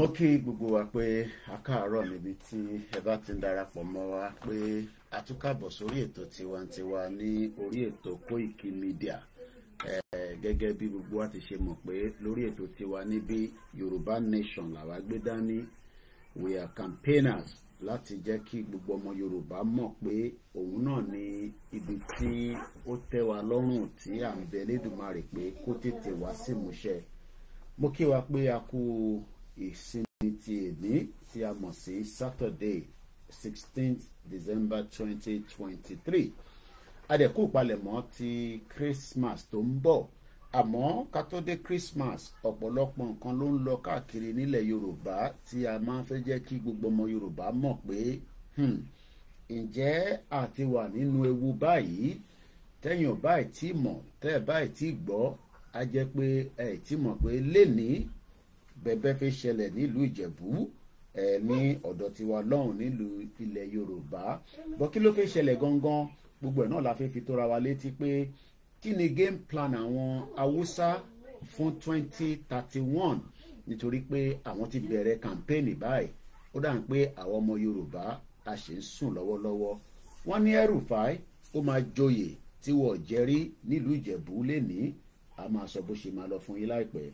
mo kí gbogbo wa pé a káàárọ̀ níbi tí ẹ bá ti ń darapọ̀ mọ́ wa pé a tún káàbọ̀ sórí ètò tiwantiwa ní orí ètò Koiki Media gẹ́gẹ́ bí gbogbo wa ti ṣe mọ̀ pé lórí ètò tiwa níbi Yorùbá Nation làwa gbé dání we are campaigners láti jẹ́ kí gbogbo ọmọ Yorùbá mọ̀ pé òun náà ni ibi tí ó tẹ́ wa lọ́rùn tí à ń bẹ Lédùmarè pé kó tètè wá sí ìmúṣẹ mo kí wa pé a kú ìsinmi ti èní tí a mọ̀ sí Saturday sixteenth December twenty twenty three adẹ̀kú ìpalẹ̀mọ́ ti Christmas tó ń bọ̀ àmọ́ ká tó dé Christmas ọ̀pọ̀lọpọ̀ nǹkan ló ń lọ káàkiri nílẹ̀ Yorùbá tí a máa ń fẹ́ jẹ́ kí gbogbo ọmọ Yorùbá mọ̀ pé hmm, ǹjẹ́ àti wà nínú ewu báyìí tẹ́yìn ò báyìí tí mọ̀ tẹ́ ẹ̀ báyìí tí gbọ́ a jẹ́ pé ẹ̀ tí mọ̀ pé lénìí bẹ́bẹ́ fẹ́ ṣẹlẹ̀ nílùú ìjẹ̀bú ẹ ní ọ̀dọ̀ tiwa lọ́hùn nílùú ilẹ̀ yorùbá bọ́ kí ló fẹ́ ṣẹlẹ̀ gangan gbogbo ẹ̀ náà la fẹ́ fi tóra wa létí pé kí ni game plan àwọn haúsá fún twenty thirty one nítorí pé àwọn ti bẹ̀rẹ̀ kàmpéènì báyìí ó dà ń pé àwọn ọmọ yorùbá a ṣe ń sùn lọ́wọ́lọ́wọ́ wọ́n ní el ó máa joyè tí wọ́n jẹ́rí nílùú ìjẹ̀bú lẹ́nìí a máa sọ bó ṣe máa lọ fún yín láìpẹ́.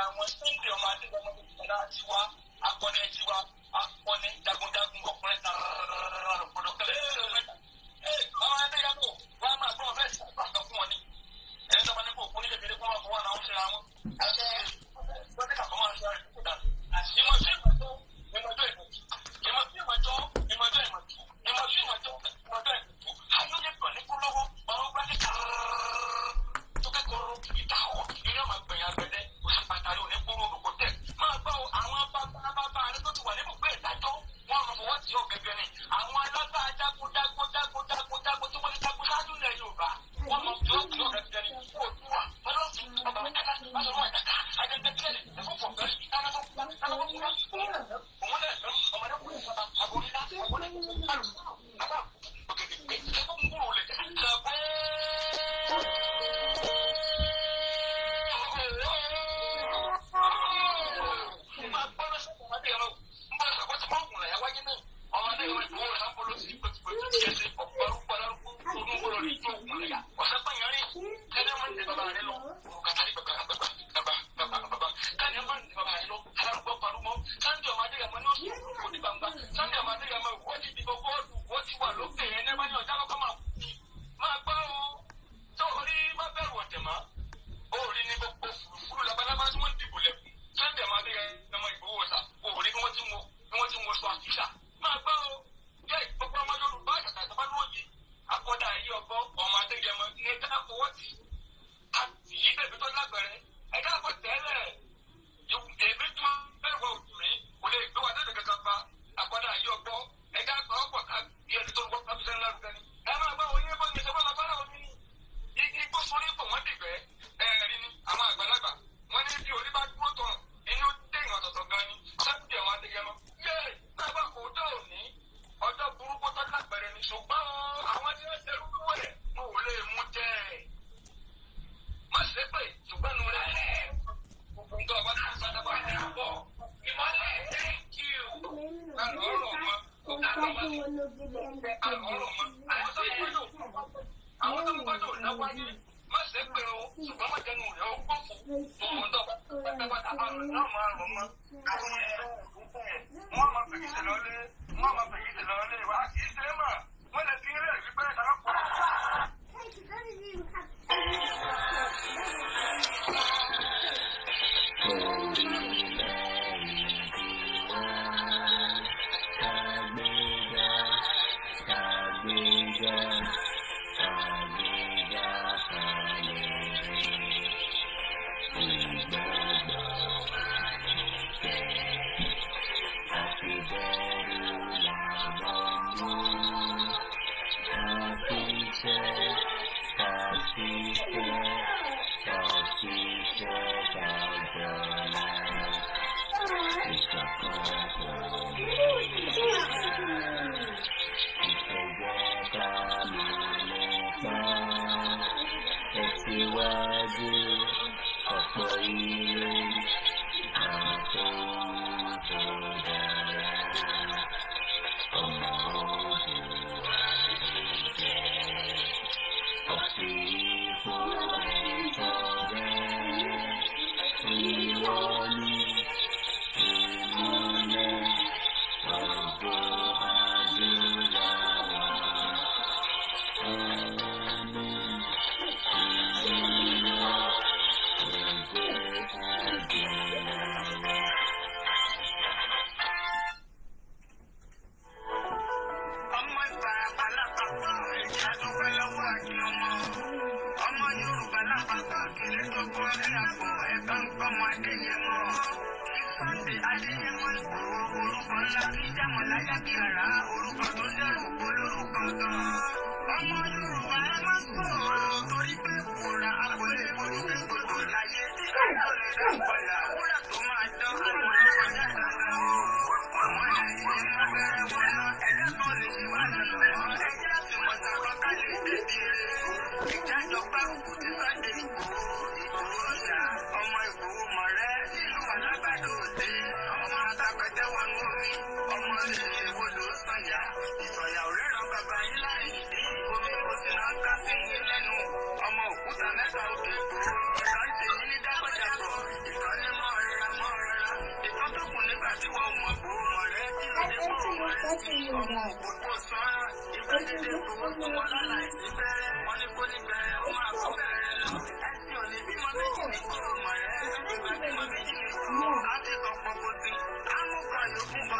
ara wọn sunday ọmọ adé ọmọ tó ti padà ti wá akọni ti wá akọni jagunjagun ọkùnrin tààrà ọ̀pọ̀lọpọ̀ kẹlẹ́ ẹ bàbá ẹgbẹ́ yàtọ̀ wọn máa gbọ́ ọ̀fẹ́ ìṣàkóso fún wọn ni ẹni tó bá ní kó kún ní kékeré kó wọn kó wọn náà ń ṣe ara wọn.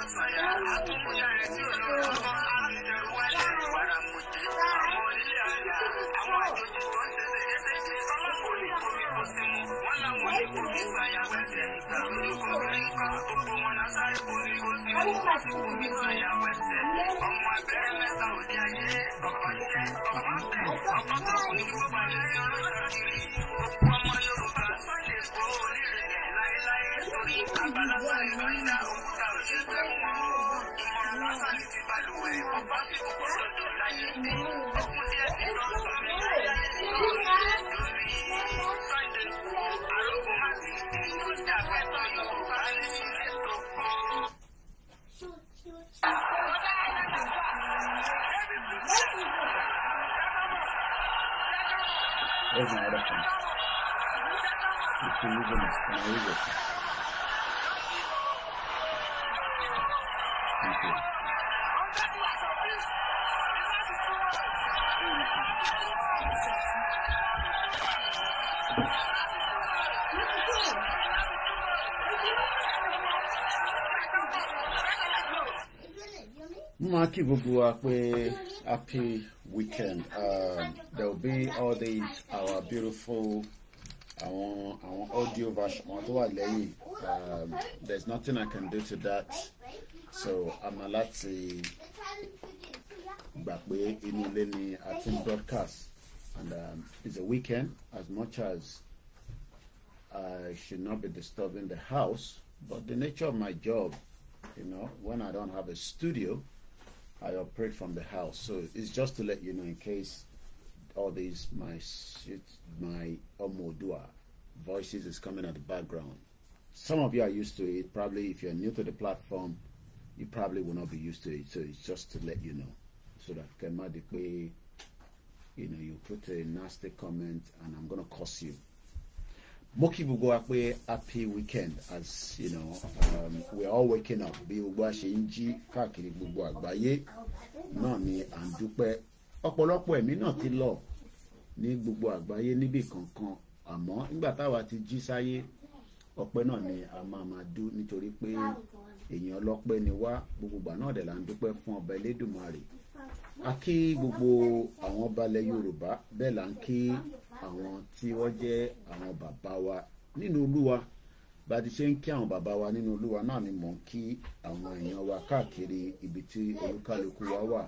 àfàyà àtúnmúyà rẹ̀ tí Es una gracia. Y tú mismo, como digo. máa kí gbogbo happy weekend um, there will be all these our beautiful our our audio version wọn tó um, there nothing I can do to that. so I'm a gbà pé inú in ni a ti broadcast and um, it's a weekend as much as I should not be disturbing the house but the nature of my job you know when I don't have a studio I operate from the house so it's just to let you know in case all these my my omodua voices is coming at the background some of you are used to it. Probably if you're new to the platform, you probably will not be used to it. So it's just to let you know. So that Kemadikwe, you know, you put a nasty comment and I'm going to curse you. Moki Bugoakwe, happy weekend. As you know, um, we're all waking up. Bí gbogbo a ṣe ń jí káàkiri gbogbo àgbáyé náà ni à ń dúpẹ́. Ọ̀pọ̀lọpọ̀ ẹ̀mí náà ti lọ ní gbogbo àgbáyé níbì kankan. Àmọ́ nígbà táwa ti jí sáyé, ọpẹ́ náà ni a máa máa dú èèyàn ọlọ́pẹ́ ni wá gbogbo ìgbà náà dẹ̀ là ń dúpẹ́ fún ọba Elédùmarè a kí gbogbo àwọn balẹ̀ Yorùbá bẹ́ẹ̀ là ń kí àwọn tí wọ́n jẹ́ àwọn bàbá wa nínú Olúwa bá ti ṣe ń kí àwọn bàbá wa nínú Olúwa náà ni mò ń kí àwọn èèyàn wa káàkiri ibi tí olúkálukú wa wà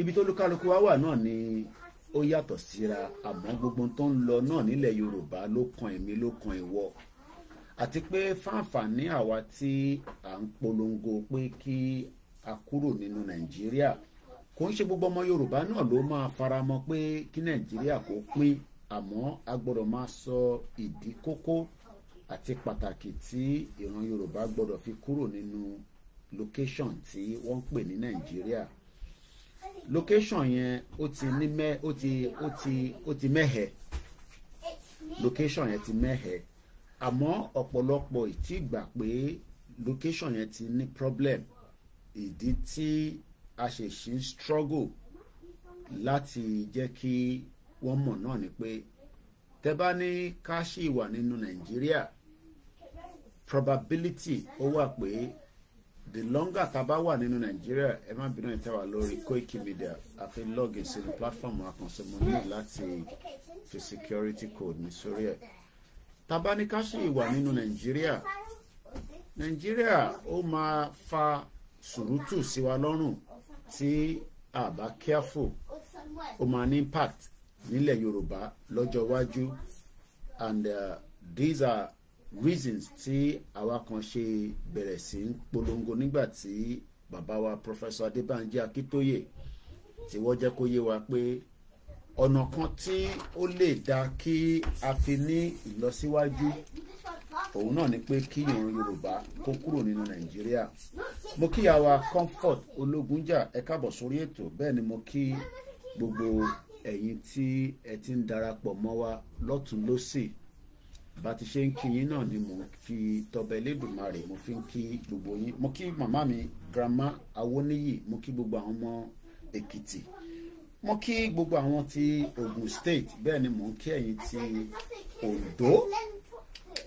ibi tó olúkálukú wa wà náà ni ó yàtọ̀ síra àmọ́ gbogbo tó ń lọ náà nílẹ̀ Yorùbá ló kan èmi ló kan ìwọ àti pé fáǹfààní àwa tí à ń polongo pé kí a kúrò nínú nàìjíríà kò ń ṣe gbogbo ọmọ yorùbá náà ló máa faramọ́ pé kí nàìjíríà kò pín àmọ́ a gbọ́dọ̀ máa sọ ìdí kókó àti pàtàkì tí ìran yorùbá gbọ́dọ̀ fi kúrò nínú location tí wọ́n ń pè ní nàìjíríà location yẹn ó ti ní mẹ́ ó ti ó ti ó ti mẹ́hẹ̀ location yẹn ti mẹ́hẹ̀ àmọ́ ọ̀pọ̀lọpọ̀ ìtì gbà pé location yẹn ti ní problem ìdí tí a ṣe ṣì ń struggle láti jẹ́ kí wọ́n mọ̀ náà ni pé tẹ́ bá ní ká ṣì wà nínú Nàìjíríà probability ó wà pé the longer ta bá wà nínú Nàìjíríà ẹ má bínú ìta wà lórí Koiki Media àfi login sínú platform àkànṣe mo ní láti fi security code mi sórí ẹ̀ tàbá ní ká sì wà nínú nàìjíríà nàìjíríà ó máa fa sùrùtù sí wa lọ́rùn tí a bá careful ó máa ní impact nílẹ̀ yorùbá lọ́jọ́ iwájú and uh, these are reasons tí àwa kan ṣe bẹ̀rẹ̀ sí ń polongo nígbà tí bàbá wa professor adébánjí akíntóyè tí wọ́n jẹ́ kó yé wa pé ọ̀nà kan tí ó lè da kí a fi ní ìlọsíwájú òun náà ni pé kí ìran Yorùbá kó kúrò nínú Nàìjíríà mo kí àwa Comfort Ológunjà ẹ káàbọ̀ sórí ètò bẹ́ẹ̀ ni mo kí gbogbo ẹ̀yin tí ẹ ti ń darapọ̀ mọ́ wa lọ́tún lọ́sì bá ti ṣe ń kí náà ni mo fi tọbẹ̀ Elédùmarè mo fi ń kí gbogbo yín mo kí màmá mi grandma Awoniyi mo kí gbogbo àwọn ọmọ Èkìtì mo kí gbogbo àwọn ti Ogun State bẹ́ẹ̀ ni mò ń kí ẹ̀yin ti Ondo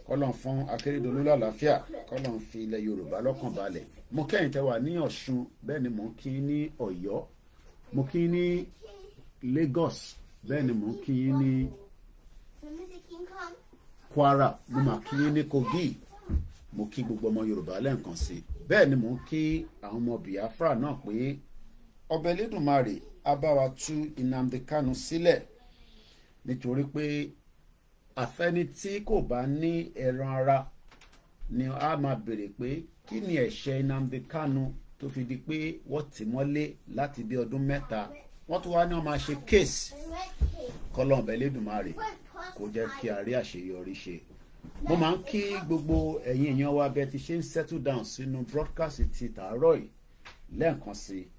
kọ́lọ́n fún Akérédolú lálàáfíà kọ́lọ́n fi ilẹ̀ Yorùbá lọ́kàn balẹ̀ mo kí ẹ̀yin tẹ́ wà ní Ọ̀ṣun bẹ́ẹ̀ ni mò ń kí ní Ọ̀yọ́ mo kí ní Lagos bẹ́ẹ̀ ni mò ń kí ní Kwara mo mà kí ní Kogi mo kí gbogbo ọmọ Yorùbá lẹ́ǹkan sí bẹ́ẹ̀ ni mò ń kí àwọn ọmọ Biafra náà pé ọbẹ̀ lẹ́dùnmarè á bá wa tú Nnamdi Kanu sílẹ̀ nítorí pé àfẹ́ni tí kò bá ní ẹran ara ni a máa béèrè pé kí ni ẹ̀ṣẹ̀ Nnamdi Kanu tó fi di pé wọ́n tì mọ́lé láti bí ọdún mẹ́ta wọ́n tún wá ní wọ́n máa ṣe kéèsì kọ́lọ́ọ̀bẹ lẹ́dùnmáre kó jẹ́ kí a àṣeyọrí ṣe. mo máa ń kí gbogbo ẹ̀yin èèyàn wa bẹ́ẹ̀ ti ṣe ń settle down sínú broadcast ti tàárọ̀ yìí lẹ́ẹ̀kan sí i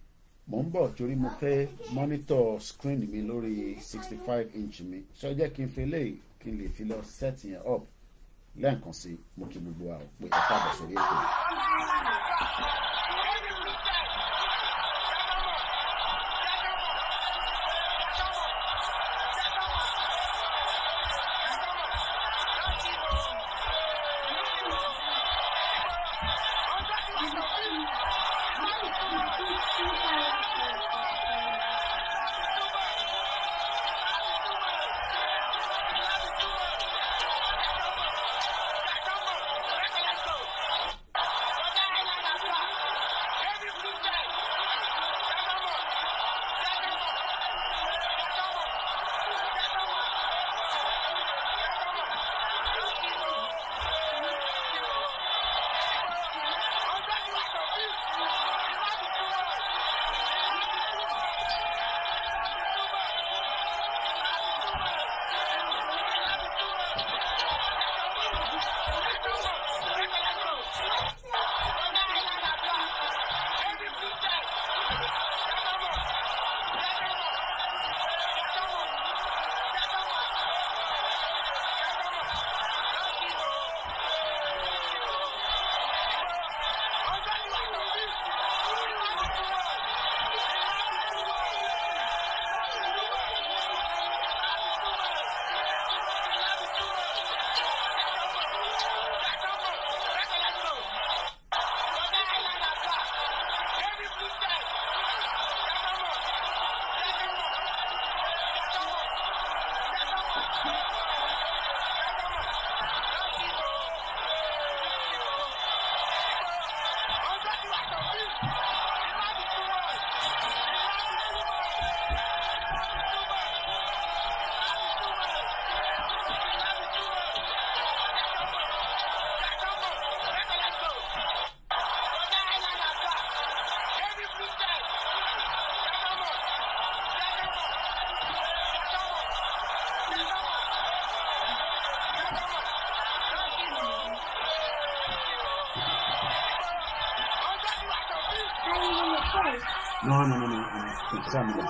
mo ń bọ̀ torí mo fẹ́ monitor screen mi lórí sixty five inch mi ṣé jẹ́ kí n fi léyìí kí n lè fi lọ set yẹn up lẹ́ẹ̀kan sí mo kí gbogbo àwọn pé ẹ káàbọ̀ ètò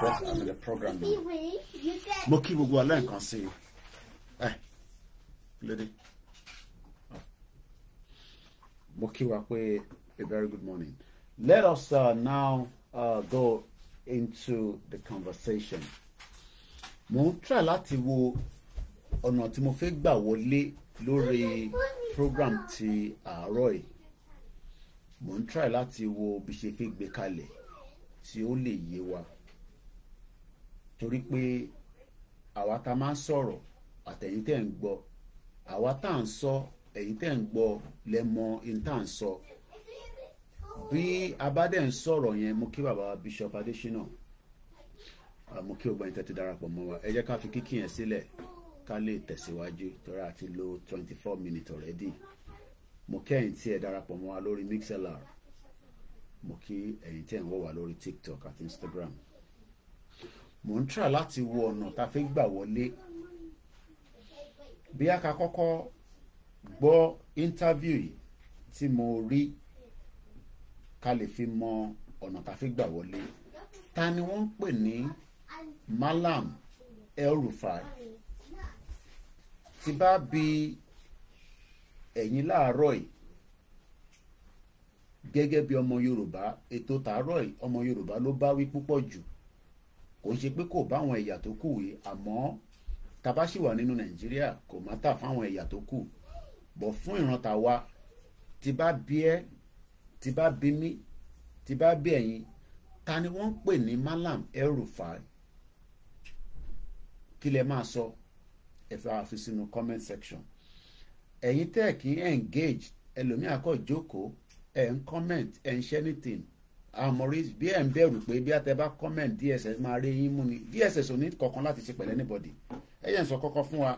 program àmì the program mo kí gbogbo aláìkan sí i ẹ lédè oh. mo kí a very good morning let us uh, now uh, go into the conversation mo ń try láti wo ọ̀nà tí mo fẹ́ gbà wọlé lórí program ti àárọ̀ yìí mo ń try láti wo bí ṣe fẹ́ gbé kalẹ̀ tí ó lè yé wa torí pé àwa tá máa ń sọ̀rọ̀ àtẹ̀yìn tẹ̀ ń gbọ́ àwa tá à ń sọ ẹ̀yìn tẹ̀ ń gbọ́ lẹ mọ ẹ̀yìn tá à ń sọ bí a bá dẹ̀ ń sọ̀rọ̀ yẹn mo kí bàbá Bishop Adésínà mo kí ọgbà yín tẹ́tí darapọ̀ mọ́ wa ẹ jẹ́ ká fi kíkì yẹn sílẹ̀ ká lè tẹ̀síwájú torí a ti lo twenty four minutes already mo kẹ́yìn tí ẹ darapọ̀ mọ́ wa lórí mixlr mo kí ẹ̀yin tí ẹ̀ ń wò wá lórí tiktok àti instagram mò ń try láti wo ọ̀nà tá fi gbà wọlé bí a ká kọ́kọ́ gbọ́ interview yìí tí mo rí ká lè fi mọ ọ̀nà tá fi gbà wọlé ta ni wọ́n ń pè ní Malam El-Rufai tí bá bi ẹ̀yin láàárọ̀ yìí gẹ́gẹ́ bí ọmọ Yorùbá ètò tàárọ̀ ọmọ Yorùbá ló bá wí púpọ̀ jù kò ń ṣe pé kò bá àwọn ẹ̀yà tó kù yìí àmọ́ tàbá sì wà nínú nàìjíríà kò má tà fáwọn ẹ̀yà tó kù bọ̀ fún ìran tàwa tí bá bí ẹ́ tí bá bí mí tí bá bí ẹ̀yin ta ni wọ́n ń pè ní Malam El-Rufai kí lẹ máa sọ ẹ fẹ́ àfi sínú comment section ẹ̀yin tẹ́ kí engage ẹlòmíà kọ́ jókòó ẹ̀ ń comment ẹ̀ ń share anything àmọ́rí bí ẹ̀ ń bẹ̀rù pé bí àtẹ bá comment DSS máa rí yín mú ni DSS ò ní kọ̀ọ̀kan láti ṣe pẹ̀lẹ́ anybody ẹ yẹn sọ kọ́kọ́ fún wa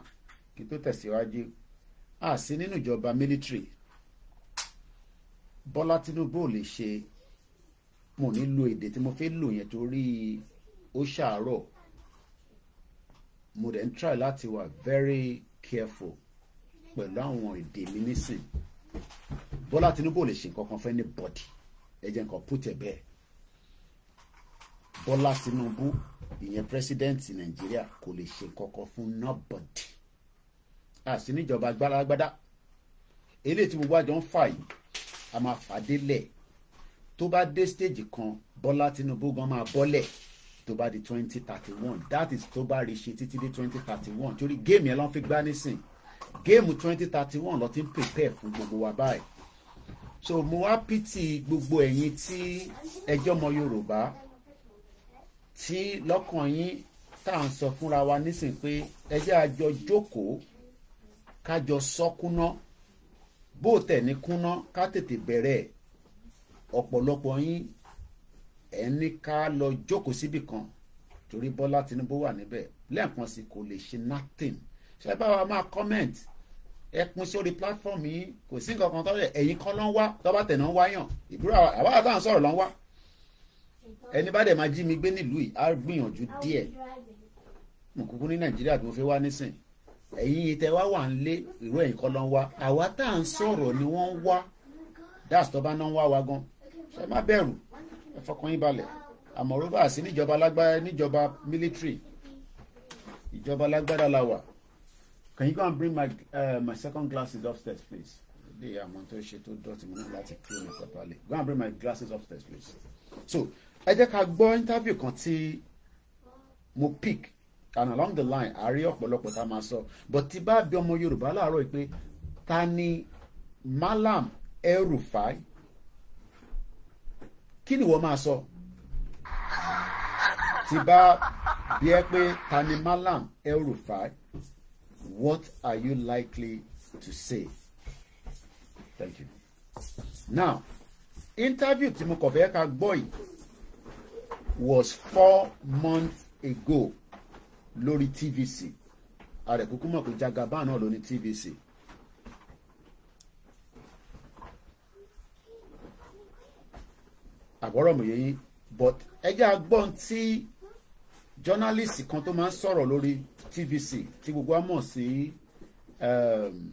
kí tó tẹ̀síwájú à sí nínú ìjọba military Bọ́lá Tinubu ò lè ṣe mo ní lo èdè tí mo fẹ́ lò yẹn torí ó ṣàárọ̀ mo dẹ̀ ń try láti wà very careful pẹ̀lú àwọn èdè mi nísìn Bọ́lá Tinubu ò lè ṣe nǹkan kan fẹ́ ní ẹ jẹ́ nǹkan put ẹ̀ bẹ́ẹ̀ Tinubu ìyẹn president Nàìjíríà kò lè ṣe kọ́kọ́ fún nobody àti níjọba gbáragbádá eléyìí tí gbogbo àjọ ń fà yìí a máa fà délẹ̀ tó bá dé stage kan Bọ́lá Tinubu gan máa bọ́lẹ̀ tó bá di twenty thirty one that is tó bá rí ṣe títí dé twenty thirty one torí géèmù yẹn ló ń fi gbá nísìn géèmù twenty thirty one ló ti ń prepare fún gbogbo wa báyìí so mo wá pìtì gbogbo ẹ̀yin tí ẹjọ́ ọmọ Yorùbá tí lọ́kàn yín tá à ń sọ fúnra wa nísìn pé ẹjẹ́ àjọ jókòó kájọ sọ kúná bó tẹ̀ ní kúná ká tètè bẹ̀rẹ̀ ọ̀pọ̀lọpọ̀ yín ẹ̀ ká lọ jókòó síbì kan torí Bọ́lá Tinubu wà níbẹ̀ lẹ́ẹ̀kan sí kò lè ṣe nothing ṣé báwa máa comment ẹ pín sórí platform yìí kò sí nǹkan kan tó yẹ ẹ̀yin kọ́ ló ń wá tọ́ba tẹ̀ náà ń wáyàn ìbúra àwa àtàwọn sọ̀rọ̀ ló ń wá ẹni bá dẹ̀ máa jí mi gbé nílùú yìí á gbìyànjú díẹ̀ mo kúkú ní nàìjíríà tó fẹ́ wá nísìn ẹ̀yin tẹ wá wà ń lé ìró ẹ̀yin kọ́ ló ń wá àwa tá à ń sọ̀rọ̀ ni wọ́n ń wá dáàsì tọ́ba náà ń wá wa gan ṣe má bẹ̀rù ẹ fọkàn yín balẹ̀ àmọ́ sí níjọba lágbára níjọba mílítírì ìjọba lágbára la wà Can you go and bring my uh, my second glasses upstairs, please? They are Montoya Sheto Dotty Monolati clean it properly. Go and bring my glasses upstairs, please. So, ẹ jẹ́ ká gbọ́ interview kan tí mo pick and along the line a rí ọ̀pọ̀lọpọ̀ tá a máa sọ but tí bá bí ọmọ Yorùbá láàárọ̀ yìí pé ta ni Malam El-Rufai kí ni wọ́n máa sọ tí bá bí ẹ pé ta ni Malam el what are you likely to say? Thank you. Now, interview tí mo kàn was four months ago lórí TVC Are mọ̀ pé Jagaban náà ló ní TVC. but ẹ jẹ́ àgbọ̀n tí journalist kan tó máa ń tvc tí gbogbo wa mọ̀ sí um,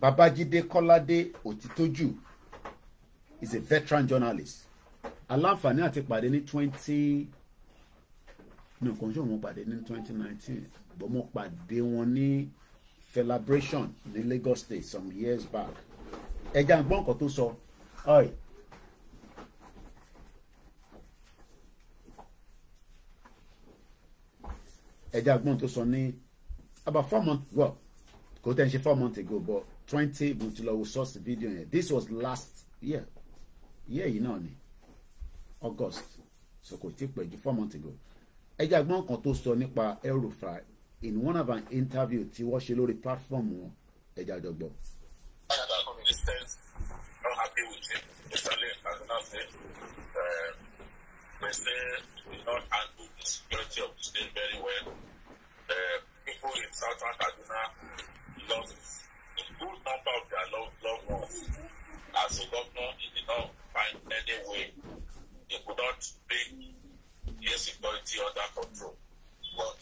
babájídé kọ́ládé òtítójù is a veteran journalist aláǹfààní àti pàdé ní twenty ní nǹkan ṣòwò mo pàdé ní twenty nineteen bọ́ mo pàdé wọn ní celebration ní Lagos State some years back ẹja ń gbọ́ nǹkan tó sọ ọ̀ẹ́. ẹja gbọ́n tó sọ ní about four months Well, kò tẹ́ ń ṣe four months ago but twenty mo ti lọ wo source video yẹn this was last year year yìí náà ni August so kò tí pẹ́ ju four months ago ẹja gbọ́n kan tó sọ nípa Elrufai in one of an interview tí wọ́n ṣe lórí platform wọn ẹja dọ̀gbọ́. it. Mr. Lee has now said uh, they say we not handle security of the state very well. Uh, people in Southern Kaduna lost a good number of their loved, loved ones. As a governor, he did not find any way. He could not bring security under control. But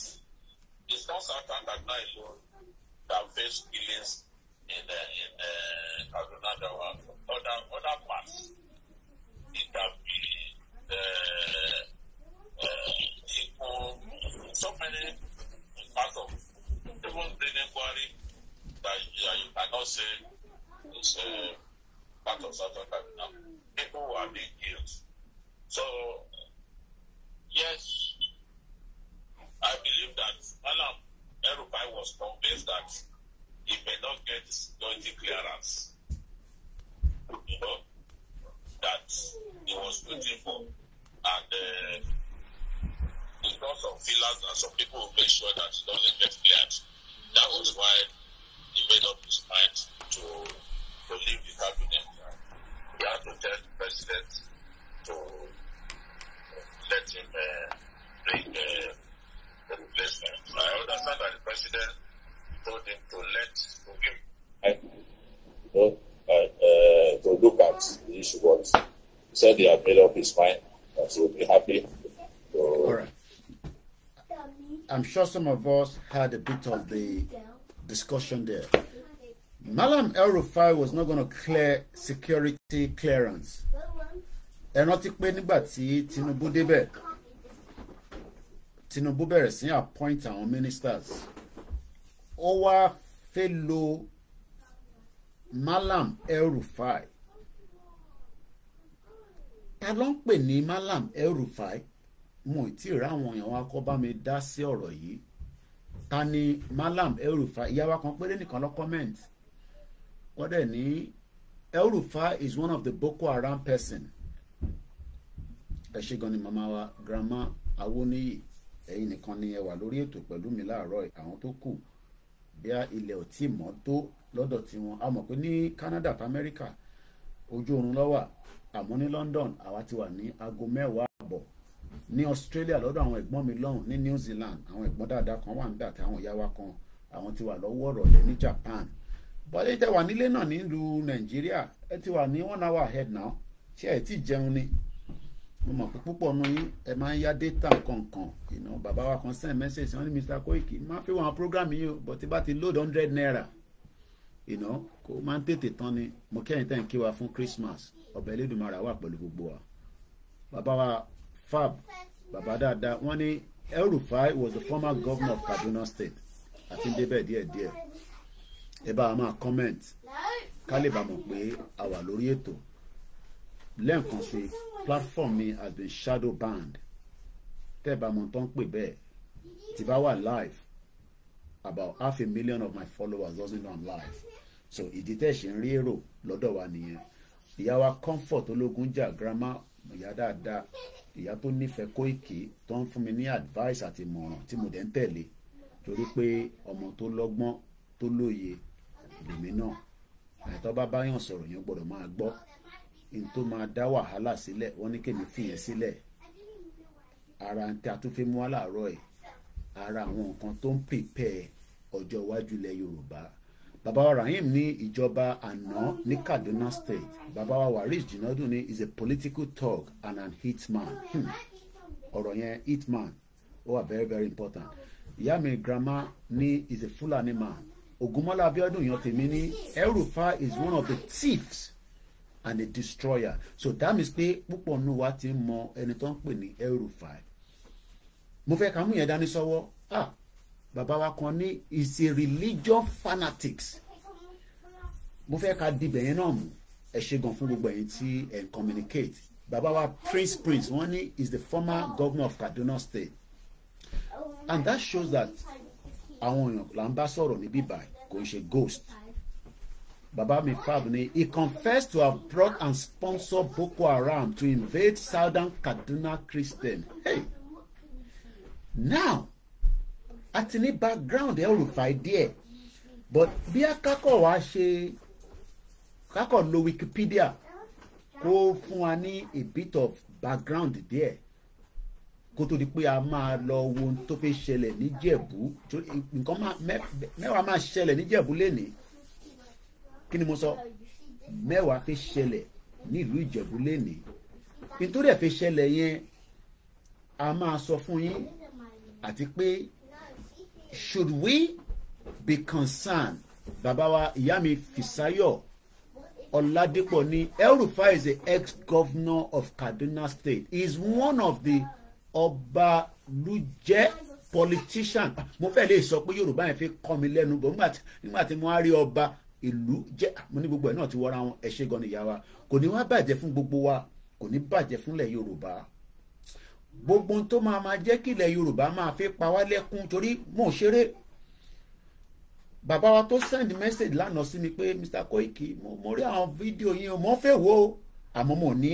it's not Southern Kaduna alone that faced killings in, uh, in uh, Kaduna. There were other, other parts. It have been uh, uh, so many part of Even brain inquiry that yeah, you cannot say is uh, part of South Africa now. People who are being killed. So, yes, I believe that Alam Erupai was convinced that he may not get security clearance. You know, that he was waiting for. And uh, Because of some fillers and some people will make sure that it doesn't get cleared. That was why he made up his mind to, to leave the cabinet. He had to tell the president to let him uh, bring the, uh, the replacement. I understand that the president told him to let to give uh, uh, to look at the issue, but he said he had made up his mind that he would be happy All right. I'm sure some of us had a bit of the discussion there. Malam El Rufai was not going to clear security clearance. Ẹ rántí pé nígbà tí Tinubu débẹ̀, Tinubu bẹ̀rẹ̀ sí appoint àwọn ministers. Our fellow Malam El Rufai. I don't ń Malam El Rufai? mo ì tí ì ráwọn èèyàn wa kọ́ bá mi dá sí ọ̀rọ̀ yìí ta ni Malam El-Rufai ìyá wa kan péré nìkan lọ comment wọ́n dẹ̀ ní El-Rufai is one of the Boko Haram person ẹ ṣé gan ni màmá wa grandma Awoniyi ẹ̀yin nìkan ni ẹ wà lórí ètò pẹ̀lú mi láàárọ̀ àwọn tó kù bí ilẹ̀ ò tí mọ́ tó lọ́dọ̀ tiwọn a mọ̀ pé ní Canada àti America ojú oorun ló àmọ́ ní London àwa ti wà ní aago mẹ́wàá àbọ̀ ní Australia lọ́dọ̀ àwọn ẹ̀gbọ́n mi lọ́hùn ní New Zealand àwọn ẹ̀gbọ́n dáadáa kan wà nígbà tí àwọn ìyá wa kan àwọn ti wà lọ́wọ́ ọ̀rọ̀lẹ́ ní Japan bọ́lá ìtẹ̀ wà nílé náà nílùú Nàìjíríà ẹ ti wà ní one hour ahead now ṣé ẹ ti jẹun ni mo mọ̀ pé púpọ̀ nu yín ẹ máa ń yá data kankan ìnà bàbá wa kan send message wọn ní Mr Koiki má fi wọn program yìí o bọ̀ tí bá ti load hundred naira ìnà kó máa ń tètè tán ni mo kẹ́yìn tẹ̀ kí wa fún Christmas ọ̀bẹ Elédùmarè wà pẹ̀lú gbogbo wa bàbá wa Fab bàbá dáadáa wọ́n ní El-Rufai was the former governor of Kaduna State àti débẹ̀ díẹ̀díẹ̀ ẹ bá a máa comment ká lè bá mọ̀ pé a lórí ètò lẹ́ǹkan sí platform mi has been shadow banned tẹ́ ẹ bá mọ̀ tán pè bẹ́ẹ̀ tí bá wà live about half a million of my followers doesn't know I'm live so ìdí tẹ́ ṣe ń rí èrò lọ́dọ̀ wa nìyẹn ìyá wa comfort ológun jà grandma ìyá dáadáa ìyá tó nífẹ̀ẹ́ Koiki tó ń fún mi ní advice àti ìmọ̀ràn tí mo dẹ̀ ń tẹ̀lé torí pé ọmọ tó lọ́gbọ́n tó lóye lèmi náà àìtọ́ bá báyàn sọ̀rọ̀ yẹn gbọ́dọ̀ máa gbọ́ n tó máa dá wàhálà sílẹ̀ wọ́n ní kémi fìyẹn sílẹ̀ ara ń tẹ àtúnfẹ́ mú aláàárọ̀ ẹ̀ ara àwọn nǹkan tó ń pèpẹ́ ọjọ́ iwájú ilẹ̀ Yorùbá baba wa rahim ní ìjọba àná ní kaduna state baba wa waris jinadu ní is a political talk and an hitman hmm. ọ̀rọ̀ hmm. hit man. ó wà very very important ìyá mi grandma ní is a fulani man ogunmọ́lá abiodun yan tèmi ní erufa is one of the thieves and a destroyer so that means pé púpọ̀ nù wa ti mọ ẹni tó ń pè ní erufa mo fẹ́ ká mú yẹn dání sọ́wọ́ ah bàbá wa kan ní is a religious fanatics mo fẹ́ ka dibẹ̀ yẹn náà mú ẹ ṣe gan fún gbogbo ẹ̀yin tí ẹ̀ communicate bàbá wa prince prince wọ́n ní is the former governor of Kaduna State and that shows that àwọn èèyàn là ń bá sọ̀rọ̀ níbí báyìí kò ṣe ghost bàbá mi fab ni he confessed to have brought and sponsored Boko Haram to invade southern Kaduna Christian hey now àti ní background ẹ̀ olùfàì díẹ̀ but bí a kákọ̀ wá ṣe kákọ̀ lo Wikipedia kó fún wa ní a bit of background díẹ̀ kó tó di pé a máa lọ wo ohun tó fẹ́ ṣẹlẹ̀ níjẹ̀bú nǹkan mẹ́wàá máa ṣẹlẹ̀ níjẹ̀bú lénìí kí ni mo sọ mẹ́wàá fẹ́ ṣẹlẹ̀ nílùú ìjẹ̀bú lénìí nítorí ẹ̀ fẹ́ ṣẹlẹ̀ yẹn a máa sọ fún yín àti pé should we be concerned bàbá wa ìyá mi Fisayo Oladipo Ni El-Rufai is the ex-governor of Kaduna State he is one of the ọbalújẹ politician mo fẹ́ lè sọ pé Yorùbá yẹn fi kọ́ mi lẹ́nu bọ̀ nígbà tí mo á rí ọba ìlú jẹ́ mo ní gbogbo ẹ̀ náà ti wọ́ra wọn ẹ̀ ṣe gan ni ìyá wa kò ní wá bàjẹ́ fún gbogbo wa kò ní bàjẹ́ fúnlẹ̀ Yorùbá gbogbo tó máa máa jẹ́ kí ilẹ̀ yorùbá máa fi pa wá lẹ́kún torí mò ń ṣeré bàbá wa tó send message lánàá sí mi pé Mr Koiki mo rí àwọn fídíò yín o mo fẹ́ wò ó àmọ́ mo ní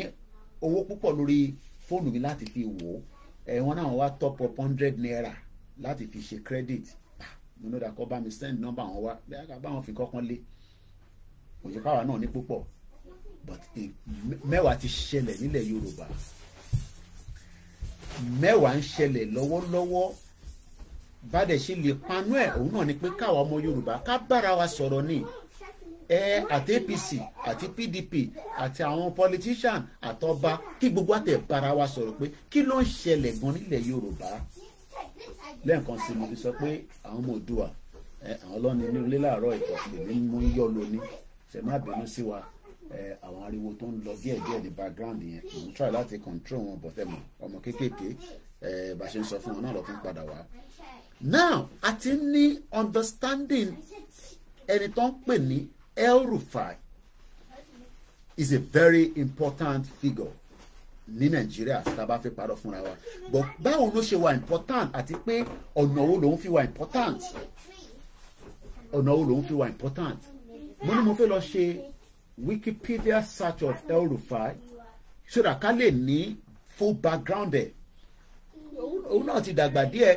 owó púpọ̀ lórí fóònù mi láti fi wò ó ẹ̀ náà wá top up hundred naira láti fi ṣe credit ah, mo ní dàkọ́ bá mi send number wọn wá bí a kà bá wọn fi kọ́kàn lé òye pàwọn náà ní púpọ̀ but mẹ́wàá ti ṣẹlẹ̀ nílẹ̀ yorùbá mẹ́wàá ń ṣẹlẹ̀ lọ́wọ́lọ́wọ́ bá dẹ̀ ṣe lè panú ẹ̀ òun náà ni pé káwa ọmọ Yorùbá ká bára wa sọ̀rọ̀ ni ẹ àti APC àti PDP àti àwọn politician àtọba kí gbogbo àtẹ bára wa sọ̀rọ̀ pé kí ló ń ṣẹlẹ̀ gan nílẹ̀ Yorùbá lẹ́ẹ̀kan sí mo fi sọ pé àwọn ọmọ Oòduà àwọn ọlọ́ni nínú ilé láàárọ̀ ìtọ́sílẹ̀ ní mú yọ lóní ṣẹ̀ má bínú sí wa àwọn ariwo tó ń lọ díẹ̀ díẹ̀ ní background yẹn òun try láti control wọn bọ̀ tẹ̀ mọ́ ọmọ kéékèèké bá ṣe ń sọ fún wọn náà lọ fún padà wá. now a ti ní understanding ẹni tó ń pè ní El-Rufai is a very important figure ní nàìjíríà tá a bá fi parọ́ fúnra wa but báwo ló ṣe wà important àti pé ọ̀nà wo lòun fi wà important ọ̀nà wo lòun fi wà important mo ní mo fẹ́ lọ ṣe Wikipedia search of El Rufai so that ká lè ní full background ẹ̀ òun náà ti dàgbà díẹ̀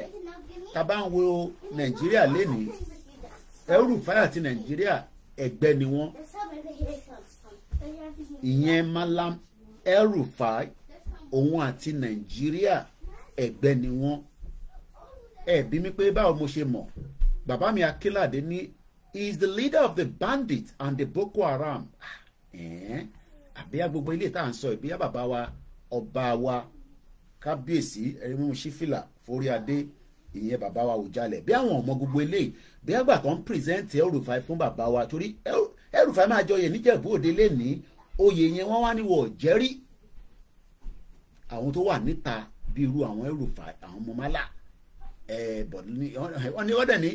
tá bá ń wo Nàìjíríà lénìí El Rufai àti Nàìjíríà ẹ̀gbẹ́ ni wọ́n ìyẹn Malam El Rufai òun àti Nàìjíríà ẹ̀gbẹ́ ni wọ́n ẹ bí mi pé báwo mo ṣe mọ̀ bàbá mi Akínládé ní he is the leader of the bandits and the Boko Haram eh? àbíyá gbogbo ilé tá à ń sọ ìbíyá bàbá wa ọba wa kábíyèsí ẹ̀rímú sífìlà forí adé ìyẹn bàbá wa ò jalè bí àwọn ọmọ gbogbo eléyìí bí àgbà kan ń pírẹsẹ̀ǹtì El-Rufai fún bàbá wa torí El-Rufai máa jọyè níjẹ̀bú òde lẹ́ni oyè yẹn wọ́n wá níwọ̀ jẹ́rí àwọn tó wà níta bí irú àwọn El-Rufai àwọn ọmọ mọ́lá ẹ̀ bọ̀ ní wọ́n ní ọ̀dẹ̀ ní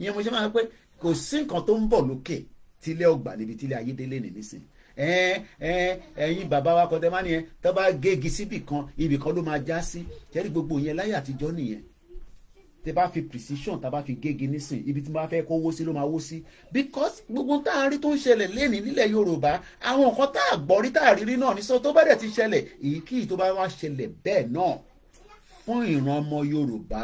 ìyẹn mo ṣe máa pẹ́ kò sí nǹkan tó ń bọ̀ lókè tílé ọgbà níbi tílé ayédélé nì nísìnyí ẹ̀yin bàbá wa kọtẹ má nìyẹn tó bá gégi síbì kan ibì kan ló máa já sí jẹ́rí gbogbo yẹn láyé àtijọ́ nìyẹn tẹ bá fi precision tá a bá fi gégi nísìn ibi tí wọ́n fẹ́ kó wó sí ló máa wó sí because gbogbo tá a rí tó ń ṣẹlẹ̀ lẹ́nìí nílẹ̀ Yorùbá àwọn nǹkan tá a gbọ́ rí tá a rí rí náà ní sọ tó bá dẹ̀ ti ṣẹlẹ̀ èyíkéyìí tó bá wá ṣẹlẹ̀ bẹ́ẹ̀ náà fún ìran ọmọ Yorùbá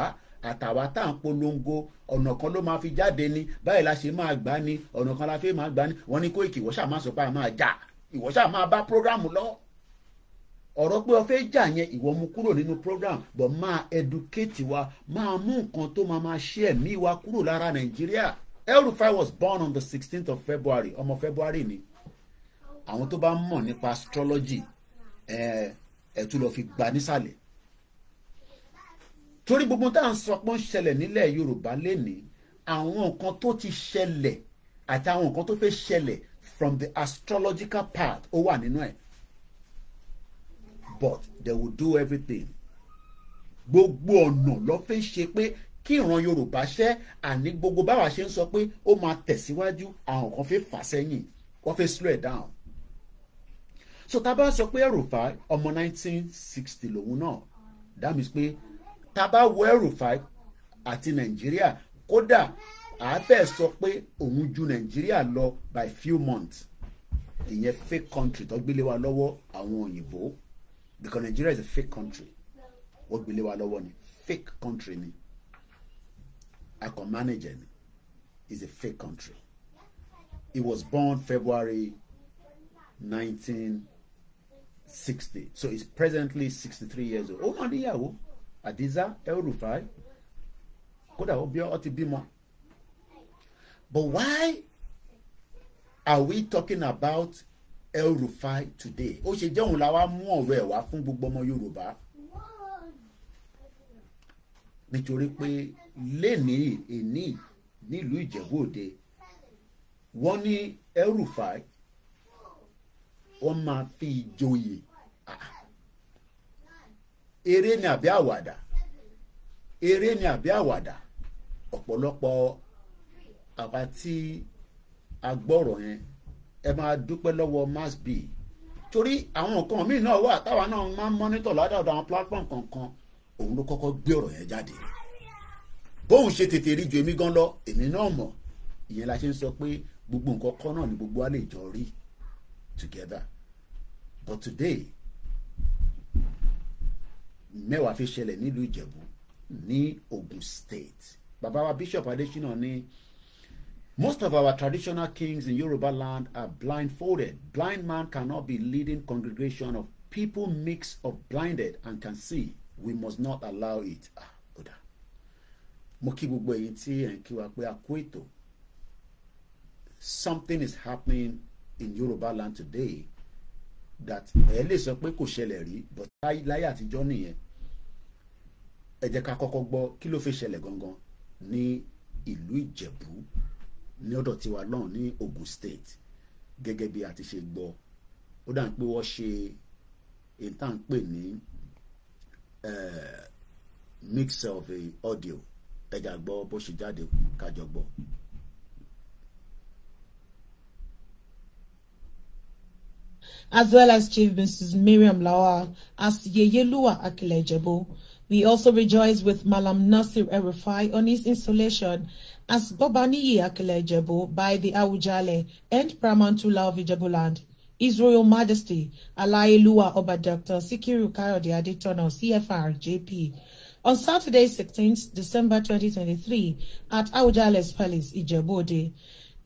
àtàwa tá à ń polongo ọ̀nà kan ló máa fi jáde ni báyìí la ṣe máa gbà ni ọ̀nà kan la fi máa gbà ni wọ́n ní kó ìkì ìwọ́ṣà máa sọ pé a máa jà ìwọ́ṣà máa bá prógráàmù lọ ọ̀rọ̀ pé o fẹ́ jà yẹn ìwọ mu kúrò nínú program bọ̀ máa educate wa máa mú nǹkan tó máa máa ṣe ẹ̀mí wa kúrò lára nàìjíríà el was born on the sixteenth of February ọmọ February ni àwọn tó bá mọ̀ nípa astrology ẹ̀ ẹ̀ tún lọ fi gbà nísàlẹ̀ torí gbogbo tá à ń sọ pé ń ṣẹlẹ̀ nílẹ̀ Yorùbá lénìí àwọn nǹkan tó ti ṣẹlẹ̀ àti àwọn nǹkan tó fẹ́ ṣẹlẹ̀ from the astrological part ó wà nínú ẹ̀ but they will do everything gbogbo ọ̀nà ló fẹ́ ṣe pé kí ìran Yorùbá ṣẹ́ àní gbogbo báwa ṣe ń sọ pé ó máa tẹ̀síwájú àwọn kan fẹ́ fà sẹ́yìn wọ́n fẹ́ slow it down so tá a bá sọ pé ẹrù fà ọmọ 1960 lòun náà that means pé tá a bá wo El-Rufai àti nàìjíríà kódà àáfẹ́ sọ pé òun ju nàìjíríà lọ by few months ìyẹn fake country tó gbélé wa lọ́wọ́ àwọn òyìnbó because Nigeria is a fake country wọ́n gbélé wa lọ́wọ́ ni fake country ni can manage it. is a fake country he was born February nineteen sixty so is presently sixty-three years old ó máa níyàwó. Hadiza El-Rufai kódà ó bí ọ ti bímọ but why are we talking about El-Rufai today ó ṣe jẹ́ òun la wá mú ọ̀rọ̀ ẹ̀ wá fún gbogbo ọmọ Yorùbá nítorí pé lénìí èní nílùú Ìjẹ̀bú Òde wọ́n ní El-Rufai wọ́n máa fi joyè eré ni àbí àwàdà eré ni àbí àwàdà ọ̀pọ̀lọpọ̀ àwa tí a gbọ́rọ̀ yẹn ẹ máa dúpẹ́ lọ́wọ́ mass b torí àwọn nǹkan míì náà wà táwa náà máa ń mọ́nítọ̀ ládàá àwọn platform kankan òun ló kọ́kọ́ gbé ọ̀rọ̀ yẹn jáde bóun ṣe tètè rí ju èmi gan lọ èmi náà mọ̀ ìyẹn la ṣe ń sọ pé gbogbo nǹkan kan náà ni gbogbo wa lè jọ rí together but today mẹ́wàá fi ṣẹlẹ̀ nílùú Ìjẹ̀bú ní Ogun State bàbá wa Bishop Adesina ní most of our traditional kings in Yoruba land are blindfolded blind man cannot be leading congregation of people mix of blinded and can see we must not allow it ah ọ̀dà mo kí gbogbo ẹ̀yin tí ẹ̀ ń kí wa pé a kú ètò something is happening in Yoruba land today that ẹ lè sọ pé kò ṣẹlẹ̀ rí but láyé àtijọ́ nìyẹn ẹ jẹ́ ká kọ́kọ́ gbọ́ kí ló fẹ́ ṣẹlẹ̀ gangan ní ìlú Ìjẹ̀bú ní ọ̀dọ̀ tiwa lọ́hùn ní Ogun State gẹ́gẹ́ bí a ti ṣe gbọ́ ó dà ń pé wọ́n ṣe èyí tá à ń pè ní mix of audio ẹ̀jà gbọ́ bó ṣe jáde kájọ gbọ́. as well as Chief Mrs. Miriam Lawal as Yeyelua Akilejebo. We also rejoice with Malam Nasir Erifai on his installation as Bobaniye Akilejebo by the Awujale and Pramantula of Ijebuland. His Royal Majesty Alailua Oba Dr. Sikiru Kayode Adetono, CFR, JP. On Saturday, 16th December 2023, at Aujales Palace, Ijebode,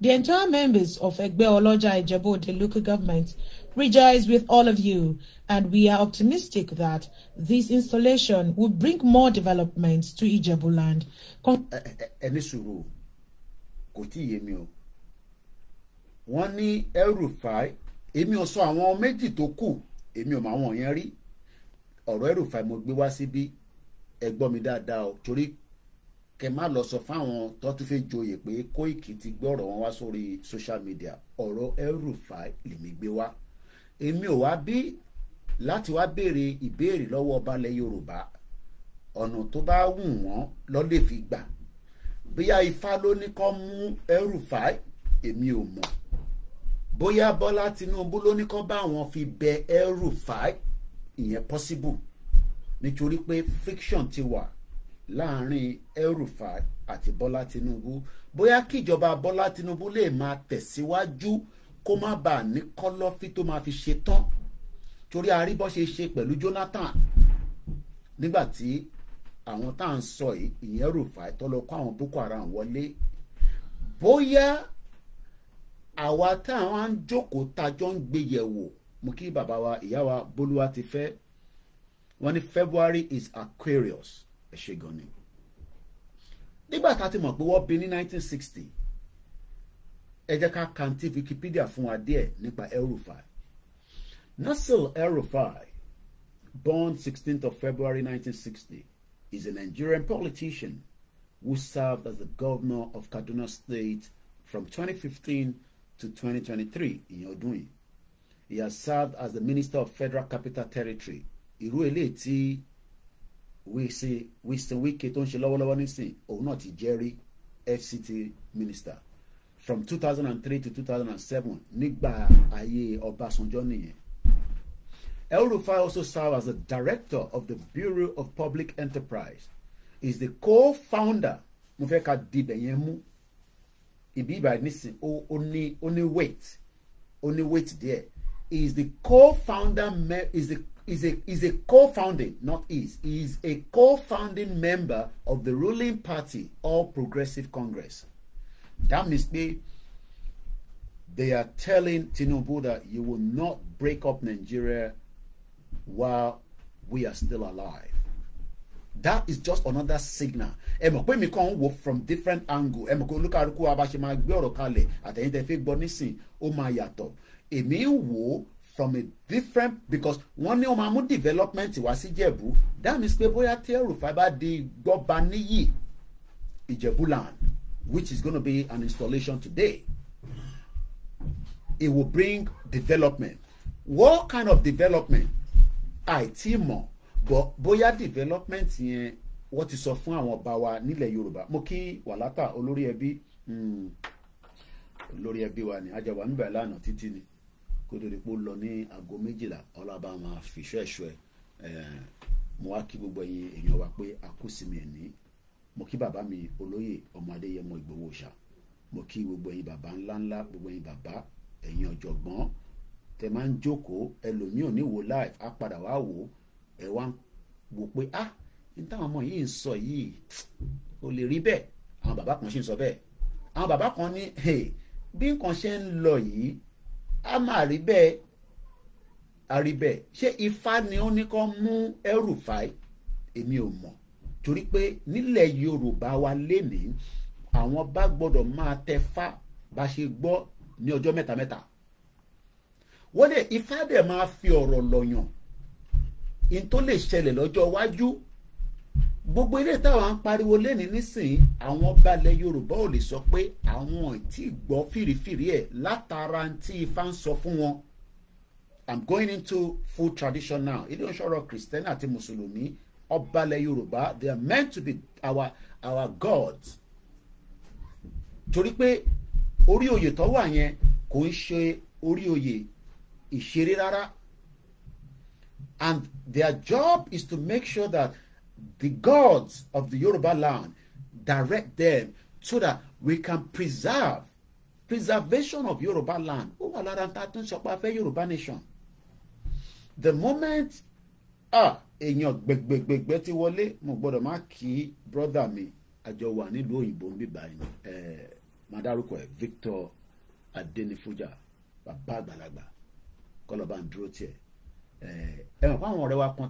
the entire members of Egbe Oloja Ijebode local government rejoice with all of you, and we are optimistic that this installation will bring more developments to Ijebu land. sùúrù kò tí ì yé mi o. Wọ́n ní El-Rufai, èmi ò sọ àwọn méjì tó kù, èmi ò mọ àwọn yẹn rí. Ọ̀rọ̀ El-Rufai mo gbé wá síbí, ẹ mi dáadáa o, torí kẹ má lọ sọ fáwọn tó tún fẹ́ joyè pé Kóìkì ti gbọ́ ọ̀rọ̀ wọn wá sórí social media ọ̀rọ̀ El-Rufai lèmi gbé wá èmi ò wá bí láti wá béèrè ìbéèrè lọ́wọ́ balẹ̀ Yorùbá ọ̀nà tó bá wù wọ́n ló lè fi gbà bóyá Ifá ló ní kó mú El-Rufai èmi ò mọ̀ bóyá Bọ́lá Tinubu ló ní kó bá wọn fi bẹ El-Rufai ìyẹn possible nítorí pé fiction ti wà láàrin El-Rufai àti Bọ́lá Tinubu bóyá kíjọba Bọ́lá Tinubu lè máa tẹ̀síwájú. Si kó má bàa ní kọ́lọ́fín tó máa fi ṣe tán torí a ṣe pẹ̀lú Jonathan nígbà tí àwọn tá à ń sọ yìí ìyẹn Rufai tó lọ kó àwọn Boko Haram wọlé bóyá àwa tá à ń jókòó tajọ́ ń gbé yẹ̀wò mo kí bàbá wa ìyá wa bólúwa ti fẹ́ wọ́n ní February is Aquarius ẹ ṣe gan ni nígbà tá a ti mọ̀ pé wọ́n bí ní 1960 ẹ jẹ́ ká kan Wikipedia fún wa díẹ̀ nípa El-Rufai Nasir born sixteenth of February nineteen sixty, is a Nigerian politician who served as the governor of Kaduna State from twenty fifteen to twenty twenty three in Yodun. He has served as the Minister of Federal Capital Territory. Irú eléyìí tí Winston Wike tó ń ṣe lọ́wọ́lọ́wọ́ nísìn òun náà ti jẹ́ FCT Minister from two thousand and three to two thousand and seven nígbà ayé Ọbásanjọ́ nìyẹn. El-Rufai also served as the director of the Bureau of Public Enterprise. He is the co-founder mo fẹ́ ka dibẹ̀ yẹn mú ìbí ìbàdí nísìn ó ní ó ní weight ó ní weight díẹ̀ he is the co-founder is the is a is a co-founding not is he is a co-founding member of the ruling party All Progressive Congress that means pé they are telling Tinubu that you will not break up Nigeria while we are still alive that is just another signal ẹ mọ̀ pé mi kàn ń wò from different angle ẹ mọ̀ pé olúkàlùkù abáṣe máa gbé ọ̀rọ̀ kalẹ̀ àtẹ̀yìn tẹ́ fẹ́ gbọ́ nísìn ó máa yàtọ̀ èmi ń wò from a different because wọ́n ní wọ́n máa mú development wá sí Ìjẹ̀bú that means pé bóyá tí ẹrù fàbá di gbọ́ba níyì Ìjẹ̀bú land which is going to be an installation today, it will bring development. What kind of development? àìtí more, but bóyá development yẹn What ti sọ fún àwọn ọba wa nílẹ̀ Yorùbá mo Olori ebi olórí ẹbí hmm, olórí ẹbí wa ni ajẹ́wà níbẹ̀ lánàá títí ni kó tó di pé ó lọ ní aago méjìlá ọlọ́ba máa fìṣọ́ ẹ̀ṣọ́ ẹ̀ mo wá mo kí bàbá mi olóyè ọmọ adéyẹmọ ìgbòho ṣá mo kí gbogbo ẹ̀yin bàbá ńláńlá gbogbo ẹ̀yin bàbá ẹ̀yin ọ̀jọ̀gbọ́n tẹ máa ń jókòó ẹlòmíì ò ní wo live á padà wá wò ẹ wá wò pé ah ní táwọn ọmọ yìí ń sọ yìí kò lè rí bẹ́ẹ̀ àwọn bàbá kan ṣì ń sọ bẹ́ẹ̀ àwọn bàbá kan ní bí nǹkan ṣe ń lọ yìí á máa rí bẹ́ẹ̀ á rí bẹ́ẹ̀ ṣé ifá ni ó ní kó mú ẹrù fàáì èmi ò mọ̀ torí pé nílẹ̀ Yorùbá wa lénìí àwọn bá gbọ́dọ̀ máa tẹ fá bá ṣe gbọ́ ní ọjọ́ mẹ́ta mẹ́ta wọ́n dẹ̀ ifá dẹ̀ máa fi ọ̀rọ̀ lọ̀yàn in tó lè ṣẹlẹ̀ lọ́jọ́ iwájú gbogbo ilé táwọn ń pariwo lẹ́ni nísìnyí àwọn balẹ̀ Yorùbá ò lè sọ pé àwọn tí gbọ́ fìrífìrí ẹ̀ látara tí ifá ń sọ fún wọn I'm going into full tradition now ilé ìṣòro Kristẹni àti Mùsùlùmí ọbalẹ̀ yorùbá they are meant to be our our gods torí pé orí oyè tó wà yẹn kò ń ṣe orí oyè ìṣeré rárá and their job is to make sure that the gods of the Yoruba land direct them so that we can preserve preservation of Yoruba land ó wà lára tá a tún sọ pé a fẹ́ Yoruba nation the moment èèyàn gbẹgbẹgbẹgbẹ ti wọlé mo gbọ́dọ̀ má kí brọ́dà mi àjọ wà nílùú òyìnbó ń bíbá yìí ẹ má dárúkọ ẹ Victor Adenifuja bàbá àgbàlagbà kọlọba ń dúró tiẹ̀ ẹ ẹ mọ̀ fáwọn ọ̀rẹ́ wa kan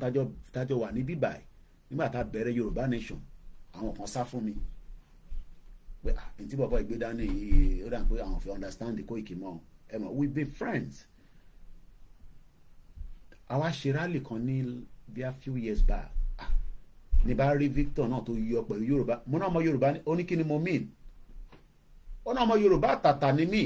tájọ wà ní bíbá yìí nígbà tá a bẹ̀rẹ̀ Yorùbá nation àwọn kan sá fún mi pé ah ntí bàbá ìgbé dání yìí ó dà pé àwọn fi understand kó ìkìmọ̀ ẹ mọ̀ we be friends àwa ṣe rally kan ní bí a few years back ah, ní bá rí Victor náà tó yọ pẹ̀lú Yorùbá mo náà mọ Yorùbá ó ní kí ni mo mean ó náà mọ Yorùbá tàtà ni mí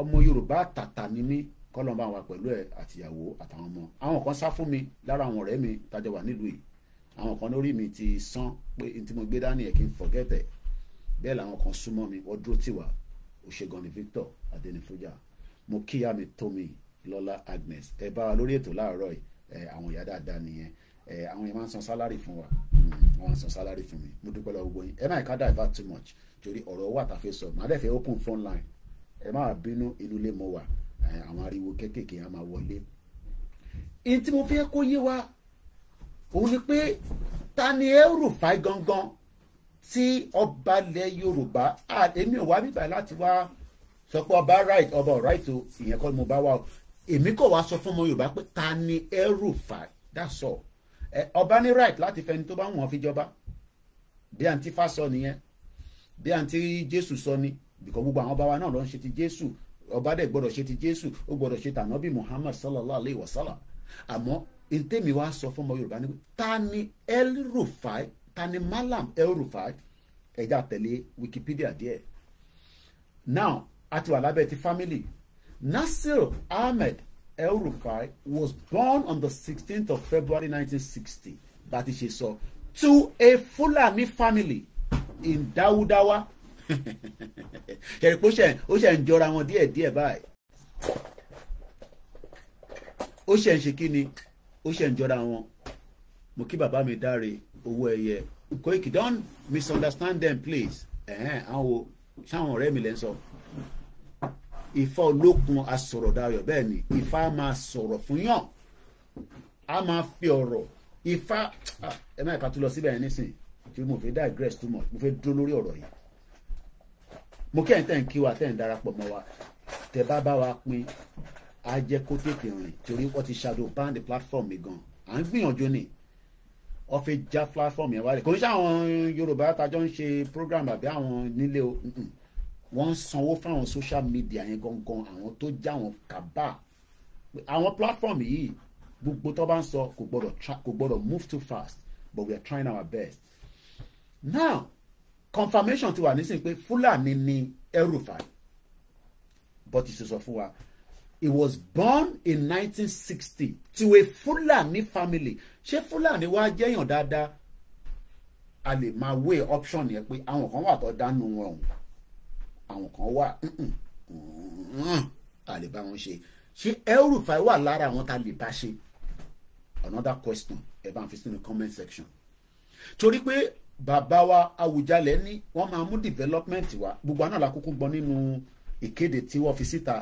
ọmọ Yorùbá tàtà ni mí kọ́lọ́n bá wà pẹ̀lú ẹ̀ àtìyàwó àtàwọn ọmọ àwọn kan sá fún mi lára àwọn ọ̀rẹ́ mi tájọ wà nílùú yìí àwọn kan lórí mi ti sán pé n tí mo gbé dání ẹ̀ kí n forget ẹ̀ bẹ́ẹ̀ làwọn kan súnmọ́ mi wọ́n dúró tì òṣègùn ni Victor Adénífújà mo kíyà mi Tómi Lọ́lá Agnes ẹ bá wa lórí ètò láàárọ̀ yìí àwọn ìyá dáadáa nìyẹn àwọn yẹn máa ń san salary fún wa hmm, wọ́n ń san sálárì fún mi mo dúpẹ́ lọ́wọ́ yín ẹ má ká divert too much torí ọ̀rọ̀ wà tá a fẹ́ sọ màá dẹ̀ fẹ́ open front line ẹ má bínú inú ilé mo wà àwọn ariwo kéékèèké á máa wọlé. èyí tí mo fẹ́ kó yé wa òun ni pé ta ni El-Rufai gangan tí ọba ilẹ̀ Yorùbá èmi ò wá bíbá láti wá sọ pé ọba right ọba right o ìyẹn kọ́ ni mo bá wà o èmi kò wá sọ fún ọmọ Yorùbá pé ta ni El-Rufai that's all ọba ní right láti fẹni tó bá ń wọ́n fi jọba bí àǹtí Ifá sọ nìyẹn bí àǹtí Jésù sọ ni bìkọ́ gbogbo àwọn ọba wa náà ló ṣe ti Jésù ọba dẹ̀ gbọ́dọ̀ ṣe ti Jésù ó gbọ́dọ̀ ṣe tànàbí Muhammad sallallahu alayhi wa sallam àmọ́ ntẹ́mi wá sọ fún ọmọ Yorùbá ni ta ni El-Rufai ta ni Malam El-Rufai ẹ̀já tẹ̀lé Wikipedia díẹ̀ now àti wà lábẹ́ ti family Nasir Ahmed El Rufai was born on the 16th of February 1960, that is So, to a Fulani family in Dawudawa. Ṣèpọ̀ṣẹ̀ ó ṣe ń jọra wọn díẹ̀díẹ̀ báyìí. Ó ṣe ń ṣe kí ni? Ó ṣe ń jọra wọn. Mo kí bàbá mi dáre owó ẹyẹ. Koiki, don't misunderstand them please. Ẹ̀hẹ́n, àwọn wo? Ṣáwọn ọ̀rẹ́ mi lẹ́ ń sọ. Ifá olókun asọ̀rọ̀dayọ̀ bẹ́ẹ̀ ni Ifá máa sọ̀rọ̀ fún yàn a máa fi ọ̀rọ̀ Ifá ah, ẹ má ìka tó lọ síbẹ̀ yẹn nísìnyí tí mo fẹ́ digress too much mo fẹ́ dúró lórí ọ̀rọ̀ yìí mo kẹ́ ẹ̀ tẹ́ ń kí wa tẹ́ ń darapọ̀ mọ́ wa tẹ́ bá bá wa pín á jẹ́ kó tètè rìn torí wọ́n ti shadow ban the platform mi gan à ń gbìyànjú ni wọ́n fi já platform yẹn wálé kò ń ṣe àwọn Yorùbá tajọ́ ń ṣe program àbí àwọn nílé o wọ́n ń sanwó fáwọn social media yẹn gangan àwọn tó já wọn Kaba, àwọn platform yìí gbogbo tó bá ń sọ kò gbọ́dọ̀ kò gbọ́dọ̀ move too fast but we are trying our best now confirmation ti wà nísìnyí pé Fúlàní ni Erufai, but ìṣe sọ fún wa he was born in 1960 to a Fulani family ṣé Fulani wá jẹ́yàn dáadáa a lè máa wé option yẹn pé àwọn kan wà tó dánú wọn ọ̀hún àwọn kan wà a lè bá wọn ṣe ṣé el wà lára àwọn tá a lè bá ṣe another question ẹ bá ń fi sínú comment section torí pé bàbá wa Awùjalẹ̀ ní wọ́n máa mú development wa gbogbo àná la kúkú gbọ́ nínú ìkéde tí wọ́n fi síta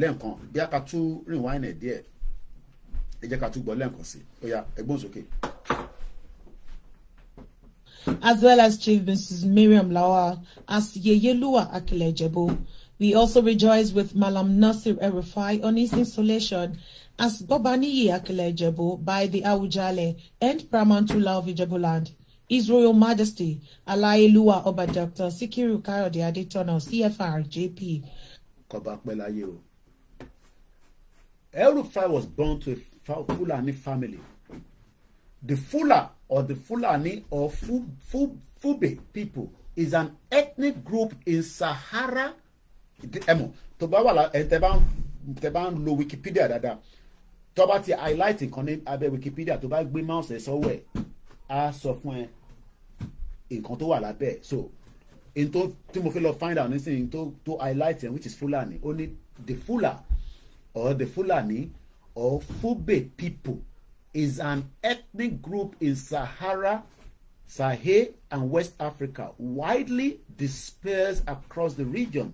lẹ́ǹkan bí a ka tún rìn wáìnì díẹ̀ ẹ jẹ́ ká tún gbọ́ lẹ́ǹkan sí i ó yá ẹgbọ́n sókè. as well as Chief Mrs. Miriam Lawal as Yeyelua Akilejebo. We also rejoice with Malam Nasir Erifai on his installation as Bobaniye Akilejebo by the Awujale and Pramantula of Ijebuland. His Royal Majesty Alayelua Oba Dr. Sikiru Kayode Adetono, CFR JP. Erufai was born to a Fulani family. The Fula or the Fulani or Fub, Fub, Fube people is an ethnic group in Sahara ẹmọ tó bá wà lá tẹ bá lo Wikipedia dada. To ba ti highlighting nǹkan abe Wikipedia To ba gbé mouse ẹ̀ sọ́wọ́ ẹ̀ á sọ fún ẹ wa tó wà so in tó tí mo fe lo find out nísìnyí tó to highlight ẹ̀ which is Fulani only the Fula or the Fulani or Fube people is an ethnic group in Sahara, Sahel, and West Africa, widely dispersed across the region,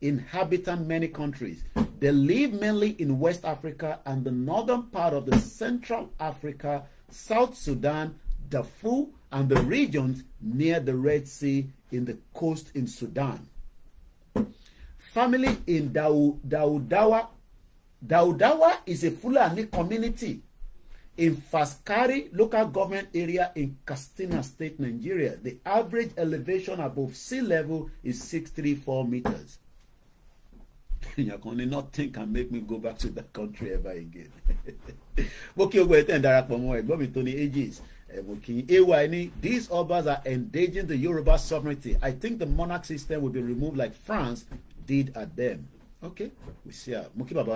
inhabiting many countries. They live mainly in West Africa and the northern part of the Central Africa, South Sudan, Darfur, and the regions near the Red Sea in the coast in Sudan. Family in Daudawa. Daudawa is a Fulani community In Faskari local government area in Katsina State, Nigeria, the average elevation above sea level is 634 meters. You Yankoni, nothing can make me go back to that country ever again. Mo kí ogun ẹ̀tẹ̀ ń darapọ̀ ages. Mo kí AY these obas are endangering the Yoruba sovereignty. I think the monarch system will be removed like France did at them. Okay, we see. Mo kí bàbá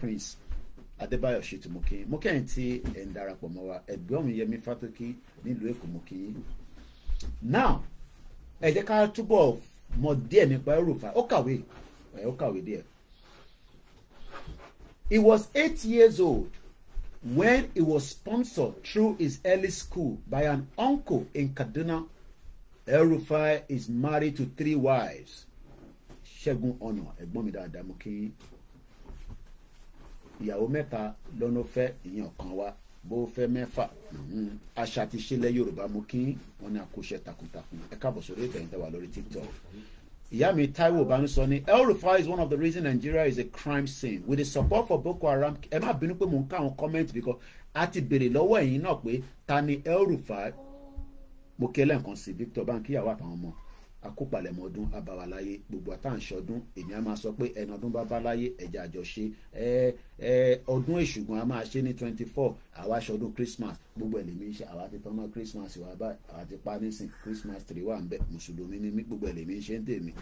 Prince adébáyọ̀ ṣètò mo kí mo kẹ́yìn tí ẹ̀ ń darapọ̀ mọ́ wa ẹ̀gbọ́n mi yẹmi fátókí nílùú èkó mo kí now ẹ jẹ́ ká túbọ̀ mọ díẹ̀ nípa ẹrùfà ó kàwé ẹ̀ ó kàwé díẹ̀ he was eight years old when he was sponsored through his early school by an uncle in kaduna ẹrùfà is married to three wives ṣẹ́gun ọ̀nà ẹ̀gbọ́n mi dáadáa mo kí yín ìyàwó mẹ́ta lọ́nà fẹ́ ìyàn kan wá bó fẹ́ mẹ́fà mhm. àṣà àti ìṣẹ̀lẹ̀ yorùbá mú kí wọ́n ní àkóṣe takuntakun ẹ káàbọ̀ sórí ètò ẹ̀yìn lórí tiktok ìyá mi taiwo banisọ ni el-rufai is one of the reason nigeria is a crime scene with the support for boko haram ẹ má bínú pé mò ń ká àwọn comment because a ti béèrè lọ́wọ́ ẹ̀yin náà pé ta ni el-rufai mo kí ẹ lẹ́ǹkan sí victor bank ìyàwó àtàwọn ọmọ akópalẹ̀mọ́ ọdún abàwàláyé gbogbo àtàǹṣọdún èmi á máa sọ pé ẹni ọdún bá bá láyé ẹ̀jẹ̀ àjọṣe ẹ ẹ ọdún èṣùgbọ́n a máa ṣe ní twenty four àwa ṣọdún christmas gbogbo ẹlẹ́mí ṣe àwa ti tọ́mọ́ christmas wa bá àwa ti pa nísìn christmas tree wà ń bẹ mùsùlùmí ni gbogbo ẹlẹ́mí ṣe ń tèmi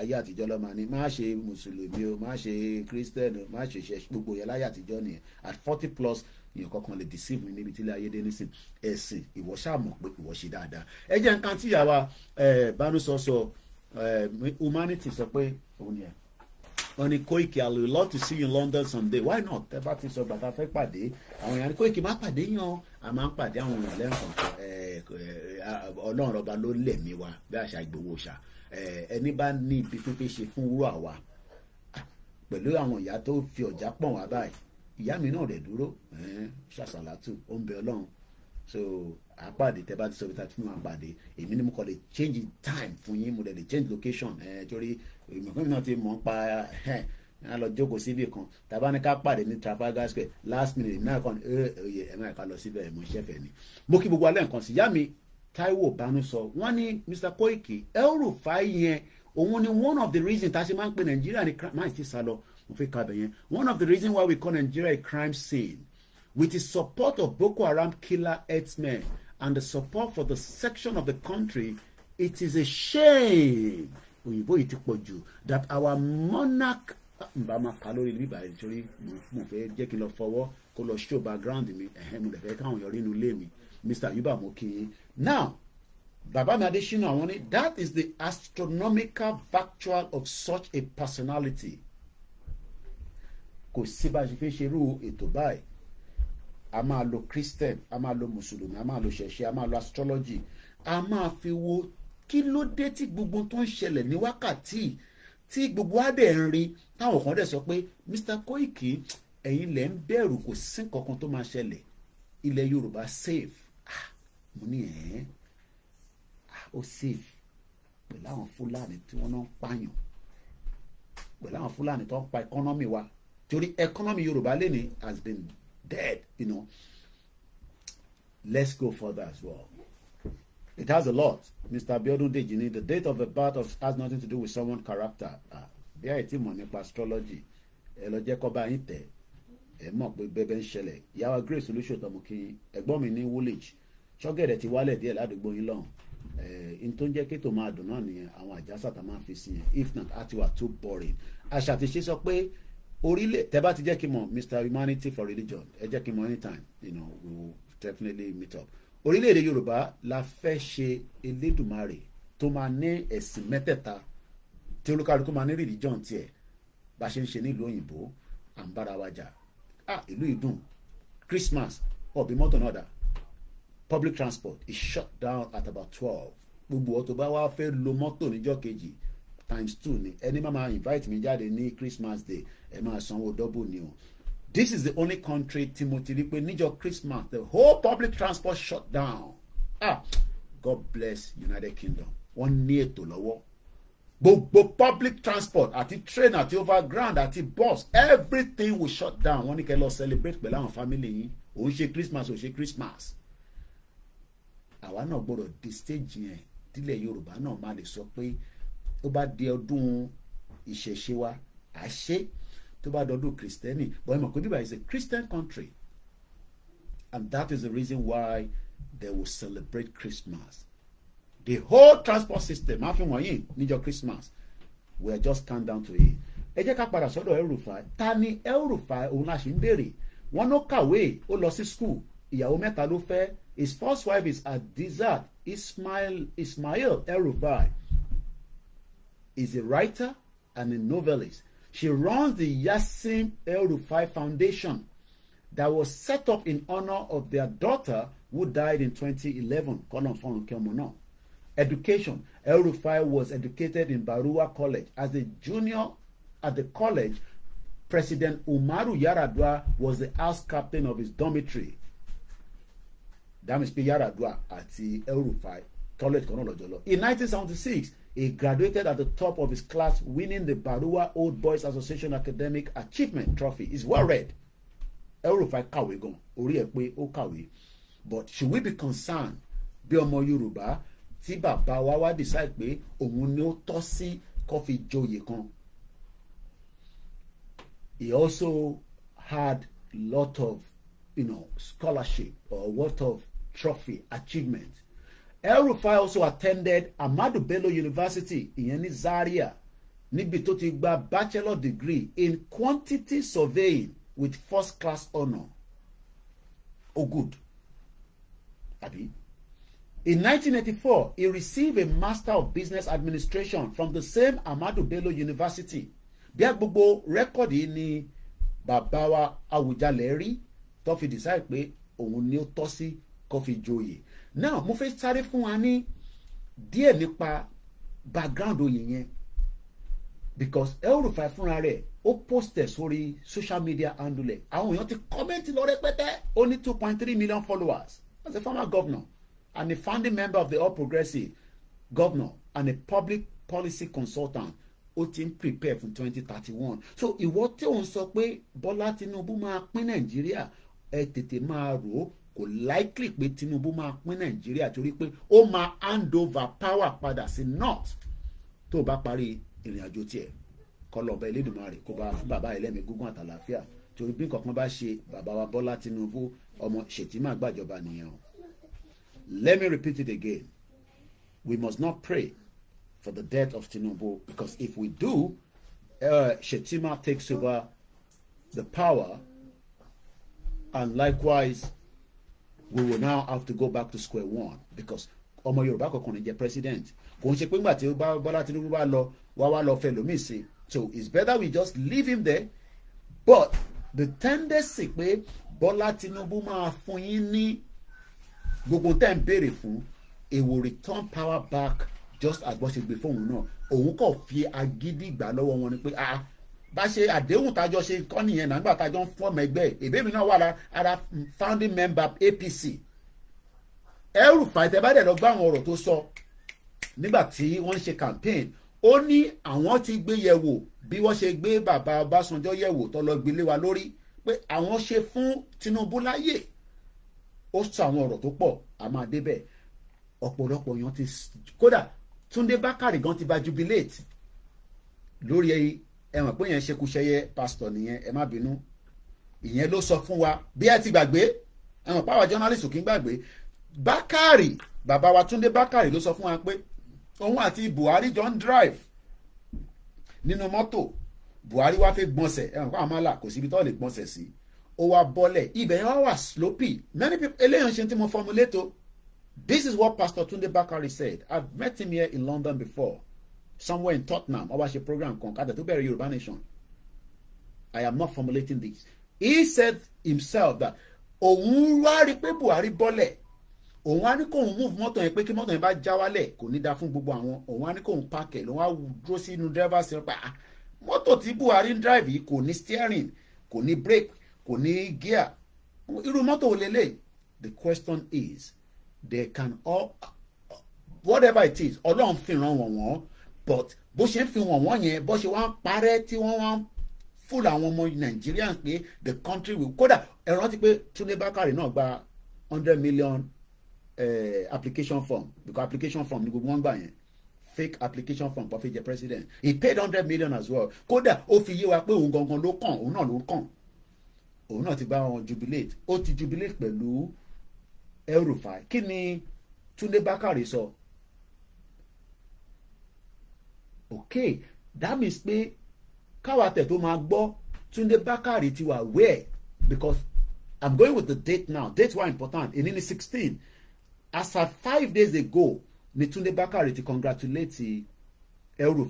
ayé àtijọ́ lọ́mọ ni má ṣe mùsùlùmí o má ṣe christian o má ṣe ṣe gbogbo yẹn láyé àtijọ́ nìyẹn at forty plus èèyàn kankan lè deceive mi níbi tí ilé ayé dé nísìn ẹ̀sìn ìwọ ṣáà mọ̀ pé ìwọ ṣe dáadáa ẹ jẹ́ nǹkan tí ìyàwó Bánúsọ sọ humanity sọ pé òun ni ẹ̀ wọ́n ní Koiki I would love to see you in London someday why not ẹ bá ti sọ bàtà fẹ́ pàdé àwọn èèyàn ní Koiki má pàdé yan a máa ń pàdé àwọn èèyàn lẹ́nkàn ọlọ́run ọba ló lẹ̀ mí wa bí àṣà ìgbowó ṣá ẹni bá ní ibi tó ṣe fún wúrà wa pẹ̀lú àwọn ìyá tó fi ọ̀já pọ̀ wá báyìí ìyá mi náà rẹ̀ dúró ṣàṣàlátù ó ń bẹ ọlọ́run so àpàdé tẹ bá ti sọ wípé fún àpàdé èmi ni mo kọ́ lè change time fún yín mo lè lè change location torí ìmọ̀kànmí náà ti mọ̀ ń pa a lọ jókòó síbì kan tàbá ní ká pàdé ní Trafalgar Square last minute náà kàn ẹ ẹ ẹ máa ká lọ síbẹ̀ mo ṣẹ̀fẹ̀ ni mo kí gbogbo alẹ́ nǹkan sí yá mi Táíwò Bánúsọ wọ́n ní Mr Koike El Rufai yẹn òun ni one of the reasons tá a ṣe máa ń pè Nàìjíríà ní crime ti sá lọ one of the reasons why we call Nigeria a crime scene with the support of Boko Haram killer herdsmen and the support for the section of the country it is a shame that our monarch ah, nba máa ka lórí bíbá mo fẹ́ jẹ́ kí n lọ fọwọ́ kó lọ show background mi ẹ̀hẹ́n mo lè fẹ́ káwọn yọrí inú ilé mi Mr. Yuba mo kí yín now bàbá mi Adésínà wọ́n ní that is the astronomical factual of such a personality kò sí bá a ṣe fẹ́ ṣerú ètò báyìí a máa lo christian a máa lo mùsùlùmí a máa lo ṣẹ̀ṣe a máa lo astrology a máa fi wo kí ló dé tí gbogbo tó ń ṣẹlẹ̀ ní wákàtí tí gbogbo wa dẹ̀ ń rí táwọn kan dẹ̀ sọ pé Mr Koiki ẹ̀yin lẹ̀ ń bẹ̀rù kò sí kankan tó máa ṣẹlẹ̀ ilẹ̀ Yorùbá safe ah mo ní ẹ̀ẹ́n ah ó safe pẹ̀lú àwọn Fúlàní tí wọ́n náà ń pààyàn pẹ̀lú àwọn Fúlàní tó ń pa ẹkọ́nọ́mì wa torí economy yorùbá lẹ́ni has been dead you know let's go further as well it has a lot mr abiodun dejini the date of the birth of has nothing to do with someone character ah bí àyè tí mọ̀ nípa astrology ẹ lọ jẹ́ kọ́ bá yín tẹ̀ ẹ mọ̀ pé bẹ́ẹ̀ ń ṣẹlẹ̀ yàrá grace olùṣọ́ tọmọ kí ẹ̀gbọ́n mi ní woolwich ṣọ́gẹ̀dẹ̀ ti wálẹ̀ díẹ̀ ládùúgbò yín lọ́hùn n tó ń jẹ́ kétò máa dùn náà nìyẹn àwọn àjàsà tá máa fi sí yẹn if not á ti wà too boring àṣà ti ṣe sọ pé orílẹ̀ tẹ́ bá ti jẹ́ kí n mọ̀ Mr Humanity for Religion ẹ jẹ́ kí n mọ̀ anytime you know we will definitely meet up orílẹ̀-èdè Yorùbá la fẹ́ ṣe Elédùmarè tó máa ní ẹ̀sìn mẹ́tẹ̀ẹ̀ta tí olúkálukú máa ní religion tiẹ̀ bá ṣe ń ṣe nílùú òyìnbó à ń bára wa jà ah ìlú ìdùn Christmas ọ̀bí mọ́tò náà dà public transport is shut down at about twelve gbogbo ọtọ bá wá fẹ́ lo mọ́tò níjọ́ kejì times two ni ẹni máa invite mi jáde ní Christmas day ẹ máa sanwó double ni o this is the only country Timothy. mo ti rí Christmas the whole public transport shut down ah God bless United Kingdom wọ́n ní ètò lọ́wọ́ gbogbo public transport àti train àti overground àti bus everything will shut down wọ́n ní kẹ́ lọ celebrate pẹ̀lú àwọn family yín òun ṣe Christmas òun ṣe Christmas àwa náà gbọ́dọ̀ di stage yẹn dílẹ̀ Yorùbá náà má lè sọ pé ó bá di ọdún ìṣẹ̀ṣe wa àṣẹ tó bá dọdún kristẹni but ẹ mọ̀ pé bíbá is a christian country and that is the reason why they will celebrate christmas the whole transport system á fi wọ̀nyí níjọ́ christmas we are just calm down to it ẹ jẹ́ ká padà sọ́dọ̀ El-Rufai ta ni el òun la ṣì ń béèrè wọn ló kàwé ó lọ sí school ìyàwó mẹ́ta ló fẹ́ his first wife is Adizat Ismail Ismail el is a writer and a novelist She runs the Yassim El Rufai Foundation that was set up in honor of their daughter who died in 2011. Education. El Rufai was educated in Barua College as a junior at the college. President Umaru Yaradua was the house captain of his dormitory. That means pé Yaradua àti El Rufai college kan In 1976 He graduated at the top of his class, winning the Barua Old Boys Association Academic Achievement Trophy. He's well read. el kawe kàwé gan, orí ẹ̀ pé ó But should we be concerned bí ọmọ Yorùbá tí bàbá wa wá decide pé òun ni ó tọ́ sí kó joyè kan? He also had lot of you know, scholarship or lot of trophy achievement El-Rufai also attended Ahmadu Bello University ìyẹn ní Zaria níbi tó ti gba bachelor degree in quantity surveying with first class honour oh good abi in 1984 he received a master of business administration from the same Ahmadu Bello University bí a gbogbo rẹ́kọ̀dì ni bàbá wa Awùjalẹ̀ rí tó fi decide pé òun ni ó tọ́ sí kó fi joyè now mo fẹ́ sáré fún wa ní díẹ̀ nípa background oyè yẹn because El-Rufai fúnra rẹ̀ ó post ẹ̀ sórí social media handle àwọn èèyàn ti comment lọ rẹpẹtẹ ó ní two point three million followers as a former governor and a founding member of the All Progressives governor and a public policy consultant ó ti ń prepare fún twenty thirty one so ìwọ tí ò ń sọ pé Bọ́lá Tinubu máa pín Nàìjíríà ẹ tètè máa rò ó kò likely pé Tinubu máa pín Nàìjíríà torí pé ó máa hand over power padà sí north tó bá parí ìrìn àjò tiẹ̀ kọ́ lọ́ba Elédùmarè kó bá fún bàbá ẹlẹ́mìí gúngún àtàlàáfíà torí bí kankan bá ṣe bàbá wa Bọ́lá Tinubu ọmọ Ṣètìmá gbàjọba nìyẹn o. Let me repeat it again. We must not pray for the death of Tinubu because if we do, uh, Shetima takes over the power and likewise we will now have to go back to square one because ọmọ yorùbá kankan ní jẹ president kò ń ṣe pé ńgbà tí bọ́lá tinubu bá lọ wá wá lọ fẹ́ lómi ṣe so it's better we just leave him there but the tendency pé bọ́lá tinubu máa fún yín ní gbogbo tẹ́ ń béèrè fún it will return power back just as bó ṣe gbé fóun náà òun kò fi agídí gbà lọ́wọ́ wọn ni pé ah bá ṣe àdéhùn tájọ ṣe nǹkan nìyẹn náà nígbà tájọ ń fọ́ọ̀mù ẹgbẹ́ ìbéèrè náà wà lára founding member APC El Rufai tẹ́ bá dẹ̀ lọ gbọ́ àwọn ọ̀rọ̀ tó sọ nígbà tí wọ́n ń ṣe campaign ó ní àwọn ti gbé yẹ̀wò bí wọ́n ṣe gbé bàbá Ọbásanjọ́ yẹ̀wò tó lọ gbélé wa lórí pé àwọn ṣe fún Tinubu láyè ó sọ àwọn ọ̀rọ̀ tó pọ̀ a máa débẹ̀ ọ̀pọ̀lọpọ̀ èèyàn ti kódà Túndé Bákàrè gan ti bá jubilate lórí ẹ mọ̀ pé yẹn ṣekúṣẹyẹ pásítọ̀ nìyẹn ẹ má bínú ìyẹn ló sọ fún wa bí ẹ ti gbàgbé ẹ mọ̀ pàwọ̀ jọ́nálìsì kì í gbàgbé Bákàrì bàbá wa Túndé Bákàrì ló sọ fún wa pé òun àti Buhari John drive nínú mọ́tò Buhari wá fẹ́ gbọ̀nsẹ̀ ẹ mọ̀ pàwọ̀ mọ́là kò síbi tó lè gbọ̀nsẹ̀ sí ó wá bọ́lẹ̀ ibẹ̀ yẹn wá wà sloppy many people eléyàn ṣe tí mo formulate o this is what Pastor Tunde Bakari said I've met him here in London before somewhere in Tottenham I was a program kan to be a Yorùbá nation I am not formulating this he said himself that òun wá rí pé Buhari bọ́lẹ̀ òun á ní kóun move mọ́tò yẹn pé kí mọ́tò yẹn bá já wálẹ̀ kò ní da fún gbogbo àwọn òun á ní kóun pàkẹ́ lòun á dúró sínú driver seat pa ah, mọ́tò tí Buhari ń drive yìí kò ní steering kò ní brake kò ní gear irú mọ́tò ò lélẹ̀ the question is they can all whatever it is ọlọ́run fi ràn wọ̀n wọ́n but bó ṣe ń fi wọ̀n wọ́n yẹn bó ṣe wá ń parẹ́ tí wọ́n wá ń fúlù àwọn ọmọ Nigerians pé the country will kódà ẹ rántí pé Túndé Bákàrè náà gba hundred million uh, application form because application form ni gbogbo wọn gbà yẹn fake application form for fake president he paid hundred million as well kódà ó fi yé wa pé òun gangan ló kàn òun náà ló kàn òun náà ti bá wọn jubilate ó ti jubilate pẹ̀lú El Rufai kí ni Túndé Bákàrè sọ. So okay that means pé káwa tẹ̀ tó máa gbọ́ Túndé Bákàrè ti wà where because i'm going with the date now date wa important èyí ní sixteen as at five days ago ni Túndé Bákàrè ti congratulate el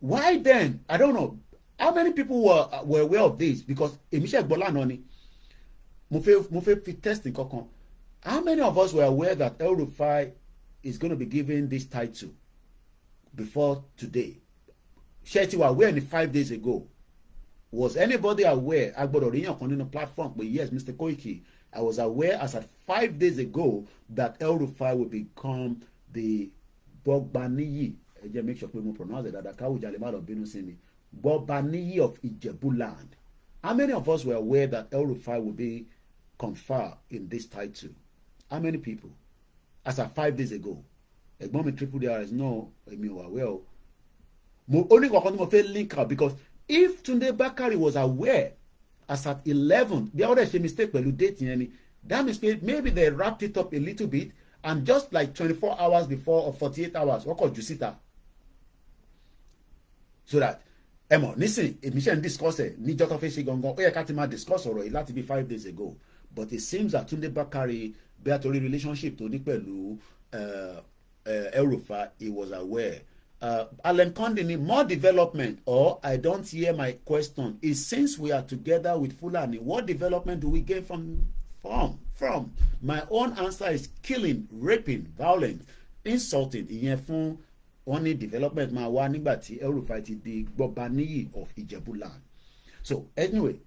why then i don't know how many people were, were aware of this because èmi ṣe gbọ́ lánàá ni mo fẹ́ mo fẹ́ fi test nǹkan how many of us were aware that el is going to be given this title before today ṣé ti wà aware ní five days ago was anybody aware agbọ́dọ̀ ríyàn kan nínú platform pé yes Mr. Koiki I was aware as at five days ago that El Rufai will become the Gbogbaniyi ẹ jẹ́ make sure pé mo pronounce it dada káwùjà lè má lọ bínú sí mi Gbogbaniyi of Ijebuland how many of us were aware that El Rufai would be conferred in this title how many people as at five days ago ẹ̀gbọ́n mi triple drs náà èmi ò aware o mo ó ní kankan tí mo fẹ́ link out because if Tunde Bakari was aware as at eleven bí àwọn ṣe mistake pẹ̀lú date yẹn ni that means maybe they wrapped it up a little bit and just like twenty-four hours before or forty-eight hours wọ́n kọ̀ jù síta so that ẹ mọ̀ nísìn èmi ṣe ń discuss ẹ̀ níjọ́ tó fẹ́ ṣe gangan ó yẹ ká ti máa discuss ọ̀rọ̀ yìí láti bí five days ago but it seems that Tunde Bakari bí a torí relationship tó ní pẹ̀lú eh, uh, el he was aware. Uh, Alan Kondini, more development, or I don't hear my question, is since we are together with Fulani, what development do we gain from? From, from. My own answer is killing, raping, violence, insulting, ìyẹn fún wọn ní development my wá nígbà tí El-Rufai ti di of Ijebuland. So anyway,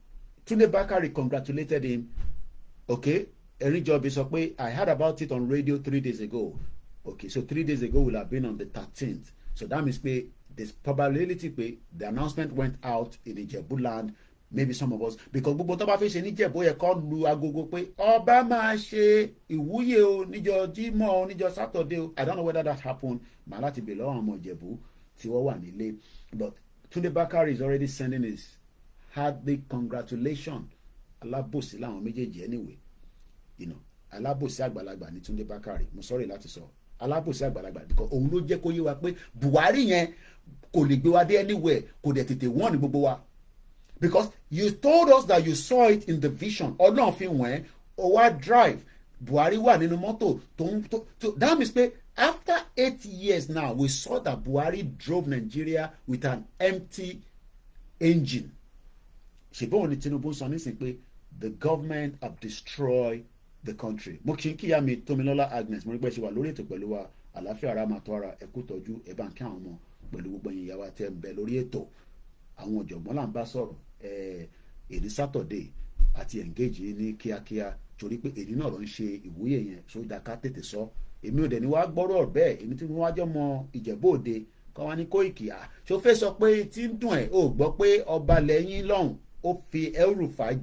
Tunde Bakari congratulated him. Okay, Erinjobi sọ pé I heard about it on radio three days ago okay so three days ago we'll have been on the thirteenth so that means pé there's probability pé the announcement went out in Ijebu land maybe some of us because gbogbo tó bá fi ṣe níjẹ̀bú yẹ kó lu agogo pé ọba máa ṣe ìwúyè o níjọ́ Jímọ̀ o níjọ́ Saturday o I don't know whether that happened màá láti bèèrè lọ́wọ́ ọmọ Ìjẹ̀bú tí wọ́n wà nílé but Tunde Bakari is already sending his hearty congratulation alábòsí láwọn méjèèjì anyway you know alábòsí àgbàlagbà ní Tunde Bakari mo sorry láti sọ alábòsí àgbàlagbà nìkan òun ló jẹ́ kó yé wa pé Buhari yẹn kò lè gbé wa dé anywhere kò dẹ̀ tètè wọ́n ní gbogbo wa because you told us that you saw it in the vision ọlọ́run fi wọ̀n ó wá drive Buhari wà nínú mọ́tò tó ń tó that means pé after eight years now we saw that Buhari drove Nigeria with an empty engine ṣùgbọ́n òní Tinubu sọ nísìnyí pé the government have destroyed the country mo kì í kíyà mi Tómilọ́lá Agnes mo rí pé ṣe wà lórí ètò pẹ̀lú wa àlàáfíà ara máa tọ́ ara ẹ̀kú tọ́jú ẹ̀ bá ń kí àwọn ọmọ pẹ̀lú gbogbo ẹ̀yin ìyá wa tẹ́ ń bẹ lórí ètò àwọn ọ̀jọ̀gbọ́n là ń bá sọ̀rọ̀ èdè Saturday àti engage ní kíákíá torí pé èdè náà ló ń ṣe ìwúyè yẹn so daka tètè sọ èmi ò dẹ̀ ni wàá gbọ́rọ̀ bẹ́ẹ̀ èmi tí wọ́n jọ mọ Ìjẹ̀bú Òde kọ́ wa ní Kóìkì fi El Rufai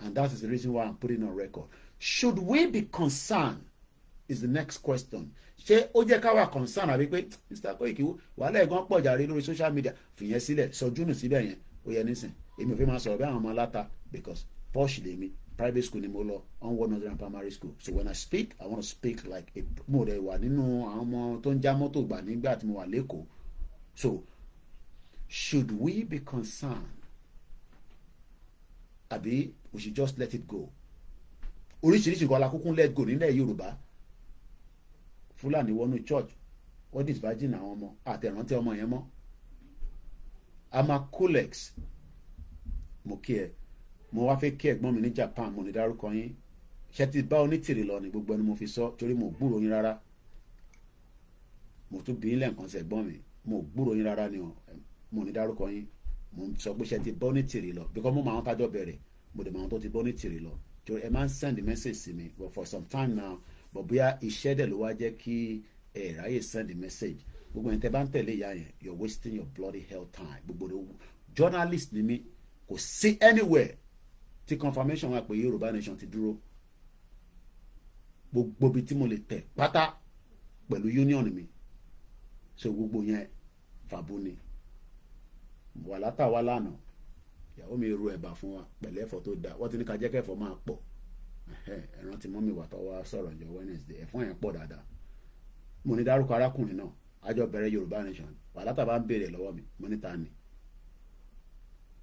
and that is the reason why I'm putting on record should we be concerned is the next question ṣé ó jẹ́ ká wà concerned àbí pé Mr Koiki wàhálà ẹ̀gán pọ̀ jàre lórí social media fìyẹn sílẹ̀ sọjúnù síbẹ̀ yẹn ó yẹ nísìn èmi ò fi máa sọ̀rọ̀ bí àwọn ọmọ aláta because posh lèmi private school ni mo lọ onward northern primary school so when i speak i want to speak like a mo rẹ wà nínú àwọn ọmọ tó ń já mọ́tò gbà nígbà tí mo wà lẹ́kọ̀ọ́ so should we be concerned àbí we should just let it go oríṣiríṣi nǹkan alákókún lẹ́gò nílẹ̀ yorùbá fúlàní wọnú church wọ́n disvirgin àwọn ọmọ àtẹ̀rántí ọmọ yẹn mọ́ amacolex mo kí ẹ mo wá fẹ́ kí ẹ̀gbọ́n mi ní japan mo ní dárúkọ yín ṣe ti bá onítìrì lọ ní gbogbo ẹni mo fi sọ torí mo gbúrò yín rárá mo tún bí yín lẹ́ǹkan sẹ̀ gbọ́n mi mo gbúrò yín rárá ni mo ní dárúkọ yín mo sọ pé ṣe ti bá onítìrì lọ bíkọ́ mo máa ń tájọ́ bẹ̀rẹ̀ mo dẹ̀ máa ń tó ti bá onítìrì lọ tó ẹ máa ń send message sí mi but for some time now but bóyá iṣẹ́ dẹ̀ ló wá jẹ́ kí ẹ ráyè send message gbogbo ẹni tẹ́ bá ń tẹ̀lé ìyá yẹn you're wasting your bloody hell time gbogbo ló journalist ni mí kò sí anywhere tí confirmation wà pé Yorùbá Nation ti dúró gbogbo ibi tí mo lè tẹ̀ pátá pẹ̀lú union mi so gbogbo yẹn fàbú ni wà látàwá lánàá ìyàwó mi ru ẹ̀bà fún wa pẹ̀lú ẹ̀fọ́ tó dáa wọ́n ti ní ká jẹ́ kẹ́fọ́ máa pọ̀ ẹ̀ràn tí mọ́mì wà tó wá sọ̀rọ̀ ọjọ́ Wednesday ẹ̀fọ́ yẹn pọ̀ dáadáa mo ní dárúkọ arákùnrin náà àjọ bẹ̀rẹ̀ Yorùbá nation wàhálà tàbá ń béèrè lọ́wọ́ mi mo ní ni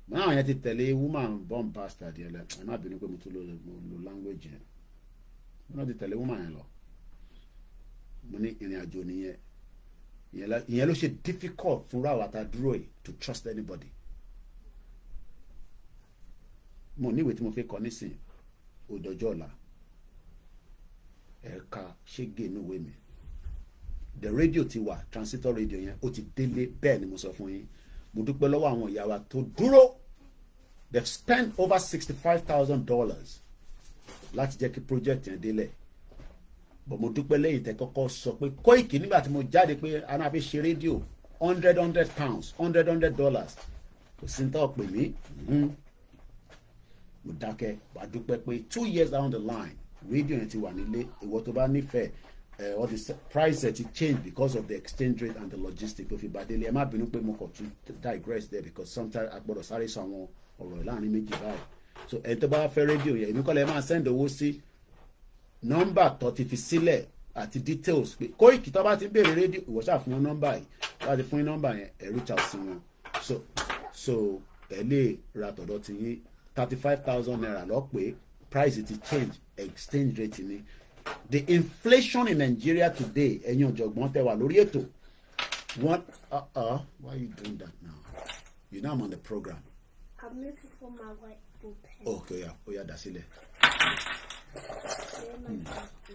mo náà yẹn ti tẹ̀lé woman born bastard yẹn lẹ ẹ má bínú pé mo tún lo lo language yẹn mo náà ti tẹ̀lé woman yẹn lọ mo ní ìrìn àjò nìyẹn ìyẹn ló ṣe difficult fúnra wa ta dúró yìí to trust anybody mo níwèé tí mo fẹ́ kọ nísìn òdòjọ́ ọ̀la ẹ̀ka ṣége inú ìwé mi the radio ti wà transistor radio yẹn ó ti délé bẹ́ẹ̀ ni mo sọ fún yín mo dúpẹ́ lọ́wọ́ àwọn ìyá wa tó dúró they've spent over sixty five thousand dollars láti jẹ́ kí project yẹn délẹ̀ bọ̀ mo dúpẹ́ lẹ́yìn tẹ́ kọ́kọ́ sọ pé Koiki nígbà tí mo jáde pé aná fi ṣe rédíò hundred hundred pounds hundred hundred dollars kò sí ní tọ́ pè mí. Hmm mo dákẹ́ wàá pé two years down the line radio yẹn ti wà nílé ìwọ tó bá nífẹ̀ẹ́ uh, all the price ti change because of the exchange rate and the logistics tó fi bá délé ẹ má bínú pé mo kàn tún digress there because sometimes a gbọ́dọ̀ sáré sọ àwọn ọ̀rọ̀ láàrin méjì báyìí so ẹni tó bá fẹ́ rédíò yẹn èmi kọ́ lẹ́ máa send owó sí nọ́mbà tó ti fi sílẹ̀ àti details pé Koiki tó bá ti béèrè rédíò ìwọ ṣáà fún wọn nọ́mbà yìí tó bá ti fún nọ́mbà yẹn ẹ reach sí wọn so so ẹ lè ra tọ̀dọ̀ ti yín thirty five thousand naira lọ pé price ti change exchange rate ni the inflation in Nigeria today ẹ̀yin ọ̀jọ̀gbọ́n tẹ́ wà lórí ètò one uh -uh, why you doing that now you know I'm on the program. I'm looking for my white book. okay oya oya dá sílẹ̀. Hmm.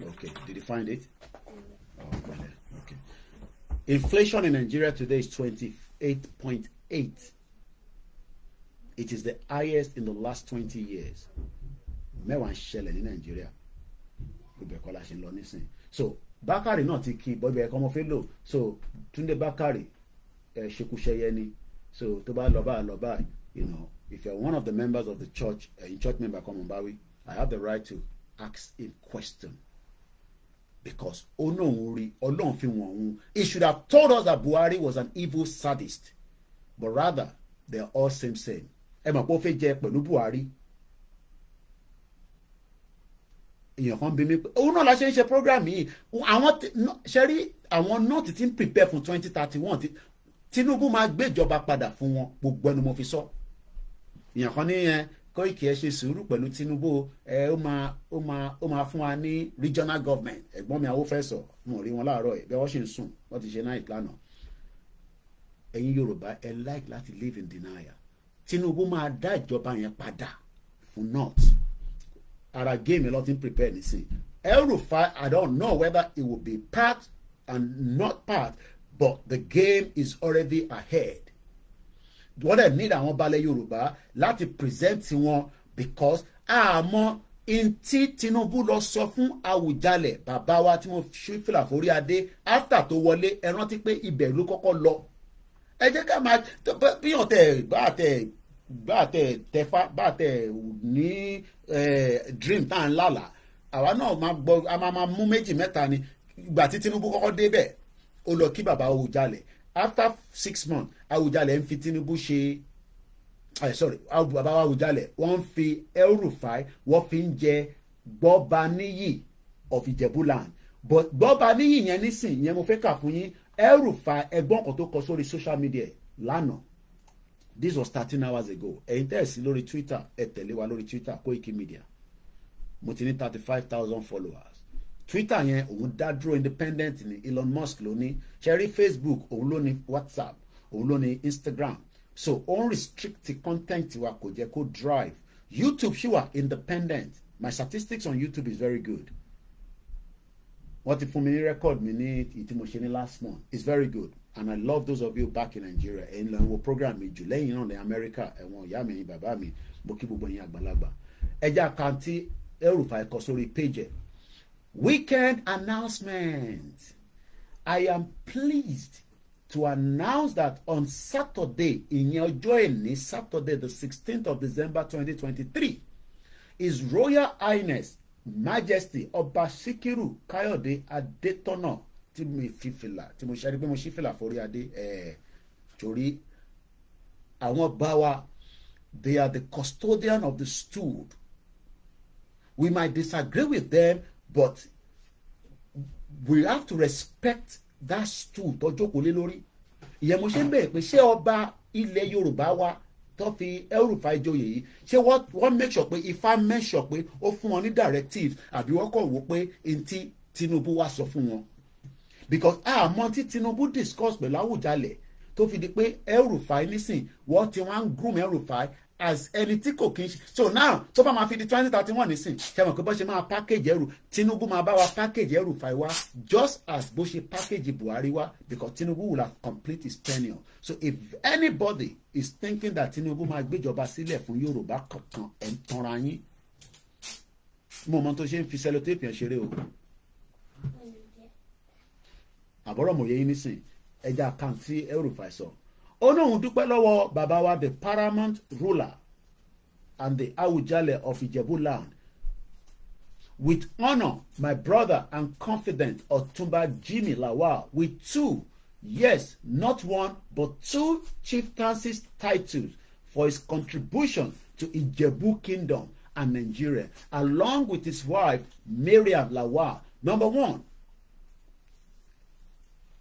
Okay, did you find it? Oh, okay. Inflation in Nigeria today is twenty-eight point eight it is the highest in the last twenty years mẹ́wàá ń ṣẹlẹ̀ ní nàìjíríà gbogbo ẹ̀kọ́ la ṣe ń lọ nísìn so bákàrè náà ti kí bọ́bẹ̀ ẹ̀kọ́ ọmọ fẹ́ lò so túndé bákàrè ẹ̀ ṣekúṣẹyẹ ni so tó bá lọ bá lọ bá you know if you are one of the members of the church uh, church member kọ́mọ̀ báwí i have the right to ask a question because olóhùn rí olóhùn fi wọ̀n òun he should have told us that Buhari was an evil sadist but rather they are all same same ẹ mọ̀ pé ó fẹ́ jẹ pẹ̀lú Buhari èèyàn kan bí mi pé òun náà la ṣe ń ṣe program yìí àwọn ṣe rí àwọn nóòtì tí ń prepare fún twenty thirty one Tinubu máa gbéjọba padà fún wọn gbogbo ẹnu mo fi sọ èèyàn kan níyẹn Kóìkì ẹ ṣe sùúrù pẹ̀lú Tinubu ẹ ó máa ó máa ó máa fún wa ní regional government ẹ̀gbọ́n mi àwọn fẹ́ sọ mo rí wọn láàárọ̀ ẹ̀ bí wọ́n ṣe ń sùn wọ́n ti ṣe náà ìlànà ẹ̀yin Yorùbá ẹ like láti live in denial Tinubu máa dá ìjọba yẹn padà fún north ara géèmì lọ́tí ń prepare nísìn el I don't know whether it will be part and not part but the game is already ahead wọ́n dẹ̀ need àwọn balẹ̀ Yorùbá láti present wọn because àmọ́ ntí Tinubu lọ sọ fún Àwùjalẹ̀ bàbá wa tí mo ṣe fìlà forí adé after tó wọlé ẹ rántí pé ibẹ̀ ló kọ́kọ́ lọ ẹ jẹ́ ká máa bí ọ̀tẹ̀ bá tẹ̀ bá tẹ tẹfá bá tẹ ní dream tá à ń lálà àwa náà máa gbọ́ a máa máa mú méjì mẹ́ta ni ìgbà tí Tinubu kọ́kọ́ débẹ̀ ó lọ kí bàbá Awùjalẹ̀ after six months Awùjalẹ̀ ń fi Tinubu ṣe ẹ sorry bàbá Awùjalẹ̀ wọ́n ń fi El-Rufai wọ́n fi ń jẹ Gbọ́baníyì of Ijebuland but Gbọ́baníyì yẹn nísìn yẹn mo fẹ́ kà fún yín El-Rufai ẹgbọ́n kan tó kọ sórí social media lánàá this was thirteen hours ago ẹ̀yin tẹ́ ẹ̀ sí lórí twitter ẹ̀ tẹ̀lé wa lórí twitter Koiki Media mo ti ní thirty five thousand followers twitter yẹn òun dá dúró independent ni Elon Musk ló ní ṣẹ́rí facebook òun ló ní whatsapp òun ló ní instagram so unrestricted content wa kò jẹ́ kó drive youtube ṣì wà independent my statistics on youtube is very good wọ́n ti fún mi ní record mi ní ìtí mo ṣe ní last month it's very good and I love those of you back in Nigeria ẹ̀yin lọ wo program mi jù lẹ́yìn náà ní America ẹ̀wọ̀n ìyá mi ẹ̀yin bàbá mi mo kí gbogbo ẹ̀yin àgbàlagbà ẹja kanti ẹrùfà ẹ̀kọ́ sórí page weekend announcement I am pleased to announce that on Saturday ìyẹn ọjọ́ ẹ̀ní Saturday the sixteenth of December twenty twenty three His Royal Highness Majesty Ọba Sikiru Kayode Adetona tí mi fi fìlà tí mo ṣe pé mo ṣí fìlà forí adé torí àwọn bá wa they are the custodian of the stool we might disagree with them but we have to respect that stool tó jókòó lé lórí ìyẹn mo ṣe ń bẹ̀rẹ̀ pé ṣé ọba ilẹ̀ Yorùbá wa tó ẹrùfà ìjòyè yìí ṣé wọ́n make sure pé ifá make sure pé ó fún wọn ní directives àbí wọ́n kọ̀ wò pé ntí Tinubu wá sọ fún wọn because àmọ́ tí Tinubu discuss pẹ̀lú Àwùjalẹ̀ tó fi di pé El-Rufai nísìn wọ́n ti wá ń groom el as ẹni tí kò kí n ṣe so now tó bá máa fi di twenty thirty one nísìn ṣe mọ̀ pé bó ṣe máa package ẹrù Tinubu máa bá wa package El-Rufai wa just as bó ṣe package Buhari wa because Tinubu will have complete his tenure so if anybody is thinking that Tinubu máa gbéjọba sílẹ̀ fún Yorùbá kankan ẹ̀ ń tanra yín mo mọ tó ṣe ń fi cellotape yẹn ṣeré o àbọ̀rọ̀mòye yín nísìn ẹja àkáǹtì El-Rufai sọ ó ní òun dúpẹ́ lọ́wọ́ bàbá wa the paramount ruler and the Awujale of Ijebu land with honour my brother and confident Ọ̀túnba Jimmy Lawal with two yes not one but two chieftaincy titles for his contribution to Ijebu kingdom and Nigeria along with his wife Mariam Lawal number one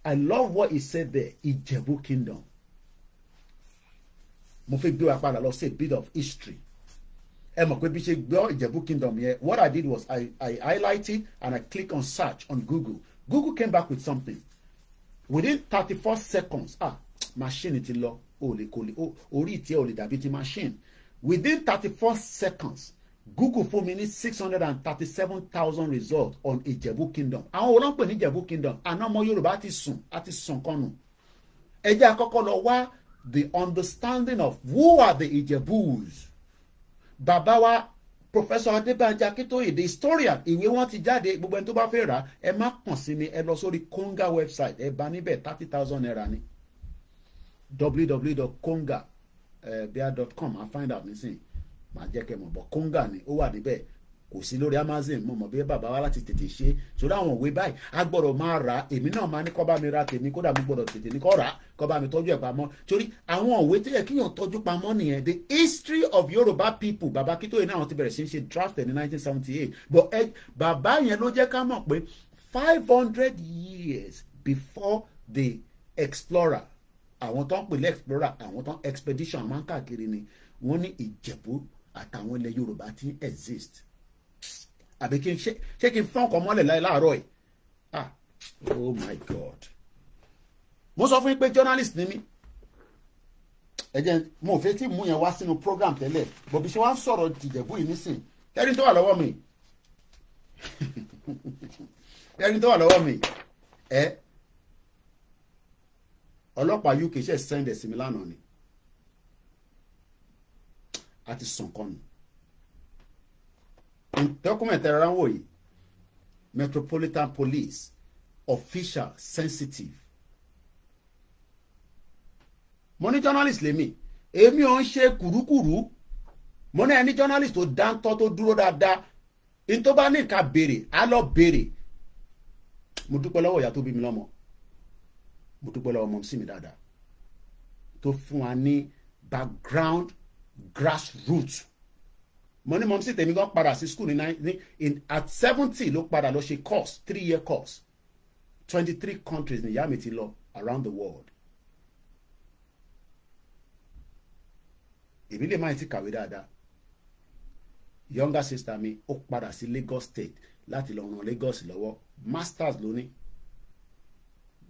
I love what he said there Ìjẹ̀bú kingdom mo fẹ́ gbé wa padà lọ sí a bit of history ẹ mọ̀ pé bí ṣe gbọ́ Ìjẹ̀bú kingdom yẹn what I did was I, I highlighted and I click on search on Google Google came back with something within thirty four seconds ah machine ti lọ o lè kò lè orí ìtẹ́ o lè dàbí ti machine within thirty four seconds google fún mi ní six hundred and thirty seven thousand results on ìjẹ̀bú kingdom àwọn wo ló ń pè ní ìjẹ̀bú kingdom àná ọmọ yorùbá ti sùn àti sùn kọnù ẹ jẹ́ àkọ́kọ́ lọ wá the understanding of who are the ìjẹ̀bús bàbá wa professor adébánjá akíntóyè the historian ìwé wọn ti jáde gbogbo ẹni tó bá fẹ́ rà ẹ má kàn sí mi ẹ lọ sórí konga website ẹ bá níbẹ̀ thirty thousand naira ni www.konga.com eh, i find out nísìnyí màá jẹ́ kóńgà ni ó wà níbẹ̀ kò sí lórí amazon mo bí bàbá wa láti tètè ṣe sórí àwọn òwe báyìí a gbọ́dọ̀ máa rà á èmi náà máa ní kọ́ bá mi ra tèmi kódà mo gbọ́dọ̀ tètè ní kọ́ rà á kọ́ bá mi tọ́jú ẹ̀ pamọ́ torí àwọn òwe tó yẹ kíyàn tọ́jú pamọ́ nìyẹn the history of Yorùbá people bàbá Akíntóyè náà ti bẹ̀rẹ̀ sí ṣe draft ní 1978 but ẹ bàbá yẹn ló jẹ́ ká mọ̀ pé 500 years before the explorer àwọn tó ń pè lẹ́ explorer àwọn tó ń expedition máa ń káàkiri ni wọ́n ní Ìjẹ̀bú àtàwọn ilẹ̀ Yorùbá ti ń exist àbí kí n ṣé kí n fọ́n ọkọ̀ mọ́lẹ̀ láàárọ̀ yìí ah oh my god mo sọ fún yín pé journalist ni mí ẹ jẹ́ mo fẹ́ tí mú yẹn wá sínú program tẹ́lẹ̀ bọ̀bí ṣe wá ń sọ̀rọ̀ tìjẹ̀bú yìí nísìn ẹni tó wà lọ́wọ́ mi ẹni tó wà lọ́wọ́ mi ẹ ọlọ́pàá UK ṣe send ẹ̀ sí mi lánàá ni a ti sàn kọ́nù dọ́kúmẹ̀tì ara wò yìí metropolitan police official sensitive mo ní journalist lèmi èmi ò ń ṣe kùrúkùrú mo ní ẹni journalist tó dáńtọ́ tó dúró dáadáa ní tó bá ní nǹkan béèrè á lọ béèrè mo dúpẹ́ lọ́wọ́ ìyá tó bí mi lọ́mọ mo dúpẹ́ lọ́wọ́ ọmọ sí mi dáadáa tó fún wa ní background grassroots mo ní mọ̀mísí tèmi gan padà sí school ní in at seventy ló padà lọ ṣe course three year course twenty three countries ní ìyá mi ti lọ around the world. èmi lè má ti kàwé dáadáa younger sister mi ó padà sí Lagos State láti lọ ràn Lagos lọ́wọ́ masters ló ní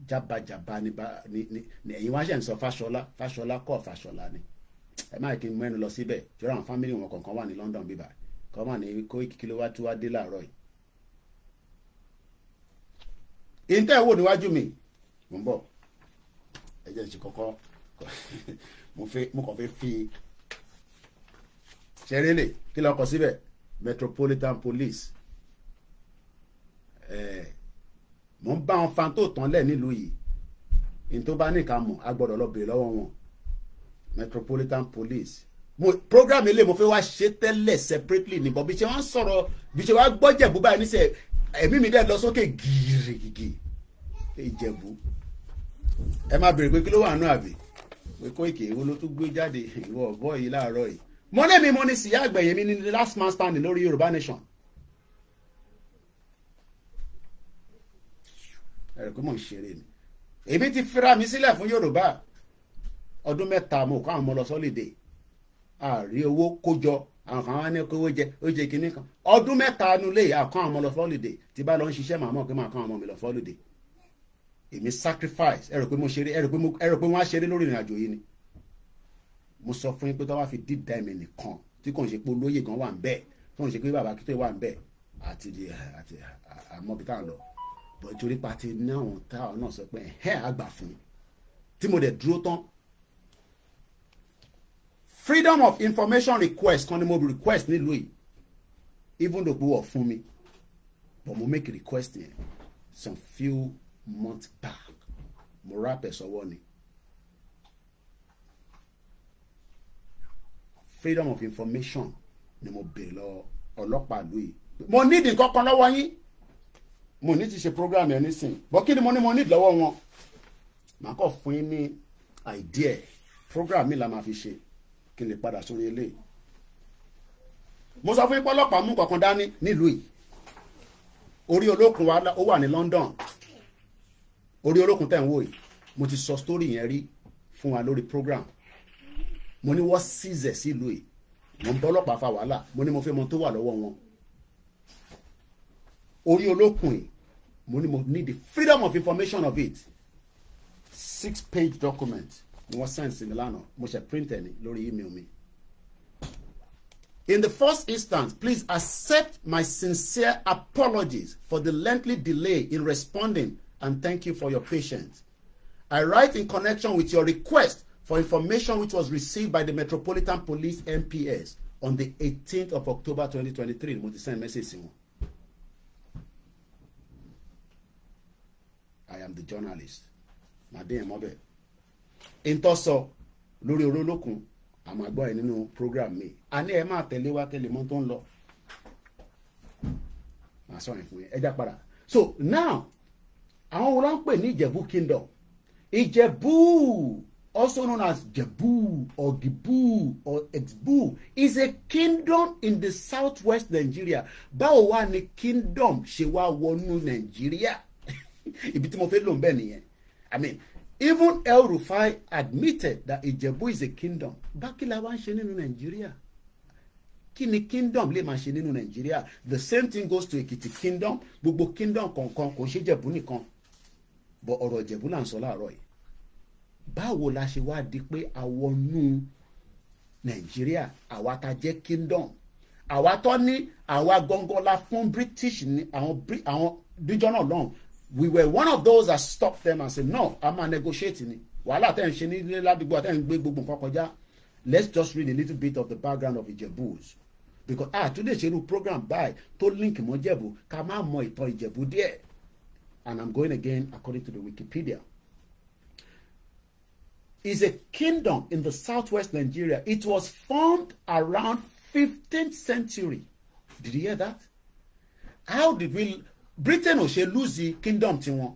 jábàjábà ní ẹ̀yin wá ṣe ń sọ Fáṣọlá Fáṣọlá kọ́ Fáṣọlá ni. Ba, ni, ni ẹ má kí n mẹ́nu lọ síbẹ̀ jọ̀rọ̀ àwọn fámìlì wọn kọ̀ọ̀kan wà ní London bíbá kọ́ wà ní Koiki kí ló wá tí wá dé láàárọ̀ yìí. ìǹtẹ́ wò níwájú mi mò ń bọ̀ ẹ jẹ́ kọ́kọ́ mo kàn fẹ́ fi ṣẹrẹ́lẹ̀ kí lọ́kọ̀ síbẹ̀ Metropolitan Police mò ń bá wọn fan tó tán lẹ̀ nílùú yìí ní tó bá nìkan mọ̀ a lọ bèrè lọ́wọ́ wọn metropolitan police mo program ilé mo fẹ́ wá ṣe tẹ́lẹ̀ separately nìbọn bí ṣe wá ń sọ̀rọ̀ bí ṣe wá gbọ́jẹ̀ bú báyìí níṣẹ́ ẹ̀mí mi dẹ̀ lọ sókè gírígì ìjẹ̀bú ẹ má béèrè pé kí ló wà nù àbí pé kó ìkè ìwo ló tún gbé jáde ìwọ ọ̀bọ yìí láàárọ̀ yìí mo ní mi mo ní síyá àgbẹ̀yẹ mi ní the last man standing lórí Yorùbá nation ẹ̀rọ pé mò ń ṣeré ni èmi ti fira mi sílẹ̀ fún Yorùbá ọdún mẹ́ta mo kọ́ àwọn ọmọ lọ sọ́lìdè àrí owó kójọ àwọn kan wá ní kówó jẹ ó jẹ kínní kan ọdún mẹ́ta nulẹ̀ àkọ́ àwọn ọmọ lọ sọ́lìdè tí bá lọ ń ṣiṣẹ́ màmá òkè máa kọ́ àwọn ọmọ mi lọ sọ́lìdè èmi sacrifice ẹ rò pé mo ṣeré ẹ rò pé wọ́n á ṣeré lórí ìrìn àjò yìí ni mo sọ fún yín pé tó bá fi dídá ẹ̀mí nìkan tí kò ń ṣe pé olóyè gan wà ń bẹ́ẹ̀ tó ń ṣe pé bàbá kítóyè wà ń bẹ́ẹ̀ àti àti àmọ́bi lọ bọ̀ torí pa ti ní àwọn náà sọ pé ẹ̀hẹ́ àgbà fún tí mo dẹ̀ dúró tán freedom of information request kan ni mo request nílùú yìí even though pé wọ́n fún mi but mo make request yẹn some few months back mo rap ẹ̀ sọ́wọ́ ni freedom of information ni mo béèrè lọ ọlọ́pàá ìlú mo need nǹkan kan lọ́wọ́ yín mo ní ti ṣe program yẹn nísìn but kí ni mo ní mo need lọ́wọ́ wọn màá kàn fún yín ní idea program mi la ma fi ṣe kí n lè padà sórí eléyìí mo sọ fún yín pọ́lọ́pàá mú kankan dání nílùú yìí orí olókun wa ó wà ní London orí olókun tẹ̀ ń wò yìí mo ti sọ sítórì yẹn rí fún wa lórí program mo ní wọ́n ṣìzẹ̀ sílùú yìí mo ń bọ́ ọlọ́pàá fa wàhálà mo ní mo fẹ́ mọ tó wà lọ́wọ́ wọn orí olókun yìí mo ní mo need the freedom of information of it six page document ni wọ́n send sí mi lánàá mo ṣe print ẹ̀ ní lórí email mi. In the first instance, please accept my sincere apologies for the lengthy delay in responding and thank you for your patience. I write in connection with your request for information which was received by the Metropolitan Police MPS on the 18th of October 2023. Mo ti send message sí wọn. I am the journalist. Màdé ẹ̀ mọ́bẹ̀ ìtọ́ sọ lórí oró lókun àmọ́ àgbọ́ ẹ̀ nínú program mi àní ẹ máa tẹ̀lé wa kẹlẹ̀ mọ́ tó ń lọ màá sọ̀rọ̀ fún yín ẹja padà so now àwọn wo ló ń pè ní ìjẹ̀bú kingdom ìjẹ̀bú also known as jebu or gibu or exbu is a kingdom in the southwest nigeria báwo wá ni kingdom ṣe wá wọnú nàìjíríà ibi tí mo fẹ́ lò ń bẹ̀ nìyẹn i mean even El Rufai admitted that Ijebu is a kingdom bákìlá wa ń ṣe nínú Nàìjíríà kí kingdom lè máa ṣe nínú Nàìjíríà the same thing goes to Ekiti kingdom gbogbo kingdom kọ̀ọ̀kan kò ṣe Jẹ̀bú nìkan bọ̀ ọ̀rọ̀ Jẹ̀bú là ń sọ láàárọ̀ yìí báwo la ṣe wá di pé àwọnú Nàìjíríà àwa ta jẹ́ kingdom àwa tó ní àwa gbọ̀ngànlá fún British ni àwọn regional lọ́hùn we were one of those that stopped them and said no I'm máa negotiate ni wàhálà tẹ̀ ń ṣe ní ládùúgbò àtẹ̀ ń gbé gbogbo nǹkan kọjá let's just read a little bit of the background of Ìjẹ̀bú because ah tún lè program báyìí tó link mọ́ Ìjẹ̀bú ká máa mọ ìtàn Ìjẹ̀bú díẹ̀ and I'm going again according to the Wikipedia is a kingdom in the southwest Nigeria it was formed around 15th century did you hear that how did we Britain ò ṣe lose kingdom tiwọn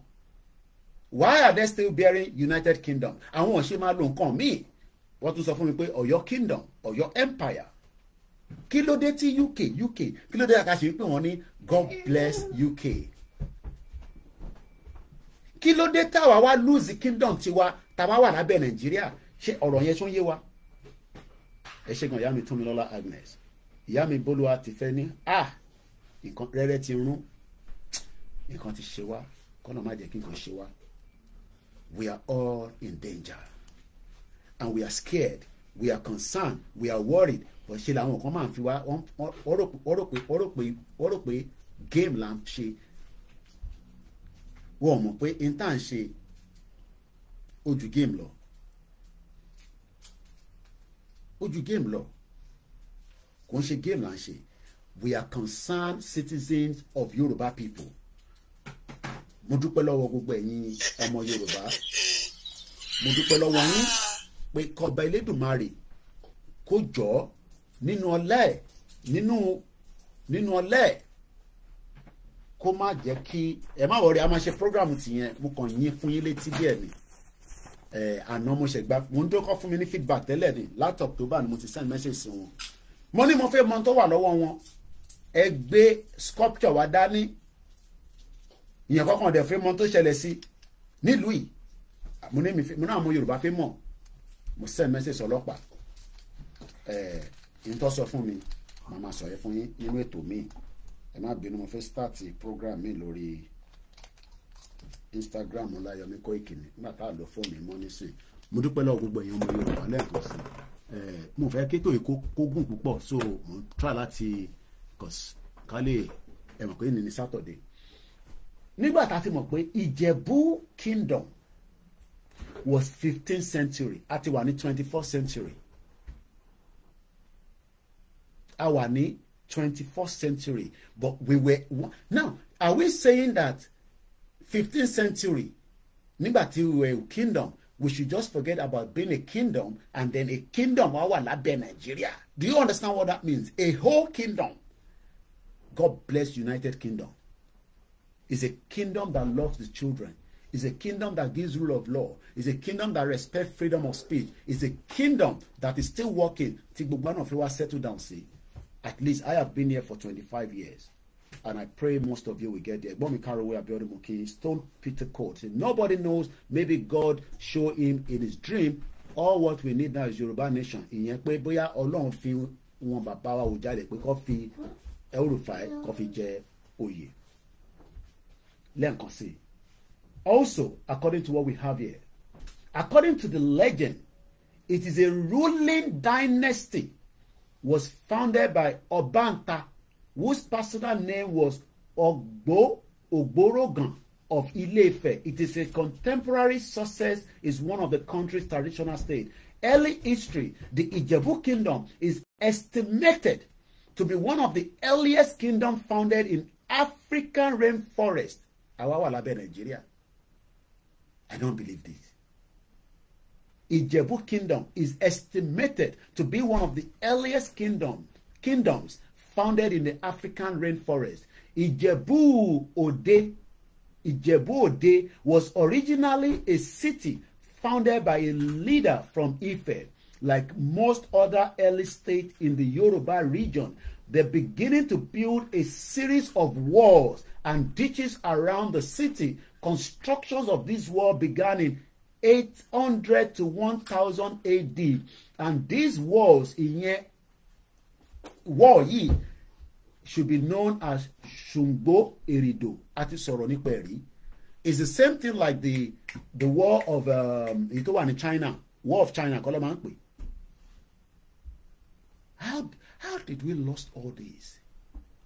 why are they still bearing United Kingdom àwọn ò ṣe máa lo nǹkan míì wọ́n tún sọ fún mi pé Ọ̀yọ́ kingdom Ọ̀yọ́ empire kí ló dé tí UK UK kí ló dé àkàṣe pé wọ́n ní God bless UK kí ló dé táwa wá lose kingdom tiwa tàwa wà lábẹ́ Nàìjíríà ṣé ọ̀rọ̀ yẹn tún yé wa ẹ ṣẹ́gun ìyá mi Túnmilọ́lá Agnes ìyá mi Bólúwa ti fẹ́ ní ah! à nǹkan rẹ́rẹ́ ti rún nǹkan ti ṣe wá kọ́nà má jẹ́ kí nǹkan ṣe wá we are all in danger and we are scared we are concerned we are worried but ṣe làwọn kan máa ń fi wá wọ́n rò pé game la ń ṣe wọ́n mọ̀ pé n tá à ń ṣe ó game lọ ó game lọ kò ń ṣe game la ń ṣe we are concerned citizens of Yoruba people mo dúpẹ́ lọ́wọ́ gbogbo ẹ̀yin ọmọ Yorùbá mo dúpẹ́ lọ́wọ́ yín pé kọba Elédùmarè kó jọ nínú ọlá ẹ̀ nínú nínú ọlá kó má jẹ́ kí ẹ má wọrí a máa ṣe programu tìyẹn mo kàn yín fún yín létí díẹ̀ ni àná mo ṣe gbà mo ń dókọ́ fún mi ní feedback tẹ́lẹ̀ ni láti October ni mo ti send message sí wọn mo ní mo fẹ́ mọ tó wà lọ́wọ́ wọn ẹ gbé sculpture wa dání ìyẹn kọ́kàn dẹ̀ fẹ́ mọ tó ṣẹlẹ̀ sí nílùú yìí mo ní mi mo náà mo Yorùbá fẹ́ mọ̀ mo send message ọlọ́pàá ẹ̀ẹ́ n tó sọ fún mi màá máa sọ yẹn fún yín nínú ètò mi ẹ má bínú mo fẹ́ start program mi lórí Instagram Ọláyọmí Koikini nígbà tá a lọ fóònù mọ́ nísìnyí mo dúpẹ́ lọ́wọ́ gbogbo èèyàn ọmọ Yorùbá lẹ́ẹ̀kan sí i mo fẹ́ kétò èkó kógùn púpọ̀ so mo try láti kọ̀s kálẹ̀ ẹ̀wọ̀n pé ní ní Saturday nígbà tá a ti mọ̀ pé ìjẹ̀bú kingdom was fifteenth century a ti wà ní twenty fourth century a wà ní twenty fourth century but we were now are we saying that fifteenth century nígbà tí we were kingdom we should just forget about being a kingdom and then a kingdom wà wà lábẹ́ Nigeria do you understand what that means a whole kingdom God bless United Kingdom is a kingdom that loves the children, is a kingdom that gives rule of law, is a kingdom that respect freedom of speech, is a kingdom that is still working. Tí gbogbo of you wá settled down See, At least I have been here for twenty five years and I pray most of you will get there. Bomi Karowe Abiodunmoke, Stone Peter Court. Nobody knows. Maybe God show him in his dream. All what we need now is Yoruba nation. Ìyẹn pé bóyá Ọlọ́run fi wọn bàbá wa ò jáde pé kó fi El-Rufai kó fi jẹ oyè lẹ́ǹkan sí i also according to what we have here according to the legend it is a ruling dynasty was founded by Obanta whose personal name was Ogbo Ogborogan of ile It is a contemporary success, is one of the country's traditional state. Early history, the Ijebu kingdom is estimated to be one of the earliest kingdoms founded in African rainforest àwa wà lábẹ́ nàìjíríà I don't believe this. Ijebu kingdom is estimated to be one of the earliest kingdom, kingdoms founded in the African rainforest. Ijebu Ode, Ijebu Ode was originally a city founded by a leader from Ife. Like most other early states in the Yoruba region, they beginning to build a series of walls and ditches around the city. Constructions of this wall began in 800 to 1000 AD. And these walls in here, wall should be known as Ṣùngbó Èrìdò. Àti sọ̀rọ̀ nípa It's the same thing like the the war of um, èyí China, war of China kọ́lọ́ How how did we lost all this?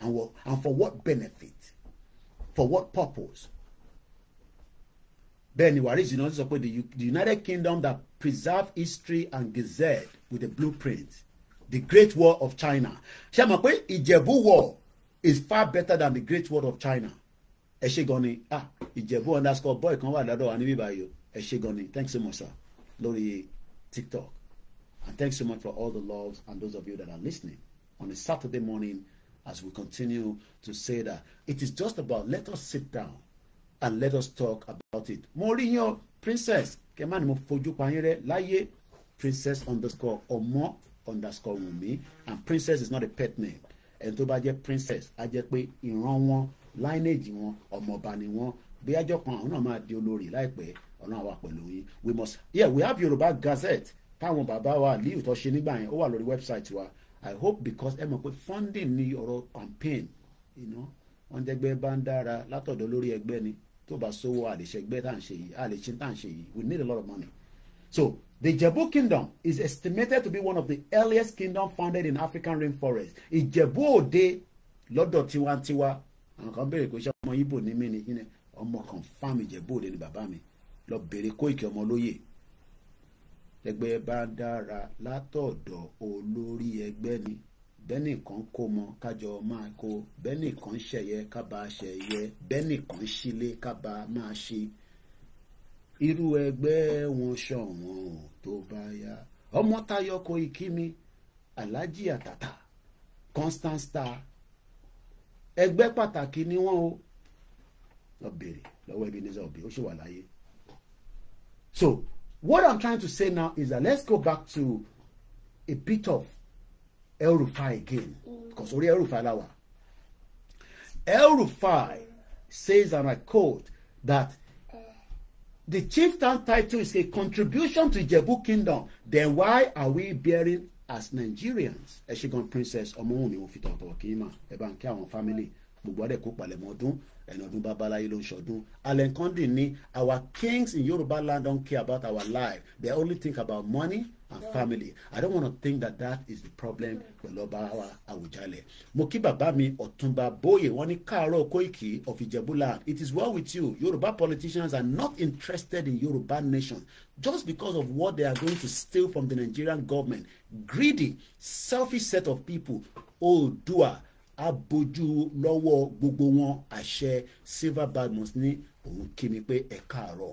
And, what, and for what benefit? for what purpose? bẹ́ẹ̀ ni you know sọ pé the United Kingdom that preserve history and gazette with a blueprint the Great War of China ṣe mọ̀ pé Ìjẹ̀bú Wall is far better than the Great War of China ẹ ṣe ah Ijebu underscore boy come wà lọ́dọ̀ wa níbí báyìí o thanks so much sir lórí TikTok and thanks so much for all the loves and those of you that are listening on a Saturday morning as we continue to say that it is just about let us sit down and let us talk about it. mo rí yín princess kẹ́mà ni mo fojú pa yín rẹ láyé princess underscore ọmọ underscore wùnmí and princess is not a pet name ẹni tó bá jẹ́ princess á jẹ́ pé ìran wọn lineage wọn ọmọọba ni wọn bí ajọ kan àwọn náà máa di olórí láìpẹ́ ọlọ́run àwa pẹ̀lú yín we must yeah we have Yorùbá Gazette táwọn bàbá wa aliyu tó ṣe nígbà yẹn ó wà lórí website wa i hope because ẹ mọ̀ pé funding ni ọ̀rọ̀ campaign you know wọ́n jẹ́gbẹ́ bá ń dára látọ̀dọ̀ lórí ẹgbẹ́ ni tó bá sówó àlèṣẹ́gbẹ́ tá à ń ṣe yìí àlèṣe tá à ń ṣe yìí we need a lot of money. so the Jebu kingdom is estimated to be one of the earliest kingdoms founded in African rainforest. Ìjẹ̀bú Òde lọ́dọ̀ tiwantiwa àwọn kan béèrè pé ṣé ọmọ Ìgbò ni mí ni ọmọ confam Ìjẹ̀bú Òde ni bàbá mi lọ béèrè Koiki ọmọ olóyè lẹgbẹ́ bá ń dára látọ̀dọ̀ olórí ẹgbẹ́ ni bẹ́nìkan kó mọ kájọ máa kó bẹ́nìkan ṣẹ̀yẹ kábà ṣẹ̀yẹ bẹ́nìkan ṣílé kábà máa ṣe irú ẹgbẹ́ wọn ṣọ̀wọ́n ò tó bá yá ọmọ Táyọ̀ Koikimi Alhaji Àtàtà Constant Star ẹgbẹ́ pàtàkì ni wọ́n o lọ bèrè lọ́wọ́ Ebenezer Obey ó ṣì wà láyé so What I'm trying to say now is that let's go back to a bit of El Rufai again. Mm. Because mm. El Rufai lawa. El Rufai says, and I quote, that the chieftain title is a contribution to Ijebu kingdom. Then why are we bearing as Nigerians? Ẹ Princess Ọmọwùmí Òfìtàn Ọ̀tọ̀wọ̀kìyìmá, ẹ bá ń kí family, gbogbo adẹ́kọ̀ọ́ palẹ̀mọ́ ọdún ẹni ọdún bá báláyé ló ń ṣọdún Allen Condé ní our kings in Yoruba land don't care about our life they only think about money and family I don't wanna think that that is the problem pẹ̀lú ọba wa Àwùjalẹ̀ mo kí bàbá mi Ọ̀túnba Bóyè wọ́n ní káàárọ̀ Kóìkì of Ijebuland it is well with you Yoruba politicians are not interested in Yoruba nation just because of what they are going to steal from the Nigerian government greedy selfish set of people Oòduà á bójú lọ́wọ́ gbogbo wọn àṣẹ silver badmus ní òun kí mi pé ẹ káàárọ̀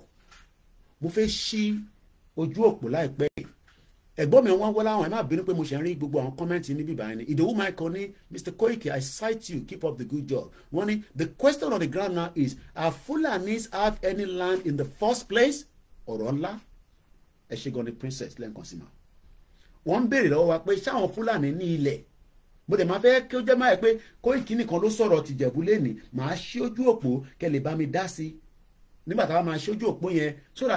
mo fẹ́ ṣí ojú òpó láìpẹ́ yìí ẹ̀gbọ́n mi wọ́n wọ́lá àwọn ẹ̀ má bínú pé mo ṣe ń rí gbogbo àwọn kọ́mẹ́ǹtì níbí báyìí ni ìdòwú michael ní mr koike i cite you keep up the good job wọ́n ní the question on the ground now is are fulanis have any land in the first place ọ̀rọ̀ ńlá ẹ̀ ṣe gan ni princess lẹ́ǹkan sí ma wọ́n ń béèrè lọ́wọ́ wa pé ṣáwọn Fulani, ní ilẹ̀ mo dẹ̀ máa fẹ́ kí ó jẹ́ máa yẹ pé Koiki nìkan ló sọ̀rọ̀ tìjẹ̀bú lẹ́nì màá ṣí ojú òpó kẹ́ lè bá mi dá sí nígbà táwa máa ṣí ojú òpó yẹn sódà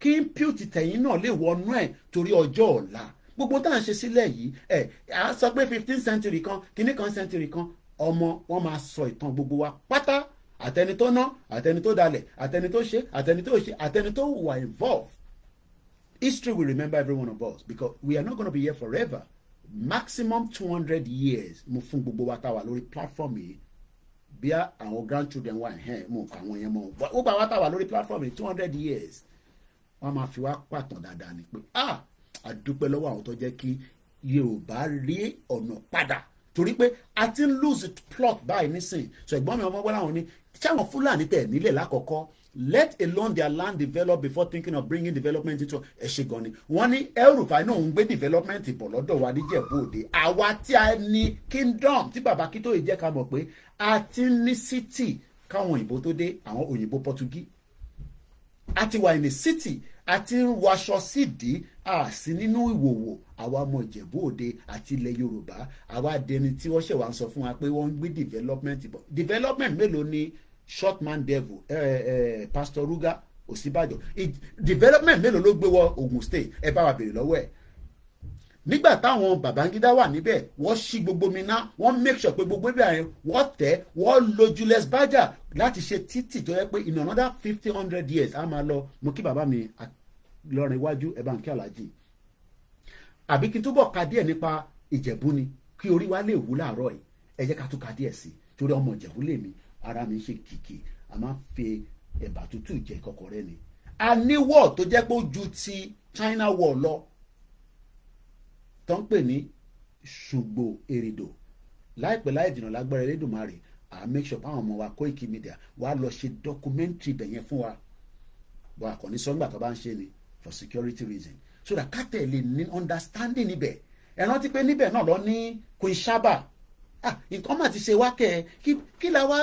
kí n pí tẹ̀yìn náà lè wọnú ẹ̀ torí ọjọ́ ọ̀la gbogbo tá à ń ṣe sílẹ̀ yìí ẹ̀ à sọ pé fifteen century kan kìíní kan century kan ọmọ wọn máa sọ ìtàn gbogbo wa pátá àtẹni tó ná àtẹni tó dalẹ̀ àtẹni tó ṣe àtẹni tó ṣe àtẹni tó wà involved history will remember every one of us because we are not gonna be here forever maximum two hundred years mo fún gbogbo wa ta wà lórí platform yìí bí àwọn grandchildren wà hẹ́n mo kà wọ́n yẹn mọ́ ó gbà wá ta wà lórí platform yìí two hundred years wọ́n máa fi wá pàtàn dáadáa ni pé ah àdúpẹ́ lọ́wọ́ àwọn tó jẹ́ kí Yorùbá rí ọ̀nà padà torí pé a ti ń lose plot báyìí nísìnyí so ẹ̀gbọ́n mi ọmọ bọ́lá wọn ni ṣé àwọn Fúlàní tẹ̀ nílẹ̀ lákọ̀ọ́kọ́ let alone their land develop before thinking of bringing development into ẹ ṣe gan ni wọ́n ní El-Rufai náà ń gbé development bọ̀ lọ́dọ̀ wa níjẹ̀bú òde àwa tí a ní kingdom tí bàbá kí tó yẹ jẹ́ ká mọ̀ pé a ti ní city káwọn òyìnbó tó dé àwọn òyìnbó Pọ́tugí a ti wà ní city a ti ń waṣọ sídìí a sì nínú ìwòwò àwa ọmọ ìjẹ̀bú òde àti ilẹ̀ yorùbá àwa dẹni tí wọ́n ṣẹ̀ wá ń sọ fún wa pé wọ́n ń gbé development bọ̀ development mélòó ni short man devil eh, eh, eh pastor Ruga Ọ̀ṣínbàjò development mélòó ló gbé wọ Ogun State ẹ bá wa béèrè lọ́wọ́ ẹ̀ nígbà táwọn Babangida wà níbẹ̀ wọ́n ṣí gbogbo miná wọ́n make sure pé gbogbo ibi àárín wọ́n tẹ̀ wọ́n lo Julius Baja láti ṣe títì tó yẹ pé in another fifty hundred years a máa lọ mo kí bàbá mi lọ́rin iwájú ẹ̀ bá ń kí aláàjì àbí kí n túbọ̀ ka díẹ̀ nípa Ìjẹ̀bú ni kí orí wa lè wú láàárọ̀ yìí ẹ ká tún ka díẹ̀ sí i torí ọmọ Ìjẹ̀bú lèmi ara mi ṣe kìkì a máa ń fi ẹ̀bà tútù jẹ kọkọrẹ́ ni a ní wọ́ọ̀ tó jẹ́ pé ó ju ti China wall lọ tó ń pè ní ṣùgbò èrìdò láìpẹ́ láì jìnnà lágbára Elédùmarè à make sure báwọn ọmọ wa Koiki Media wa lọ ṣe documentary bẹ̀yẹn fún wa bọ́ àkànní sọ́gbà tó bá ń ṣe ni for security reason so that kátẹ́ lè ni understanding níbẹ̀ ẹ rántí pé níbẹ̀ náà lọ ní Queen Shaba Ah, nǹkan mà ti ṣe wá kẹ́ ẹ kí la wá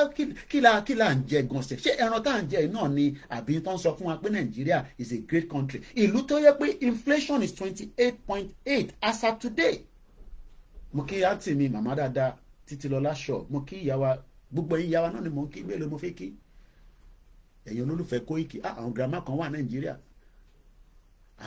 kí la kí la ń jẹ gànṣẹ́ ṣé ẹran tá à ń jẹ náà ni àbí tó ń sọ fún wa pé nàìjíríà is a great country ìlú tó yẹ pé inflation is twenty eight point eight as at today mo kí àǹtí mi màmá dáadáa títí lọ láṣọ mo kí ìyàwó gbogbo ẹ̀yin ìyàwó náà ni mo ń kí mélòó mo fẹ́ kí ẹ̀yin olólùfẹ́ Koiki ah, àwọn girama kan wà nàìjíríà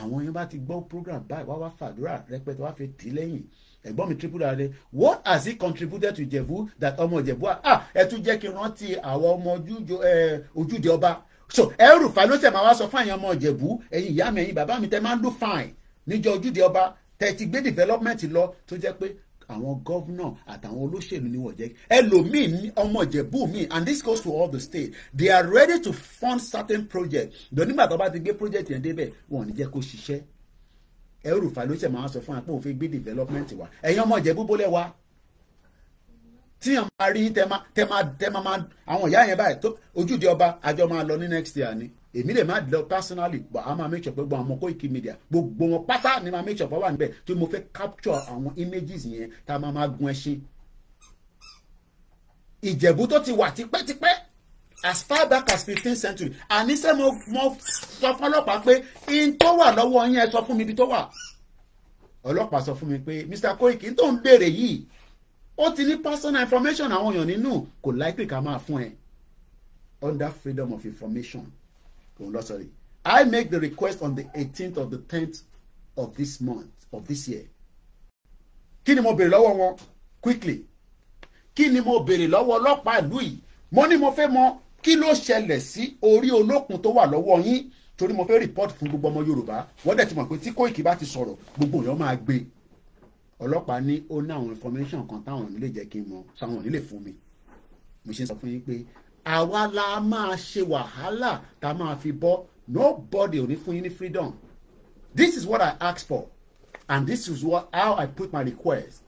àwọn yẹn bá ti gbọ́ program báyìí wá wá fàdúrà rẹpẹtẹ wá fi tì lẹ́yìn ẹ̀gbọ́n mi triple rare what has he contributed to JEBU that ọmọ JEBU? ah ẹ tún jẹ́ kí n rántí àwọn ọmọ ojúde ọba so ẹrù fanọsẹ máa wá sọ fún àyàn ọmọ JEBU, ẹ̀yin ìyá mi ẹ̀yin bàbá mi tẹ́ máa ń dún fine níjọ ojúde ọba tẹ́ ti gbé development lọ tó jẹ́ pé àwọn gọ́vnà àtàwọn olóṣèlú ni wọ́n jẹ́ ẹlòmíín ní ọmọ ìjẹ̀bú míín and this goes to all the states. they are ready to fund certain projects dòní bàtà bá ti gbé project yẹn débẹ̀ wọn ò ní jẹ́ kó ṣiṣẹ́ ẹrùfà ló ṣẹ̀ máa sọ fún apá òfin gbé development wa ẹ̀yin ọmọ ìjẹ̀bú bólẹ̀ wa tí yàn máa rí tẹ́má tẹ́má tẹ́má máa àwọn ìyá yẹn báyìí tó ojúde ọba àjọ máa lọ ní next year ni èmi lè má lọ personally but a máa make sure pé gbogbo àwọn Koiki Media gbogbo wọn pátá ni máa make sure pé wà níbẹ̀ tí mo fẹ́ capture àwọn images yẹn tá a máa máa gun ẹṣin ìjẹ̀bú tó ti wà tipẹ́tipẹ́ as far back as fifteenth century àníṣe mo mo sọ fọlọ́pàá pé in tó wà lọ́wọ́ yín ẹ sọ fún mi ibi tó wà ọlọ́pàá sọ fún mi pé Mr. Koiki tó ń béèrè yìí ó ti ní personal information àwọn èèyàn nínú kò láìpẹ́ ká máa fún ẹ under freedom of information òun lọ sọ rí I make the request on the eighteenth of the tenth of this month of this year kí ni mo béèrè lọ́wọ́ wọn quickly kí ni mo béèrè lọ́wọ́ ọlọ́pàá ìlú yìí mo ní mo fẹ́ mọ kí ló ṣẹlẹ̀ sí orí olókun tó wà lọ́wọ́ yín torí mo fẹ́ report fún gbogbo ọmọ yorùbá wọ́n dẹ̀ ti mọ̀ pé tí Koiki bá ti sọ̀rọ̀ gbogbo èèyàn máa gbé ọlọ́pàá ní ó ní àwọn information kan táwọn nílé jẹ́ kí n mọ̀ táwọn nílé fún mi mo ṣe sọ fún yín pé àwa la máa ṣe wàhálà tá a máa fi bọ́ nobody ò ní fún yín ní freedom this is what I ask for and this is what, how I put my request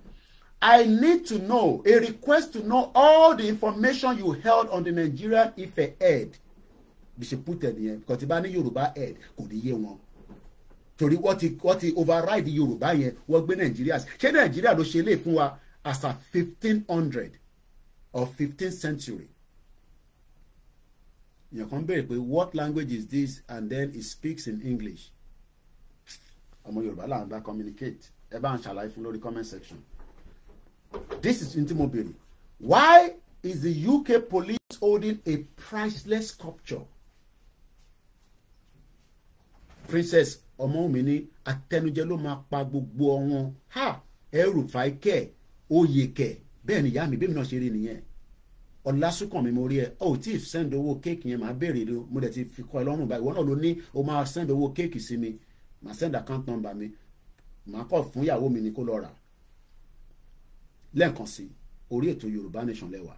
I need to know, a request to know all the information you held on the Nigerian Ife head. Bí ṣe put because tí bá ní Yorùbá head kò ní yé wọn. Torí wọ́n ti wọ́n ti override Yoruba yẹn, wọ́n gbé Nàìjíríà. Ṣé Nàìjíríà ló ṣe lè fún wa as a fifteen hundred or fifteenth century? Èèyàn kan béèrè pé what language is this and then he speaks in English. Ọmọ Yorùbá là ń bá communicate. Ẹ bá ń ṣàlàyé fún lórí comment section this is ntimobere why is the UK police holding a priceless sculpture Princess Ọmọwùmí ní atẹnujẹ ló máa pa gbogbo ọwọn ha El-Rufai kẹ oyè ni ìyá mi bẹ́ẹ̀ mi náà ṣe rí nìyẹn ọlásùnkànmí mo rí ẹ ọ tí ì send owó kéèkì yẹn máa béèrè ló mo dẹ̀ ti fi kọ́ ẹ lọ́rùn báyìí ìwọ náà ló ní o máa send owó kéèkì sí mi máa send account number mi máa kọ́ fún ìyàwó mi ni kó lọ rà lẹ́ẹ̀kan sí orí ètò Yorùbá Nation lẹ́wà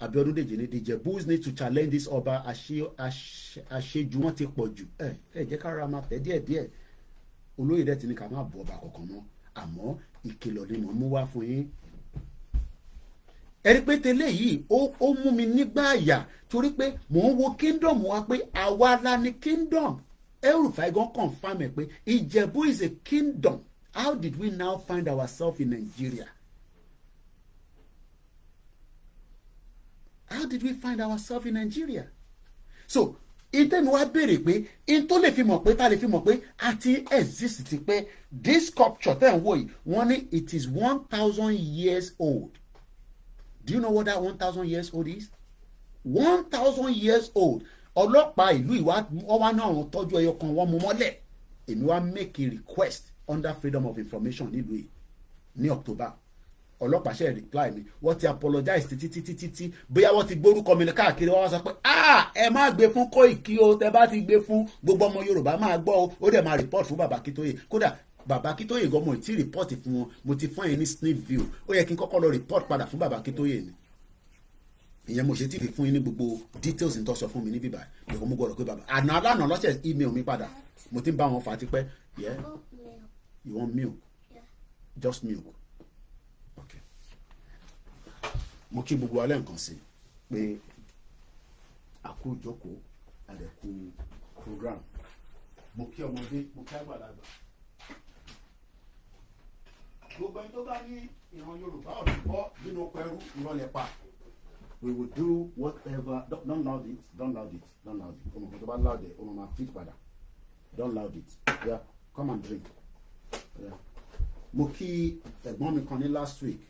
Abiodun Deji ni the Jebus need to challenge this ọba àṣejù wọn ti pọ̀ jù ẹ ẹ jẹ́ ká ra máa tẹ̀ díẹ̀díẹ̀ olóyè dẹ̀ ti ní ká má bọ̀ ọba kankan mọ́ àmọ́ ìkìlọ̀ ni mò ń mú wá fún yín ẹ̀rí pé tẹ́lẹ̀ yìí ó mú mi nígbà àyà torí pé mò ń wo kingdom wa pé àwa la ni kingdom El Rufai gan confam ẹ̀ pé Ìjẹ̀bú is a kingdom How did we now find ourselves in Nigeria? How did we find ourselves in Nigeria? So ìtẹ́nu wa béèrè pé in tó lè fi mọ̀ pé tá lè fi mọ̀ pé a exist ti pẹ́ this sculpture tẹ́ ń wò yìí wọ́n it is one thousand years old do you know what that one thousand years old is one thousand years old ọlọ́pàá ìlú ìwà ọwá náà tọ́jú ẹyọ kan wọ́n mú mọ́lẹ̀ èmi wá make a request under freedom of information nílùú yìí ní October ọlọ́pàá ṣe reply mi wọ́n ti apologize títí títí títí bóyá wọ́n ti gbórúkọ mi káàkiri wọ́n wá sọ pé ah ẹ má gbé fún Kóìkí o tẹ bá ti gbé fún gbogbo ọmọ Yorùbá máa gbọ́ o ó dẹ̀ máa report fún bàbá Akíntóyè kódà bàbá Akíntóyè gan mo ti report fún wọn mo ti fún ẹ ní sneak view ó yẹ kí n kọ́kọ́ lọ report padà fún bàbá Akíntóyè ni ìyẹn mo ṣe tí fi fún yín ní gbogbo details tó sọ fún mi ní bíbá ìgbà mo gbọ́dọ̀ pé bàbá àná alánà lọ́sẹ̀ email mi padà mo ti ń bá wọn fà á tipẹ́ yẹ You want milk? Yeah. Just milk. Okay. Mo kí gbogbo alẹ́ nǹkan sí pé àkú àdẹ̀kù program. Mo kí ọmọdé, mo kí àgbàlagbà. Gbogbo ẹni tó bá ní ìran Yorùbá ọ̀dùn bọ́ nínú pẹ̀rú ìrọ̀lẹ́ pa. We will do whatever. Don't, loud it. Don't loud it. Don't loud it. Omo kan tó bá loud it, Omo ma fit padà. Don't loud it. Yeah, come and drink mo kí ẹ̀gbọ́n mi kan ní last week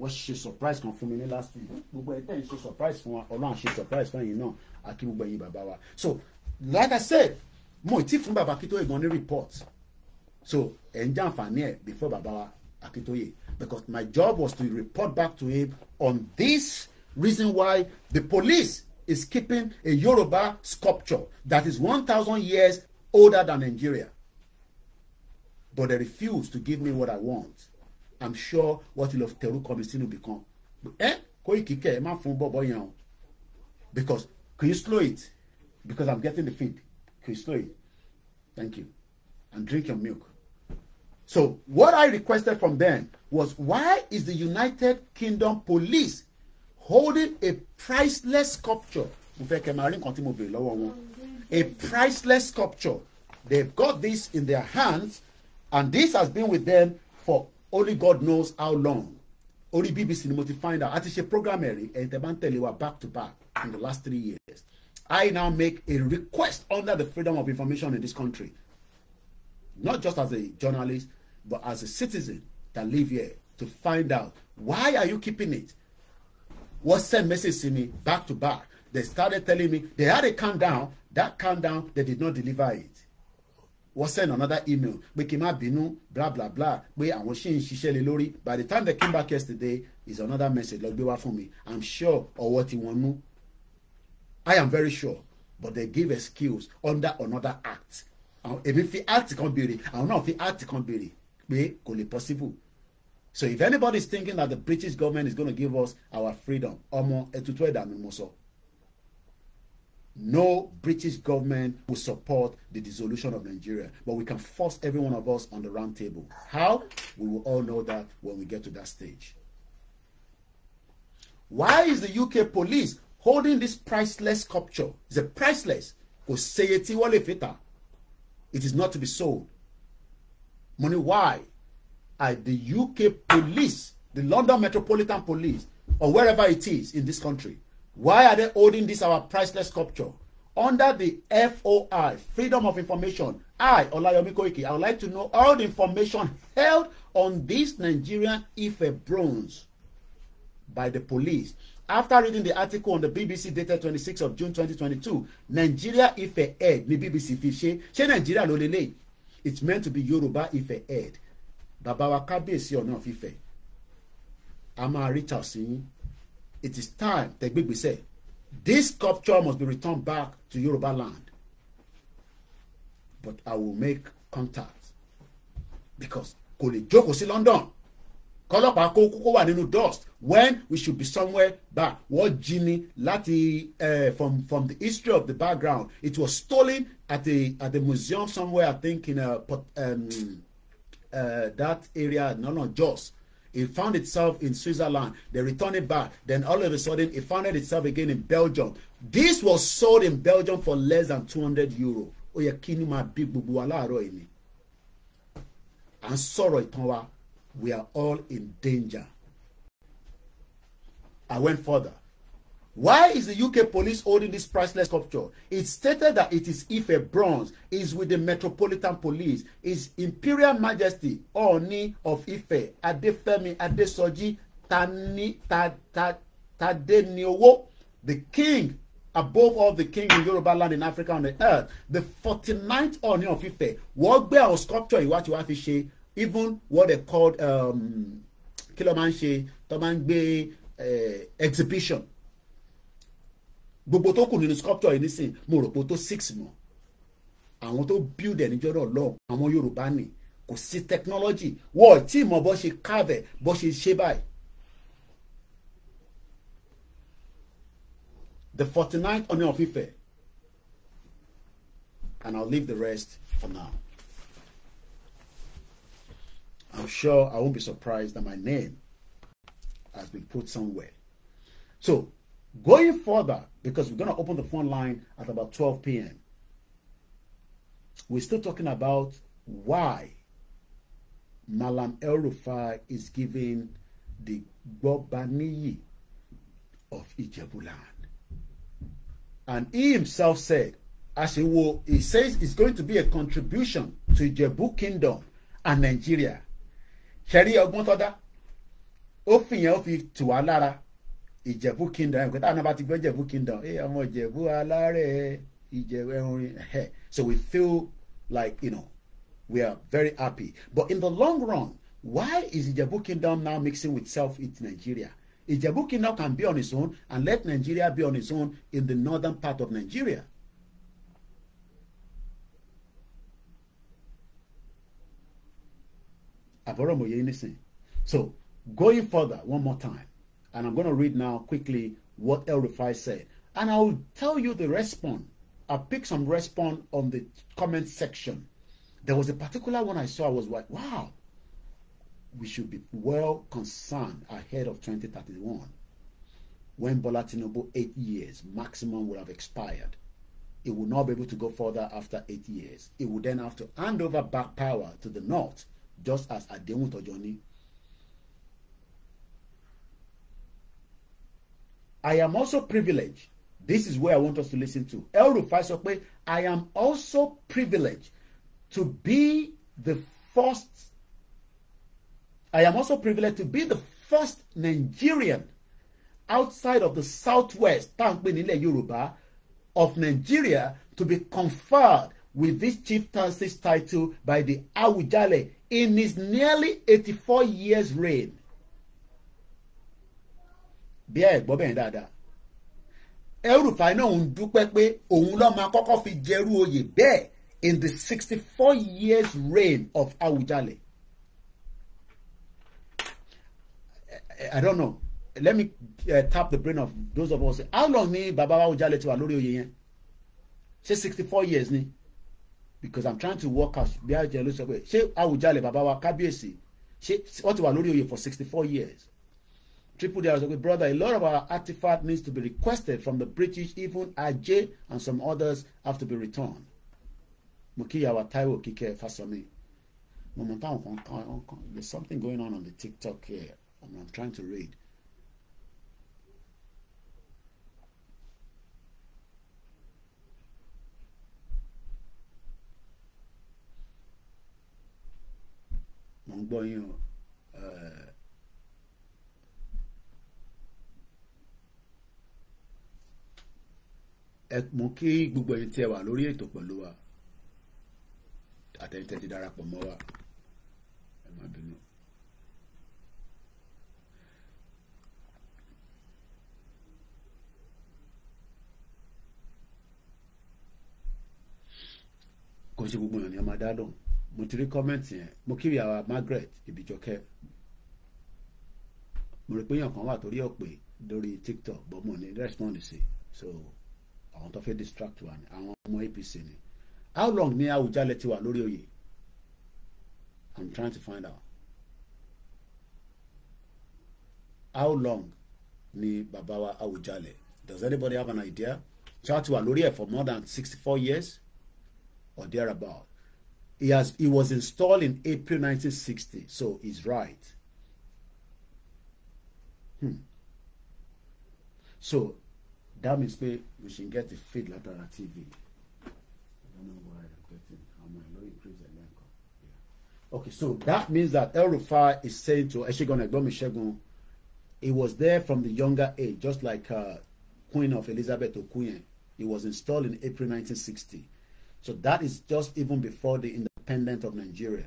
wọ́n ṣe surprise kan fún mi ní last week gbogbo ẹ̀ tẹ̀ ń ṣe surprise fún wa ọlọ́run ṣe surprise fún ẹ̀yin náà àti gbogbo ẹ̀yin bàbá wa so like I said mo ti fún bàbá Akíntóyè gan ní report so ẹ̀ ń jàǹfààní ẹ̀ before bàbá wa Akíntóyè because my job was to report back to him on this reason why the police is keeping a Yoruba sculpture that is one thousand years older than Nigeria but they refuse to give me what I want I'm sure what you love Teru will become Eh? Koi kike? ẹ má fún bọ́bọ́ because can you slow it because I'm getting the feed can you slow it thank you and drink your milk so what I requested from them was why is the United Kingdom police holding a priceless sculpture mo fẹ́ kẹ́ máa rí a priceless sculpture they've got this in their hands And this has been with them for only God knows how long. Only BBC ni mo find out. A ti and program ẹ̀rí ẹ̀yin back to back in the last three years. I now make a request under the freedom of information in this country. Not just as a journalist, but as a citizen that live here to find out why are you keeping it? What sent message to me back to back? They started telling me they had a countdown. That countdown, they did not deliver it. wọ́n send another email pé kí n má bínú bla bla bla pé àwọn ṣì ń ṣiṣẹ́ lé lórí by the time they came back yesterday is another message lọ gbé wá fún mi i'm sure ọwọ́ tí wọ́n mú i am very sure but they give excuse under another act èmi fi act kan béèrè àwọn náà fi act kan béèrè pé kò lè possible so if anybody is thinking that the British government is gonna give us our freedom ọmọ ètùtù ẹ̀dà mi mo sọ. So, No British government will support the dissolution of Nigeria, but we can force every one of us on the round table. How? We will all know that when we get to that stage. Why is the UK police holding this priceless sculpture? It's a priceless. It is not to be sold. Money, why are the UK police, the London Metropolitan Police, or wherever it is in this country, Why are they holding this our priceless sculpture? Under the FOI, Freedom of Information, I, Olayomi Koiki, I would like to know all the information held on this Nigerian Ife bronze by the police. After reading the article on the BBC dated twenty 26 of June twenty twenty two, Nigeria Ife Head ni BBC fi ṣe ṣé Nigeria ló lélẹ̀ it's meant to be Yoruba Ife Head babawa wa kábíyèsí ọ̀nà fífẹ̀ a máa reach out sí yín it is time tẹgbẹgbẹsẹ this sculpture must be returned back to Yoruba land but I will make contact because kò lè jókòó sí London kọlọ́pàá kó kókó wà nínú dust when we should be somewhere back wọ́n jí ni láti eh, from from the history of the background it was stolen at the at the museum somewhere I think in uh, um, uh, that area No, no, Jos It found itself in Switzerland. They returned it back. Then all of a sudden, it found itself again in Belgium. This was sold in Belgium for less than 200 euro. Ó yẹ kí ni máa bí gbogbo wa láàárọ̀ yìí ni. À ń sọ̀rọ̀ ìtàn wa. We are all in danger. I went further. Why is the UK police holding this priceless sculpture? It stated that it is Ife bronze, is with the Metropolitan Police, is Imperial Majesty Oni of Ife, Adefemi Adesoji Tani ta, ta, Tadeniowo, the king above all the king in Yoruba land in Africa on the earth, the forty ninth Oni of Ife, wọ́n gbé àwọn sculpture yìí wá tí wọ́n fi ṣe even what they called um, kí ló máa ń ṣe tó máa ń gbé eh, exhibition gbogbo tó kù nínú sculpture? yìí nísìn mo rò pé tó six mọ́ àwọn tó build ẹ̀ níjọ́ náà lọ́hùn àwọn Yorùbá ni kò sí technology wọ́ọ̀ tí ìmọ̀ bọ́ ṣe carve bọ́ ṣe ṣe báyìí. the forty ninth Ooni of Ife and I'll leave the rest for now. I'm sure I won't be surprised that my name has been put somewhere. So Going further, because we're going to open the phone line at about 12 p.m., we're still talking about why Malam El Rufai is giving the Gbobaniyi of Ijebuland. And he himself said, as he will, he says it's going to be a contribution to Ijebu Kingdom and Nigeria. Ṣẹ̀rí ọgbọ́n tọ́dá, ó fìyàn ó fi ìjẹ̀bú kingdom ẹ̀ bá ti gbọ́ ìjẹ̀bú kingdom ẹ̀ ọmọ ìjẹ̀bú alárẹ̀ ìjẹ̀bú ẹ̀ so we feel like you know we are very happy but in the long run why is ìjẹ̀bú kingdom now mixing with self with Nigeria ìjẹ̀bú kingdom can be on its own and let Nigeria be on its own in the northern part of Nigeria. àbọ̀rọ̀ mòye nísìnyí so going further one more time and I'm going to read now quickly what El Rufai said. And I'll tell you the response. I pick some response on the comment section. There was a particular one I saw. I was like, wow, we should be well concerned ahead of 2031 when Bola Tinubu eight years maximum will have expired. It will not be able to go further after eight years. It will then have to hand over back power to the North, just as Ademutojoni I am also privileged. This is where I want us to listen to. El Rufai sọ pé I am also privileged to be the first. I am also privileged to be the first Nigerian outside of the southwest tankpe nílẹ̀ Yorùbá of Nigeria to be conferred with this chieftaincy's title by the Awujale in his nearly eighty-four years reign bí ẹ gbọ́ bẹ́ẹ̀ dáadáa El-Rufai náà ń dúpẹ́ pé òun ló máa fi jẹrú oyè bẹ́ẹ̀ in the sixty four years reign of Awujale I don't know let me uh, tap the brain of those of us how long ni baba Awujale ti wà lórí oyè yẹn ṣé sixty four years ni because I'm trying to work out bí Awujale sọ pé ṣé Awujale baba wa kábíyèsí ṣé wọ́n ti wà lórí oyè for sixty four years Triple D as brother, a lot of our artifact needs to be requested from the British, even AJ and some others have to be returned. Mukiyawa Taiwo Kike Fasami. There's something going on on the TikTok here. I'm, I'm trying to read. mo ẹ mú kí gbogbo ẹ̀yin tí ẹ wà lórí ètò pẹ̀lú wa àtẹ̀yìn tẹ̀tí darapọ̀ mọ́ wa ẹ má bínú. kò ṣe gbogbo èèyàn ni a máa dá lóhùn mo ti rí kọ́mẹ́ǹtì yẹn mo kiri àwa Margaret Ibijọkẹ́ mo rí pé èèyàn kan wà torí ọ̀pẹ lórí TikTok bọ́ mo ní respond sí so àwọn tó fẹ́ distract wa ni àwọn ọmọ APC ni how long ni Awùjalẹ̀ ti wà lórí oyè I'm trying to find out how long ni bàbá wa Awùjalẹ̀ does anybody have an idea ṣáà ti wà lórí ẹ̀ for more than sixty four years or thereabout he has he was installed in April 1960 so he's right hmm. so That means pé we should get the feed on TV. I don't know why I'm getting àmọ́ ẹ̀ ló increase the lẹ́kọ̀ọ́. Okay, so that means that El Rufai is saying to Eshegun Egbomi Shegun, It was there from the younger age, just like uh, Queen of Elizabeth Okuyen. It was installed in April 1960. So that is just even before the independence of Nigeria.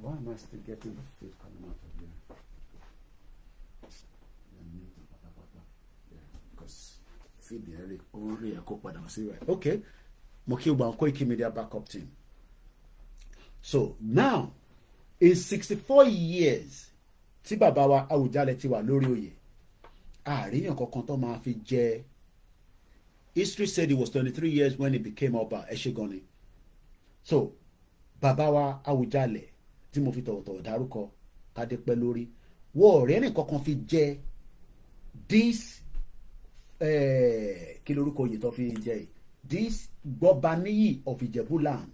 Why am I still getting the feed coming out fìdí ẹ rè orí ẹ padà sí rẹ ok mo kí gbogbo àwọn Koiki Media backup team so now in sixty four years tí bàbá wa Awùjalẹ̀ ti wà lórí oyè àríyàn kankan tó máa fi jẹ history said he was twenty three years when he became ọba ẹṣẹgànnì so bàbá wa Awùjalẹ̀ tí mo fi tọ̀wọ̀tọ̀wọ̀ dárúkọ kádépẹ́ lórí wọ́n ọ̀rẹ́ nìkankan fi jẹ this Eh, kí lorúkọ oyè tó fi jẹ this Gbọ́baníyì of Ìjẹ̀bú-land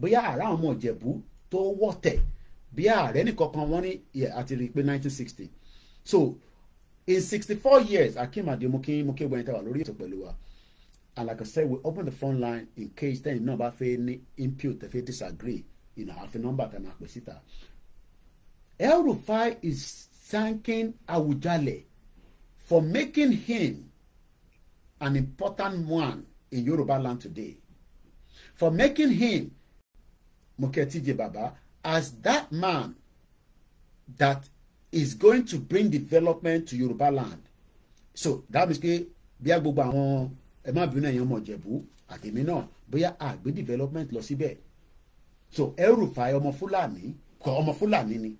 bóyá àrà àwọn ọmọ Ìjẹ̀bú tó wọ̀tẹ̀ bí ààrẹ nìkankan wọ́n ní àti rí i pé 1960 so in 64 years Akeem Adeomokin mokegbọn ìtawà lórí ètò pẹ̀lú wa and like I said we open the front line in case tẹ́yìn náà bá fẹ́ ní impute tẹ́fẹ́ disagree You know, àfi nọ́mbà tẹ́ máa pè síta El is thanking Awujale for making him an important one in Yoruba land today for making him Muketije Baba as that man that is going to bring development to Yoruba land so that means pé bí a gbogbo àwọn ẹ má bínú ẹ̀yàn ọmọ Ìjẹ̀bú àtẹ̀mí náà bóyá àgbé development lọ síbẹ̀ so El-Rufai ọmọ Fúlàní kọ ọmọ Fúlàní ni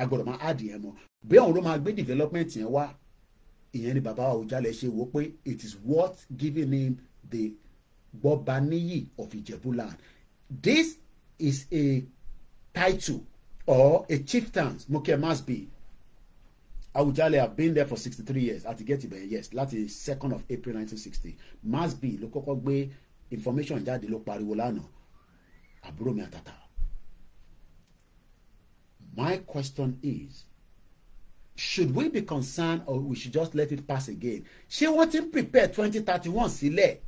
agbọ́dọ̀ máa add yẹn mọ́ bóyá òun ló máa gbé development yẹn wá ìyẹn ni bàbá Awùjalẹ̀ ṣe wò pé it is worth giving him the Gbọ́baníyì of Ijebuland this is a title or a chieftain moke must be Awùjalẹ̀ have been there for sixty three years àti get ibẹ̀ yes láti second of April nineteen sixty must be ló kọ́kọ́ gbé information jáde ló pariwo lánàá àbúrò mi àtàtà my question is should we be concerned or we should just let it pass again ṣé wọ́n ti ń prepare twenty thirty one sílẹ̀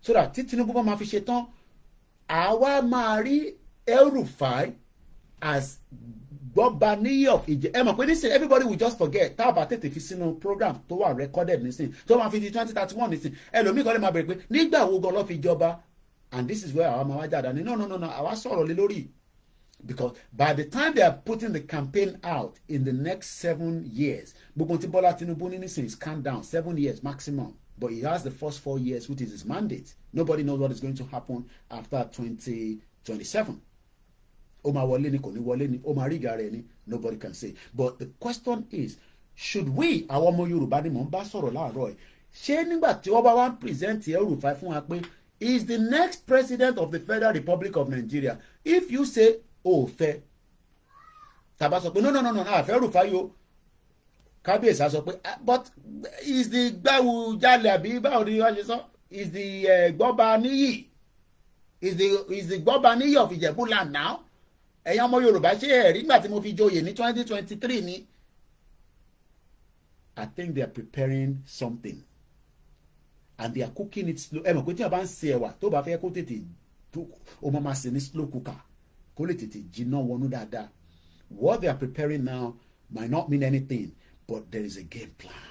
so that tí Tinubu bá máa fi ṣe tán àwa máa rí El-Rufai as Gbọ́baníyì of Ìjẹ̀bú ẹ mọ̀ pé nísìnyí everybody will just forget tá a bá tètè fi sínú program tó wà recorded nísìnyí tó máa fi di twenty thirty one nísìnyí ẹlòmíì kan lè máa bẹ̀rẹ̀ pé nígbà wo gan ló fi jọba and this is where àwa máa wá jáde ní no no no àwa sọ̀rọ̀ lé lórí because by the time they are putting the campaign out in the next seven years gbogbo tí Bọ́lá Tinubu ní nísìnyí is calm down seven years maximum but he has the first four years which is his mandate nobody knows what is going to happen after twenty twenty seven ó máa wọlé ni ko, ni wole ni ó máa rí ìgà ni nobody can say but the question is should we àwọn ọmọ Yorùbá ni mò ń bá sọ̀rọ̀ láàárọ̀ ẹ̀ ṣé nígbà tí wọ́n bá wá ń present El-Rufai fún wa pé he is the next president of the Federal Republic of Nigeria if you say ò fẹ́ tàbá sọ pé no no no no àfẹ́ Rufai o kábíyèsí á sọ pé ah, but is the gbáwù jalè àbí báwo ni wọ́n ṣe sọ is the eh, gbọ́ba níyì is the is the gbọ́ba níyì of Ìjẹ̀bú land now ẹ̀yin ọmọ Yorùbá ṣe ẹ̀rí nígbà tí mo fi joyè ní twenty twenty three ni I think they are preparing something and they are cooking it slow ẹ mọ̀ pé tí wọ́n bá ń ṣe ẹ̀wà tó bá fẹ́ kó tètè o máa ma ní slow cooker kó lè tètè jiná wọnú dáadáa what they are preparing now might not mean anything but there is a game plan.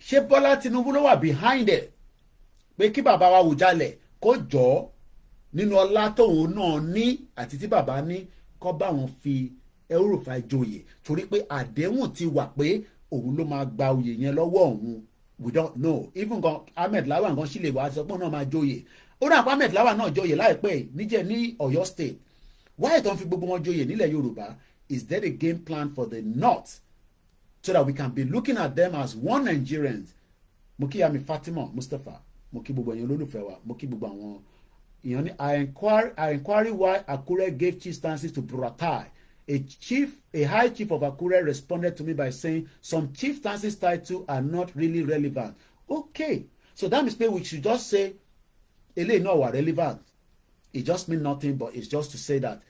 ṣé Bọ́lá Tinubu ló wà behind ẹ̀ pé kí bàbá wa Awùjalẹ̀ kó jọ nínú ọlá tóun náà ní àti tí bàbá ní kó bá wọn fi el joyè torí pé àdéhùn ti wà pé òun ló máa gba oyè yẹn lọ́wọ́ òun we don't know even gan Ahmed Lawan gan sílẹ̀ wá sọ pé òun náà máa joyè ó rán Ahmed Lawan náà jọyè láìpẹ́ níjẹ́ ní Ọ̀yọ́ state why don fi gbogbo wọn jọyè nílẹ̀ Yorùbá is there a game plan for the north so that we can be looking at them as one Nigerians mo kí yàmi Fatima Mustapha mo kí gbogbo ẹ̀yin olólùfẹ́ wa mo kí gbogbo àwọn ìyàn ní I inquire I inquire why Akure gave chief stances to Buratai a chief a high chief of Akure responded to me by saying some chief stances title are not really relevant okay so that means pé we should just say eléyìí náà wà relevant it just mean nothing but it's just to say that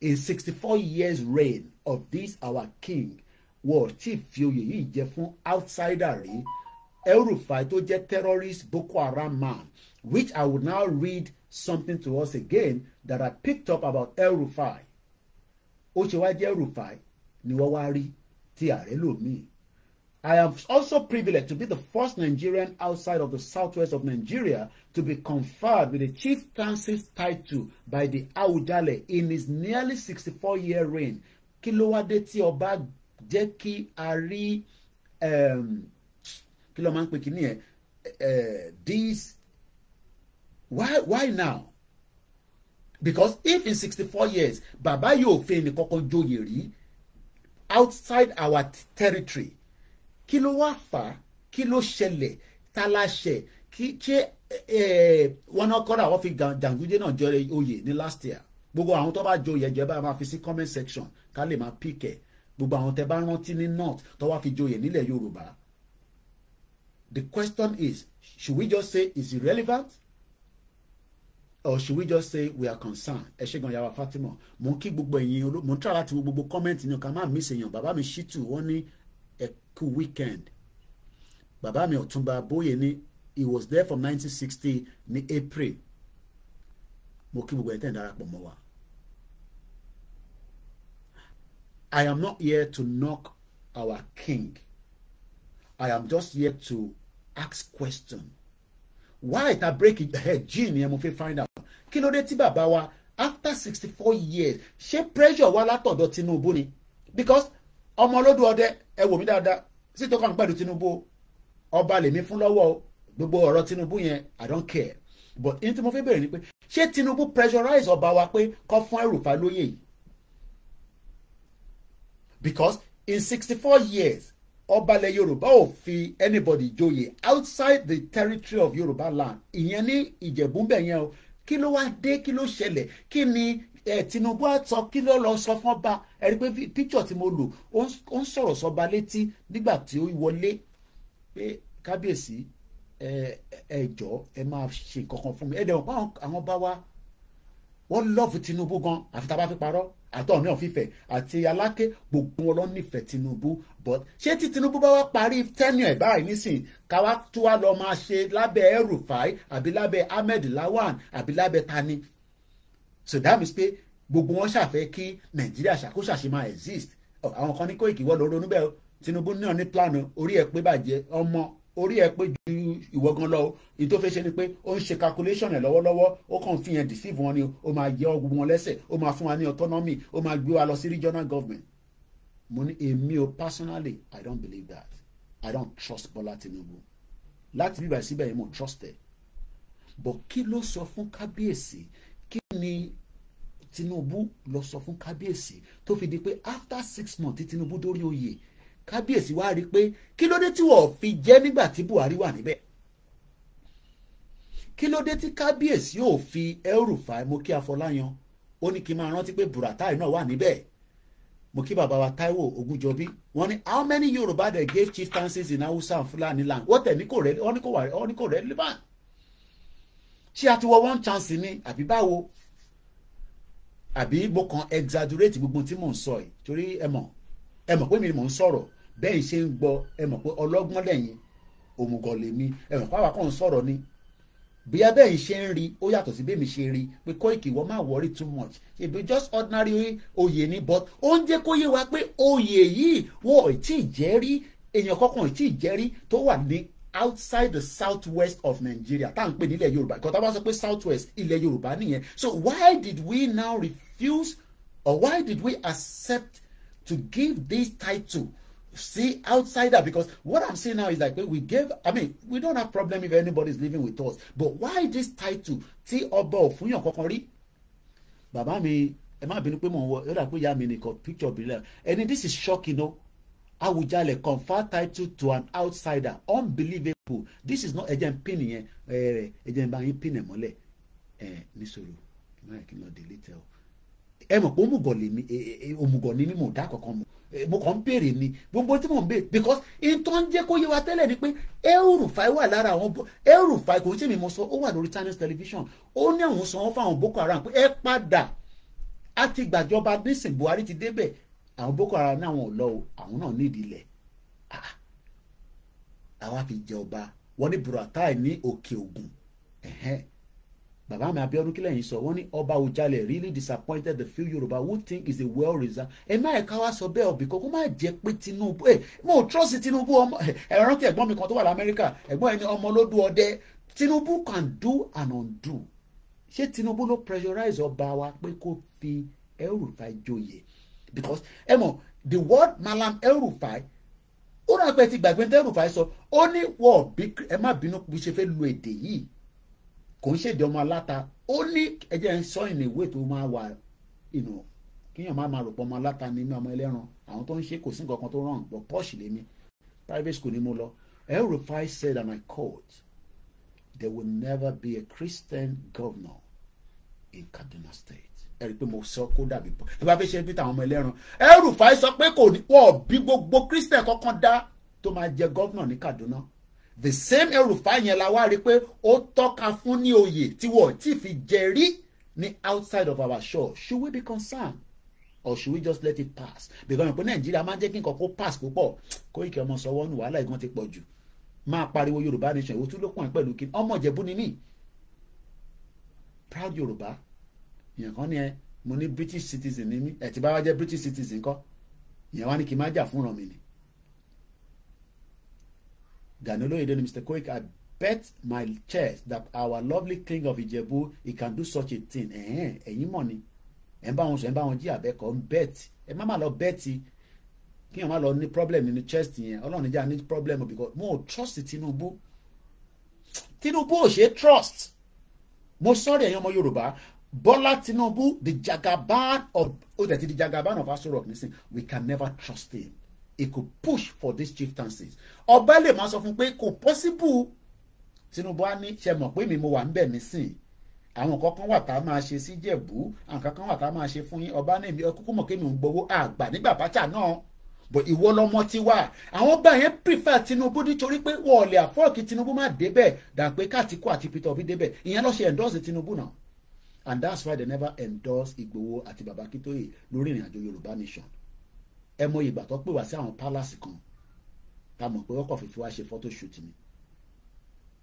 in sixty-four years reign of this our king wọ́n tí fi oyè yìí jẹ fún outsider rí el tó jẹ́ terrorist Boko Haram man which I will now read something to us again that I picked up about El-Rufai ó ṣe wá jẹ́ el ni wọ́n wá rí ti ààrẹ lòmíì I am also privileged to be the first Nigerian outside of the southwest of Nigeria to be conferred with the chief counsel title by the Audale in his nearly 64-year reign. Kilowade ti wá dé tí ọba jẹ́ kí a rí um, kí ló máa ń pè kíní eh, this why why now? Because if in sixty-four years bàbá yóò fẹ́ ẹnì kọ́kọ́ joyè rí outside our territory kí ló wá fà á kí ló ṣẹlẹ̀ ta la ṣẹ̀ kí ṣé wọn náà kọ́ra wọ́n fi Ganduje náà jẹ oyè ní last year gbogbo àwọn tó bá joyè jẹ bá máa fi sí comment section ká lè máa pick ẹ̀ gbogbo àwọn tẹ bá rántí ní north tó wá fi joyè nílẹ̀ Yorùbá the question is should we just say is it relevant or should we just say we are concerned ẹ ṣe gan yàrá Fatima mo ń kí gbogbo ẹ̀yin mo ń try láti wo gbogbo comment ni o ká má miss èèyàn bàbá mi ṣì tù wọ́n ní ẹ kú weekend Baba mi ọ̀túnba bóyè ni he was there from 1960 ni April mo kí gbogbo ẹ̀ tẹ̀ ń mọ́ wa. I am not here to knock our king. I am just here to ask question. Why ta break her gene yẹn mo fi find out? Kí ló dé tí bàbá wa after sixty four years ṣé pressure wá látọ̀dọ̀ Tinubu ni? Because ọmọ olódò ọdẹ ẹ wò mí dáadáa sí tó kàn pẹ̀lú Tinubu ọba lèmi fún lọ́wọ́ gbogbo ọ̀rọ̀ Tinubu yẹn I don't care but ní tí mo fẹ́ bẹ̀rẹ̀ ni pé ṣé Tinubu pressurize ọba wa pé kó fún ẹrùfà lóyè yìí because in sixty four years ọbalẹ̀ yorùbá ò fi anybody joyè outside the territory of yorùbá land ìyẹn ní ìjẹ̀bú bẹ̀ yẹn o kí ló wá dé kí ló ṣẹlẹ̀ kí ni Eh, Tinubu sọ kí ló lọ sọ fún ọba ẹ rí i pé píkṣọ̀ tí mo lò ó ń sọ̀rọ̀ sọba létí nígbà tí ó wọlé pé kábíyèsí ẹ jọ̀ọ́ ẹ máa ṣe kankan fún mi ẹ dẹ̀wọ̀n pa àwọn bá wa wọ́n lọ́ọ̀fù Tinubu gan àfi tá a bá fi parọ́ àtọ̀ọ̀mí ọ̀fífẹ́ àti aláké gbogbo wọn ló nífẹ̀ẹ́ Tinubu but ṣé tí Tinubu bá wá parí tẹ́nu ẹ̀ báyìí nísìn ká wá tún wá lọ máa ṣe lábẹ́ El-Rufai àbí lábẹ́ Ahmed Lawan àbí lábẹ́ tani so that means pé gbogbo wọn ṣàfẹ́ kí nàìjíríà ṣàkóṣàṣe máa exist àwọn kan ní kó ìkìwọ́ lọ ronú bẹ́ẹ̀ tinubu náà ní plan orí ẹ̀ pé bàjẹ́ ọmọ orí ẹ̀ pé ju ìwọ gan lọ ní tó fẹ́ ṣe ni pé ó ń ṣe calculation ẹ̀ lọ́wọ́lọ́wọ́ ó kàn fi yẹn deceive wọn ni ó máa yẹ ọgbọ́n wọn lẹ́sẹ̀ ó máa fún wa ní autonomy ó máa gbé wa lọ sí regional government mo ní èmi o personally i don't believe that i don't trust Bọ́lá Tinubu láti bíbá síbẹ̀ yẹn mo trust ẹ̀ but kí ló sọ fún kábíyèsí ni Tinubu lọ sọ fún kábíyèsí tó fi di pé after six months tí Tinubu dórí oyè kábíyèsí wá rí i pé kí ló dé tí wọ́n fi jẹ́ nígbà tí Buhari wà níbẹ̀ kí ló dé tí kábíyèsí ò fi El-Rufai mo kí Afọláyan ó ní kí n máa rántí pé Buratai náà wà níbẹ̀ mo kí bàbá wa Táíwò Ògúnjọbí wọ́n ní how many Yorùbá they gave chances in Hausa and Fulani land wọ́n tẹ̀ ní kò rẹ́ wọ́n ní kò wà wọ́n ní kò relevant ṣé a ti wọ one chance ni àbí báwo àbí mo kàn exaggerate gbogbo tí mò ń sọ yìí torí ẹ mọ̀ ẹ mọ̀ pé mi ni mò ń sọ̀rọ̀ bẹ́ẹ̀ ṣe ń gbọ́ ẹ mọ̀ pé ọlọ́gbọ́n lẹ́yìn òmùgọ̀ lèmi ẹ mọ̀ pé àwa kàn ń sọ̀rọ̀ ni bí abẹ́ yìí ṣe ń rí ó yàtọ̀ sí bẹ́ẹ̀ ṣe rí pé Koiki wọ́n máa worry too much ṣèbí just ordinary oyè ni but ó ń jẹ́ kó yé wa pé oyè yìí wọ́n ì tí ì jẹ́ rí èèyàn kankan ì tí ì jẹ́ rí tó wà ní outside the southwest of Nigeria tá à ń pè nílẹ̀ Yorùbá ìkọ́ta bá sọ pé southwest ilẹ̀ Yorùbá nìyẹn so why did we now refuse or why did we accept to give this title see outsider because what I'm saying now is like we gave I mean we don't have problem if anybody is living with us but why this title tí ọba òfúnyàn kankan rí Baba mi ẹ má bínú pé mò ń wọ ẹ dà pé ìyá mi nìkan picture bí lẹ ẹni this is shocking o. No? Awujale confer title to an outsider unbelievable this is not ẹjẹ ń pin nìyẹn ẹjẹ ń bá yín pin ẹ mọ́lẹ̀ ẹ níṣòro ìmáyà kí n lọ délé tẹ ọ ẹ mọ̀ pé òmùgọ̀ lèmi òmùgọ̀ e, e, e, ni mímọ̀ dá kankan mọ̀ mo kàn ń béèrè ni gbogbo tí mò ń béèrè because in tó ń jẹ́ kó yé wa tẹ́lẹ̀ ni pé Eru fai wà lára àwọn El-Rufai kò tí mi mọ̀ sọ ó wà lórí Channels television ó ní àwọn sanwó fáwọn Boko Haram pé ẹ padà àti gbàjọba nísìn Buhari ti débẹ̀ àwọn boko haram náà wọn ò lọ o àwọn náà nídìí ilẹ̀ àwa ah, fi jẹ ọba wọn ní buratai ní òkè ògùn bàbá mi Abíọ́dún kílẹ̀ yìí sọ wọ́n ní ọba Òjàlẹ̀ really disappointed the few Yorùbá who think is a well reserved ẹ má ẹ̀ka wá sọ bẹ́ẹ̀ ọ̀bì kan kó má jẹ́ pé Tinubu ẹ eh, mo trust Tinubu ọmọ eh, ẹ rántí ẹ̀gbọ́n mi kan tó wà lamẹ́ríkà ẹ̀gbọ́n ẹni ọmọ ló du ọdẹ Tinubu can do and undo ṣé Tinubu ló pressurize ọba wa pé kó fi ẹrù fa joyè because ẹ the word Malam El-Rufai ó rà pé ti gbàgbé tẹ́ El-Rufai sọ ó ní wọ́ọ̀ bí ẹ má bínú bí ṣe fẹ́ lo èdè yìí kò ń ṣèdè ọmọ aláta ó ní ẹjẹ́ ń sọ ìní ìwé tó máa wà ìnù kíyàn má máa rò pọ̀ ọmọ aláta ní ọmọ ẹlẹ́ran àwọn tó ń ṣe kò sí nǹkan kan tó ràn bọ̀ pọ́ọ̀ṣì lèmi private school ni mo lọ El-Rufai said and my court, there will never be a Christian governor in Kaduna State ẹ̀rí pé mo sọ kó dàbí pọ̀ ẹ bá fẹ́ ṣe bí tàwọn ọmọ ẹlẹ́ran El-Rufai sọ pé kò ní wọ́n bí gbogbo christian kankan dá tó máa jẹ gọ́vnà ní Kaduna the same El-Rufai yẹn la wá rí pé ó tọ́ka fún ní oyè tí wọ́n ti fi jẹ rí ní outside of our shore should we be concerned or should we just let it pass because ìpín nàìjíríà máa ń jẹ́ kí nǹkan kó pass púpọ̀ Koiki ọmọ sọwọ́ nù wàhálà ìgbọ́n ti pọ̀ jù máa pariwo yorùbá nation ìwòtú ló pọ̀ pẹ̀lú kí ọmọ ìjẹ̀bú ni mí proud yorùbá ìyẹn kan ní ẹ mo ní british citizen ní mí ẹ ti bá wá jẹ́ british citizen kọ́ ìyẹn wá ní kí n má jà fúnra mi ni. Gani Oloyede ni Mr. Koiki I bet my chest that our lovely king of Ijebu he can do such a thing ẹ̀yin mọ̀ ni ẹ ń bá wọn sọ ẹ ń bá wọn jí àbẹ́kọ̀ ń bet ẹ má má lọ bẹ́ẹ̀tì kí wọn má lọ ní problem nínú chest yẹn ọlọ́run níjà ní problem because mo trust Tinubu Tinubu ò ṣe trust mo sọ̀rọ̀ ẹ̀yin ọmọ Yorùbá Bola Tinubu, the Jagaban of oh, the, the Jagaban of Aso Rock nisin, we can never trust him. He could push for these chieftaincies. Ọba lè máa sọ fún pé kò possible. Tinubu á ní ṣe mọ̀ pé mi mo wà níbẹ̀ nísìn. Àwọn kan kan wà tá a máa ṣe sí Jẹ̀bú, àwọn kan kan wà tá a máa ṣe fún yín. Ọba ní èmi ọkùnkùn mọ̀ kémi ò ń gbowó àgbà nígbà bàtà náà. But ìwọ lọmọ ti wà. Àwọn ọba yẹn prefer Tinubu nítorí pé wọ́ọ̀lẹ̀ àfọ́ọ̀kì Tinubu má débẹ̀ dà pé Kàtíkù àti Peter Obi débẹ̀. Ìyẹn ló ṣe endorse Tinubu náà and that's why they never endorse Igboho àti Baba Akintoye lórí ìrìn àjò Yorùbá nation ẹ mọ ìgbà tó pè wá sí àwọn palace kan ká mọ̀ pé wọ́kọ̀ fífi wá ṣe photo shoot ni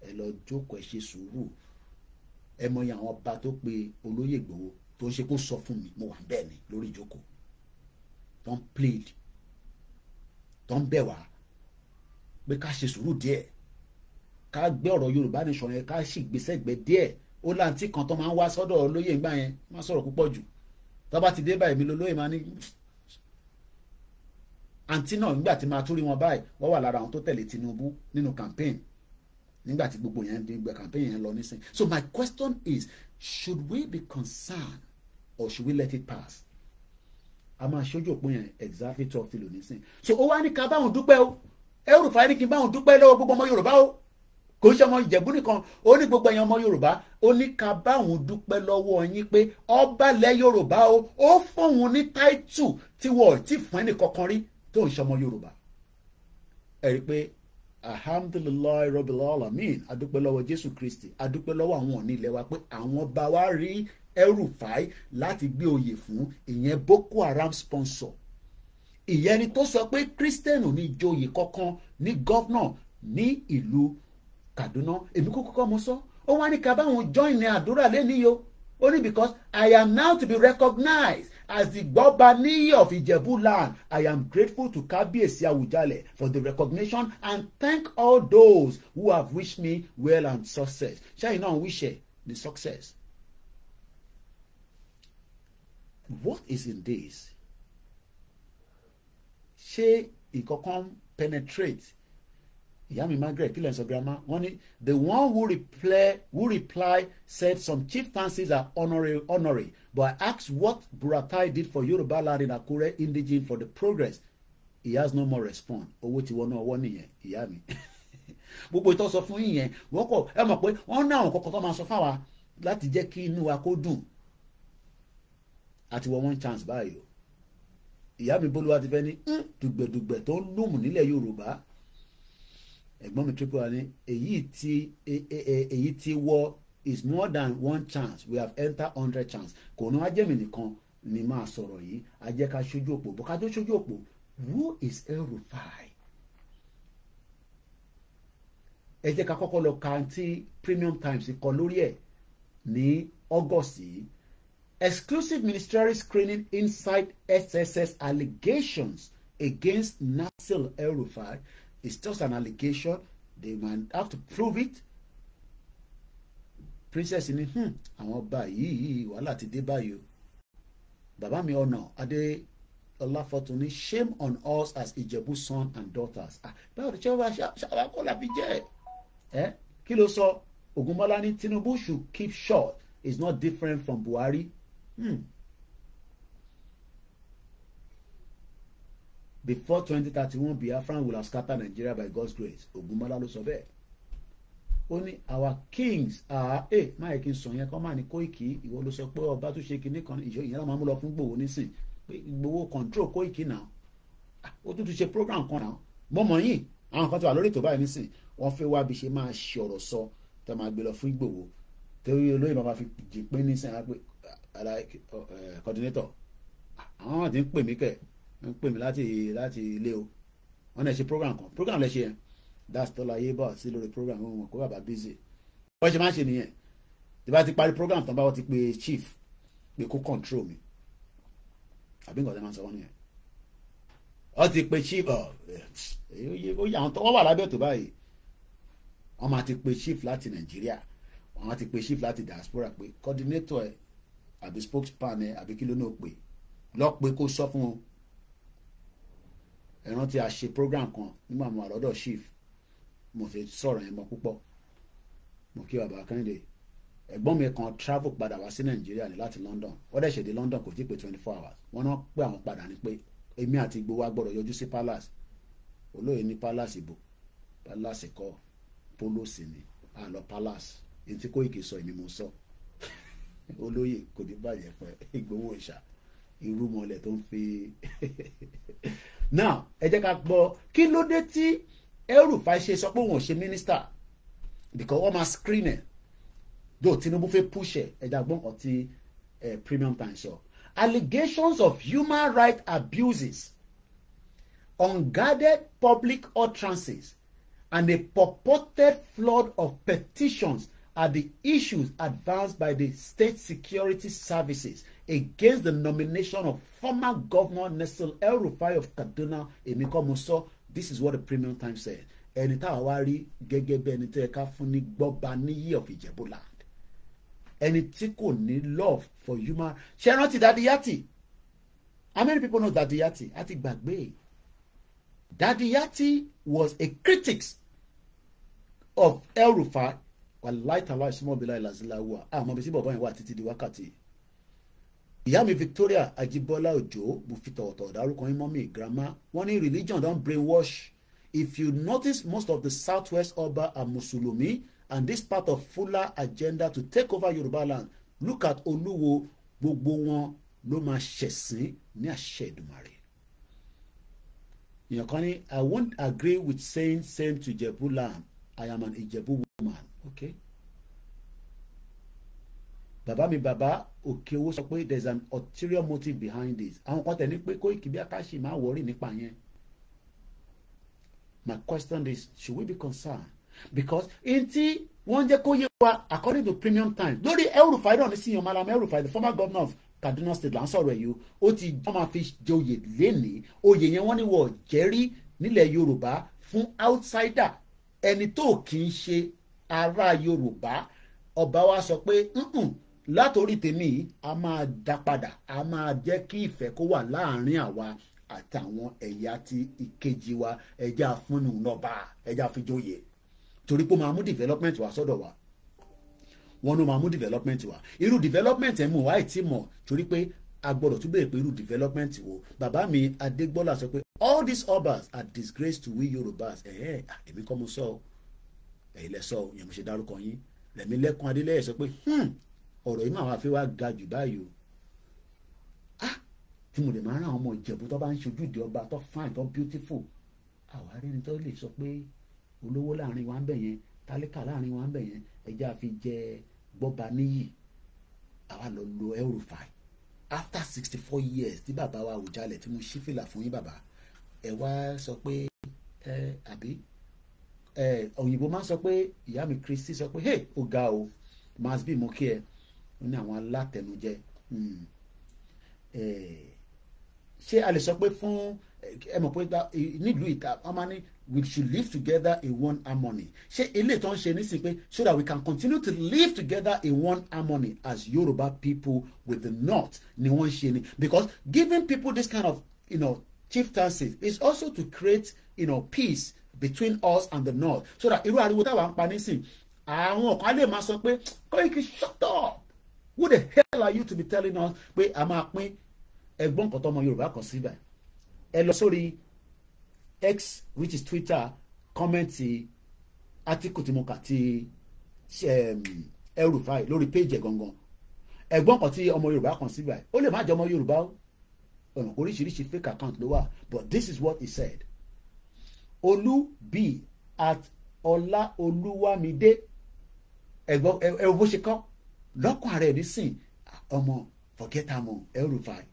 ẹ lọ jókòó ẹ ṣe sùúrù ẹ mọ iye àwọn ọba tó pe olóyè Ìgbòho tó ń ṣe kó sọ fún mi mo wà bẹ́ẹ̀ ni lórí ìjókòó tó ń plead tó ń bẹ̀ wá pé ká ṣe sùúrù díẹ̀ ká gbé ọ̀rọ̀ Yorùbá nation yẹn ká sì gbé sẹ́gbẹ̀ẹ́ díẹ̀ ó láǹtí kan tó máa ń wá sọ́dọ̀ olóyè ńgbà yẹn máa sọ̀rọ̀ púpọ̀ jù tó bá ti dé báyìí mi lolóyè máa ní àǹtí náà nígbà tí máa tún rí wọn báyìí wọ́n wà lára àwọn tó tẹ̀lé Tinubu nínú campaign nígbà tí gbogbo yẹn di gbogbo campaign yẹn lọ nísìn so my question is should we be concerned or should we let it pass a máa ṣojú òpin yẹn exactly twelve kilo nísìn so ó wá ní ká báwọn dúpẹ́ o ẹrù fàáyé ní kí n báwọn dúpẹ́ lọ́wọ́ gbogbo ọmọ Yorùbá o kò ṣe ọmọ ìjẹ̀bú nìkan ó ní gbogbo ẹ̀yàn ọmọ yorùbá ó ní ká báwọn dúpẹ́ lọ́wọ́ yín pé ọba ilẹ̀ yorùbá o ó fóun ní táìtù tí wọ́n ti fún ẹnì kankan rí tó ń ṣe ọmọ yorùbá. ẹ rí i pé alhamdulilayi rabbil alamin adúpẹ́ lọ́wọ́ jésù kristi adúpẹ́ lọ́wọ́ àwọn òní ilẹ̀ wa pé àwọn bá wa rí El-Rufai láti gbé oyè fún ìyẹn boko haram sponsor ìyẹn ni tó sọ pé kristian ò ní joyè kankan ní gọ́fnà Kaduna èmi kúkú kọ́ mo sọ ó wá ní ká báwọn join ní àdúrà lẹ́nìí o only because I am now to be recognized as the Gbobaniyi of Ijebu land. I am grateful to Kabiyesi Awujale for the recognition and thank all those who have wished me well and success. Ṣẹ́yìn náà wish the success. What is in this? Ṣé ìkọ̀kan penetrate ìyá mi Margaret kílẹ̀ ń sọ grandma wọ́n ní the one who reply, who reply said some chief chieftaincies are honorary, honorary but I ask what Buratai did for Yoruba land in Akure indigene for the progress he has no more response owó tiwọn náà wọ́n nìyẹn ìyá mi gbogbo ìtọ́ sọ fún yìnyẹn wọ́n kọ̀ ẹ mọ̀ pé wọ́n ní àwọn kọ̀ọ̀kan tó máa sọ fáwa láti jẹ́ kí inú wa kó dùn àti wọ́n one chance báyìí o ìyá mi bólúwa ti fẹ́ ní hm, dùgbẹ̀dùgbẹ̀ tó ń lùmù nílẹ̀ Yorùbá ẹ̀gbọ́n mi triple ani èyí tí e, e, e, èyí tí wọ́ is more than one chance we have entered hundred chance kò ní wá jẹ́mi nìkan ni máa sọ̀rọ̀ yìí a jẹ́ ká ṣojú òpó bó ká tó ṣojú òpó who is El-Rufai ẹ jẹ́ ká kọ́kọ́ lọ ka ti Premium Times kọ lórí ẹ̀ ní August yìí exclusive ministerial screening inside SSS allegations against Nasil El-Rufai It's just an allegation. They might have to prove it. Princess ni hmm, àwọn ọba yìí wàhálà ti dé báyìí o. Bàbá mi ọ̀nà Adé Ọláfọ̀túnni shame on us as Ìjẹ̀bú son and daughters. Ah, báwo ṣé wàá ṣàwákọ́lá fi jẹ́ ẹ? Kí ló sọ? Ògúnmọ́lá ní Tinubu should keep short. It's not different from Buhari. Hmm. before twenty thirty one Biafran will have scattered Nigeria by God's grace Ogunmola ló sọ bẹ́ẹ̀ ó ní our kings are ẹ eh, má yẹ kí n sọ yẹn kọ́ máa ní Kóìkì ìwọ ló sọ pé ọba tó ṣe kinní kan ìyẹn la máa mú lọ fún Gbòho nísìn pé Gbòho control Kóìkì náà ah, ó tún ti ṣe program kan náà mo mọ̀ yín àwọn kan tó wà lórí ètò báyìí nísìn wọ́n fẹ́ wá bí ṣe máa ṣọ̀rọ̀ sọ tẹ́ máa gbé lọ fún Gbòho torí olóyè máa fi jì pé nísìn àgbẹ̀ eh, coordinator ah, àwọn àti ń pè mí kẹ́ẹ̀ wọ́n pè mí láti láti ilé o wọ́n náà ṣe program kan program lẹ ṣe yẹn that's tọ́lá ayé bá sí lórí program wọn mọ̀ kó bàbá busy wọ́n ṣe máa ń ṣe nìyẹn tí bá ti parí program tán bá wọ́n ti pe chief pé kó control mi àbí nǹkan tẹ́ máa ń sọ wọ́n nìyẹn wọ́n ti pe chief ó yà wọ́n wà lábẹ́ tó báyìí wọ́n máa ti pe chief láti nàìjíríà wọ́n máa ti pe chief láti diaspora pé coordinator ẹ̀ àbí spokesman ẹ̀ àbí kí ló náà pè lọ́ọ́ pé kó sọ fún wọn ẹran tí a ṣe program kan nígbà mo wà lọ́dọ̀ chief mo fi sọ̀rọ̀ yẹn mọ́ púpọ̀ mo kí bàbá Kẹ́hìndé ẹ̀gbọ́n mi kan travel padà wá sí Nàìjíríà ní láti London wọ́n dẹ̀ ṣèdè London kò tí ì pé twenty four hours wọ́n náà pé àwọn padà ní pé èmi àti gbogbo wa gbọ́dọ̀ yọjú sí palace olóyè ní palace ìbò palace kọ polo sì ni à lọ palace èyí tí Kóìkì sọ èmi mo sọ olóyè kò ní bàjẹ́ pẹ́ Ìgbòho ìṣà irú mọ́lẹ̀ tó ń fi now ẹ jẹ́ ká gbọ́ kí ló dé tí El-Rufai ṣe sọ pé òun ò ṣe mínísítà because wọ́n máa screen ẹ̀ though Tinubu fẹ́ push ẹ̀ ẹ̀já gbọ́n kan ti Premium time. sọ allegations of human rights abuses unguarded public utterances and a purported flood of petitions are the issues advanced by the state security services against the nomination of former governor Nestle El-Rufai of Kaduna èmi kọ́ mo this is what the Premium Times said ẹni táwa wá rí gẹ́gẹ́ bí ẹni tó yẹ ká fún ní gbọ́ba níyì of Ìjẹ̀bú-Land ẹni tí kò ní love for human ṣe rántí Daddy Yati how many people know Daddy Yati àti gbàgbé Daddy Yati was a critic of El-Rufai wàláìtàlá ìsúnmọ́bìlá ìlàzíláwà àmọ́ bí sí bọ̀bọ́ yẹn wà títí di wákàtí yìí ìyá mi Victoria Ajibola Ojo mo fi tọ̀wọ̀tọ̀wọ̀ dárúkọ yín mọ́mí grandma wọ́n ní religion don brainwash if you notice most of the southwest Oba are Muslimi, and this part of Fula agenda to take over Yorùbá land look at Olúwo gbogbo wọn ló máa ṣẹ̀sìn ní àṣẹ Èdùmàrè èèyàn kan I won't agree with saying same to Ijebu land I am an Ijebu woman okay bàbá mi bàbá òkè owó sọ pé there is an ulterior motive behind this àwọn kan tẹ̀lé pé Koiki Biakashi máa wọrí nípa yẹn my question is should we be concerned because in ti wọ́n jẹ́ kó yé wa according to premium time lórí El-Rufai náà ní síyan malam El-Rufai the former governor of Kaduna state là ń sọ̀rọ̀ ẹ̀yọ́ ó ti wọ́n máa fi jẹ oyè lénìí oyè yẹn wọ́n ní wọ́n jẹ́rí nílẹ̀ Yorùbá fún outsider ẹni tó kì í ṣe ará Yorùbá ọba wa sọ pé látòrí tèmi a máa dá padà a máa jẹ́ kí ìfẹ́ kó wà láàrin àwa àtàwọn ẹ̀yà ti ìkejì wa ẹja fúnnu nọba ẹja fijóye torí pé ó máa mú development wá sọ́dọ̀ wa wọn ló máa mú development wá irú development ẹ̀ mú wa ẹ̀ tí mọ̀ torí pé a gbọ́dọ̀ tún bẹ̀rẹ̀ pé irú development wo bàbá mi Adégbọ́lá sọ pé all these obas are disgrace to we Yorubas ẹ̀ẹ́ èmi kọ́ mo sọ ẹ̀yin lẹ sọ yẹn mo ṣe dárúkọ yín Rẹ̀mí Lẹ́kùn Adélẹ́yẹ sọ pé hmm, ọ̀rọ̀ yìí máa wá fi wá ga jù báyìí o ah tí mo lè máa rán àwọn ọmọ ìjẹ̀bú tó bá ń ṣojú ìdí ọba tó fine tó beautiful àwa rí ni tó lè sọ pé olówó láàrin wa ń bẹ̀ yẹn tálíkà láàrin wa ń bẹ̀ yẹn ẹja fi jẹ gbọ́ba níyì àwa lọ lo el after sixty four years tí bàbá wa ò jalè tí mo ṣí fìlà fún yín bàbá ẹ wá sọ pé ẹ àbí ẹ òyìnbó máa ń sọ pé ìyá mi Kristi sọ pé hey ó ga o must be mo kí ẹ ó ní àwọn alátẹnujẹ hmm. ṣé a lè sọ pé fún ẹ mọ̀ pé nílùú ìta wọ́n máa ní we should live together in one harmony ṣé ilé tó ń ṣe nísìnyí pé so that we can continue to live together in one harmony as Yoruba people with the north ni wọ́n ń ṣe ni because giving people this kind of you know, chief chieftaincy is also to create you know, peace between us and the north so that irú ariwo táwa ń pa nísìnyí àwọn kan lè máa sọ pé Koiki shut up who the hell are you to be telling us pé a máa pín ẹgbọ́n nǹkan tọmọ Yorùbá kan síbẹ̀ ẹ lọ sórí X which is Twitter kọ́mẹ́ǹtì átíkù tí mo kà ti El-Rufai um, lórí péjì ẹ̀ gangan ẹ̀gbọ́n kan tí ọmọ Yorùbá kan síbẹ̀ ó lè má jẹ́ ọmọ Yorùbá ọ̀nà oríṣiríṣi fake account ló wà but this is what he said olú b at ọlá olúwamídé ẹ̀gbọ́n ẹ̀ ẹ̀ bó ṣe kọ́ lọ́kọ̀ ààrẹ nísìn ọmọ forgetamọ El-Rufai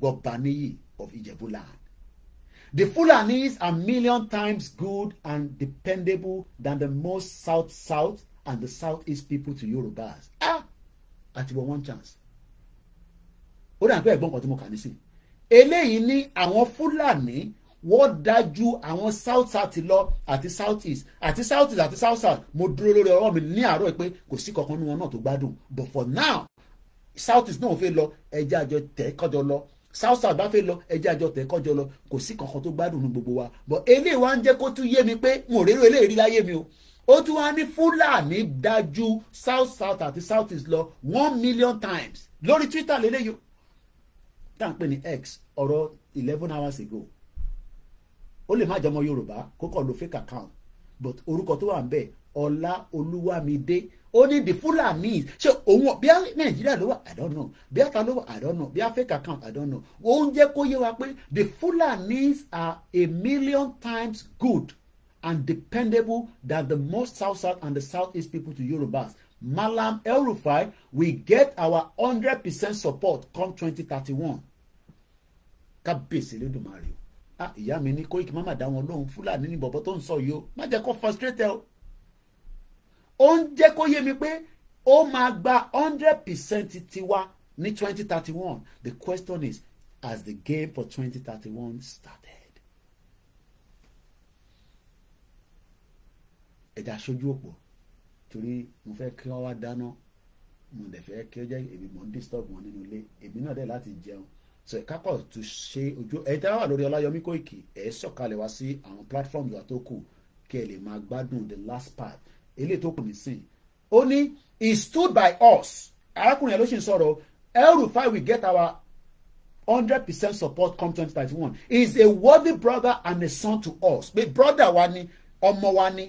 Gbọ̀bániyì of Ijebuland the Fulanis are million times good and dependable than the most south south and the South East people to Yorubas ah àti wọ one chance ó dàgbé ẹ̀gbọ́n kan tí mo kà ní sí eléyìí ní àwọn Fúlàní wọ́n dájú àwọn south south lọ àti south east àti south east àti south south mo dúró lórí ọwọ́ mi ní àárọ̀ pé kò sí kankan nínú wọn náà tó gbádùn but for now south east náà fẹ́ lọ ẹjẹ́ àjọ tẹ̀ kọjọ lọ south south bá fẹ́ lọ ẹjẹ́ àjọ tẹ̀ kọjọ lọ kò sí kankan tó gbádùn ní gbogbo wa but eléyìí wá ń jẹ́ kó tún yé mi pé n ò rérò eléyìí rí láyé mi o ó tún wá ní fúlàní dájú south south àti south east lọ one million times lórí twitter lélẹ́yìí tá à ń pè ní x ọ̀rọ̀ eleven hours ago ó lè má jẹ́ ọmọ yorùbá kó kàn ló fake account but orúkọ tó wà ń bẹ̀ ọlá olúwamídé ó ní the fulani ṣe òun bí nàìjíríà ló wà i don't know bí ata ló wà i don't know bí fake account i don't know ó ń jẹ́ kó yé wa pé the fulanis are a million times good and dependable than the most south south and the south east people to yorubas Malam El-Rufai will get our hundred percent support come twenty thirty one kábíyèsí lẹ́dùnmáà rẹ̀ o ah ìyá mi ní Koiki má má dá wọn lóhùn fúlàní ní bọ̀bọ̀ tó ń sọ yìí o má jẹ́ kó frustrate o ó ń jẹ́ kó yé mi pé ó máa gba hundred percent tiwa ní twenty thirty one the question is has the game for twenty thirty one started. ẹ̀dá aṣojú òpó torí mo fẹ́ kí wọ́n wá dáná mo dẹ̀ fẹ́ kí ó jẹ́ èmi mò ń disturb wọn nínú ilé èmi náà dẹ̀ láti jẹun tẹ̀kákọ̀ tún ṣe ojú ẹ̀yin tẹ́wà lórí ọláyọmí kòìkì ẹ̀ sọ̀kalẹ̀ wá sí àwọn platform wa tó kù kí ẹ lè máa gbádùn the last part eléyìí tó kù nísìn ó ní he stood by us arákùnrin yẹn ló ṣì ń sọ̀rọ̀ El-Rufai we get our hundred percent support come twenty thirty one he is a worthy brother and a son to us pé brother wa ni ọmọ wa ni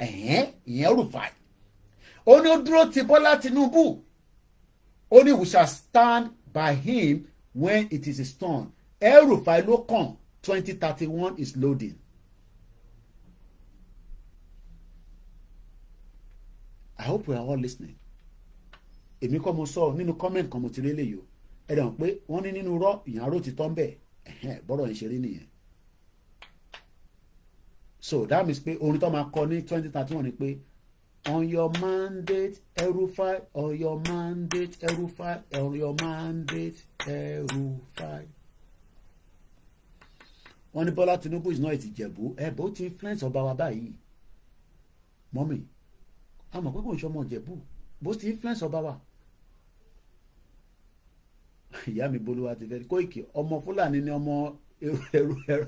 ẹ̀hẹ́n ìyẹn el ó ní ó dúró ti Bọ́lá Tinubu ó ní we shall stand by him when it is a stone, El-Rufai ló kàn twenty thirty one is loading. I hope we are all listening. Èmi kọ́ mo sọ nínú comment kan mo ti rí eléyìí o. Ẹ dàn pé wọ́n ní nínú rọ́ ìyàn aró ti tán bẹ́ẹ̀ bọ́rọ̀ ń ṣe rí nìyẹn. So that means pé orin tó máa kọ ní twenty thirty one ni pé on your mandate Erufai on your mandate Erufai on your mandate Erufai. wọ́n ní Bọ́lá Tinubu is not Ìjẹ̀bú ẹ̀bùn ó ti influence ọba wa báyìí mọ́mì àmọ́ pé kò ń ṣe ọmọ Ìjẹ̀bú bó ti influence ọba wa ìyá mi bolúwa ti fẹ́ Kóìkì ọmọ Fúlàní ni ọmọ ẹrú ẹrú ẹrú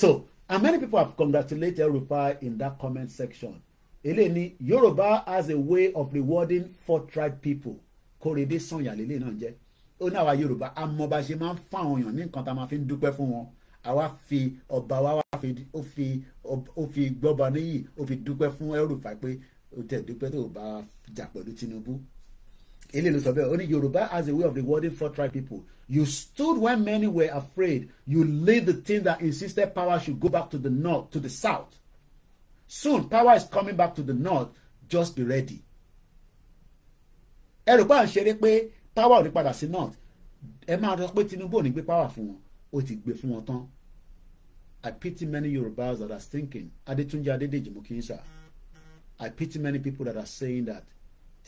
so and many people have congratulated Rufai in that comment section Eleni, Yoruba has a way of rewarding forthright people Kòrédé Sànyà lélẹ́yìn náà jẹ́ ó ní àwa Yorùbá a ṣe máa ń fún àwọn èèyàn ní nǹkan tá a máa fi ń dúpẹ́ fún wọn àwa fi ọba wa wá fi ó fi ó fi gbọ́ba níyì ó fi dúpẹ́ fún El-Rufai pé ó tẹ̀ dúpẹ́ tó bá jà pẹ̀lú Tinubu eléyìí ló sọ bẹ́ẹ̀ ó Yorùbá has a way of rewarding forthright people you stood when many were afraid you laid the team that insisted power should go back to the north to the south soon power is coming back to the north just be ready ẹ rò pé ń ṣeré pé power ò ní padà sí north ẹ máa rọ pé Tinubu ò ní gbé power fún wọn ó ti gbé fún wọn tán I pity many Yorùbás that are thinking Adetunji Adedeji mo kì í sà I pity many people that are saying that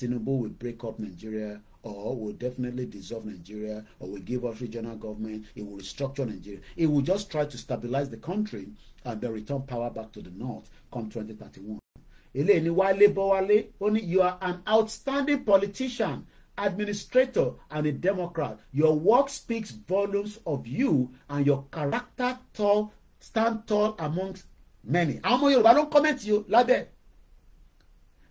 Tinubu will break up Nigeria or will definitely dissolve Nigeria or will give us regional government. It will restructure Nigeria. It will just try to stabilize the country and then return power back to the north come 2031. Eléyìí ni Wálé Bọ́wálé you are an outstanding politician administrator and a democrat. Your work speaks volumes of you and your character tall stand tall amongst many. Àwọn ọmọ Yorùbá ló ń kọ́mẹ̀ntì o lábẹ́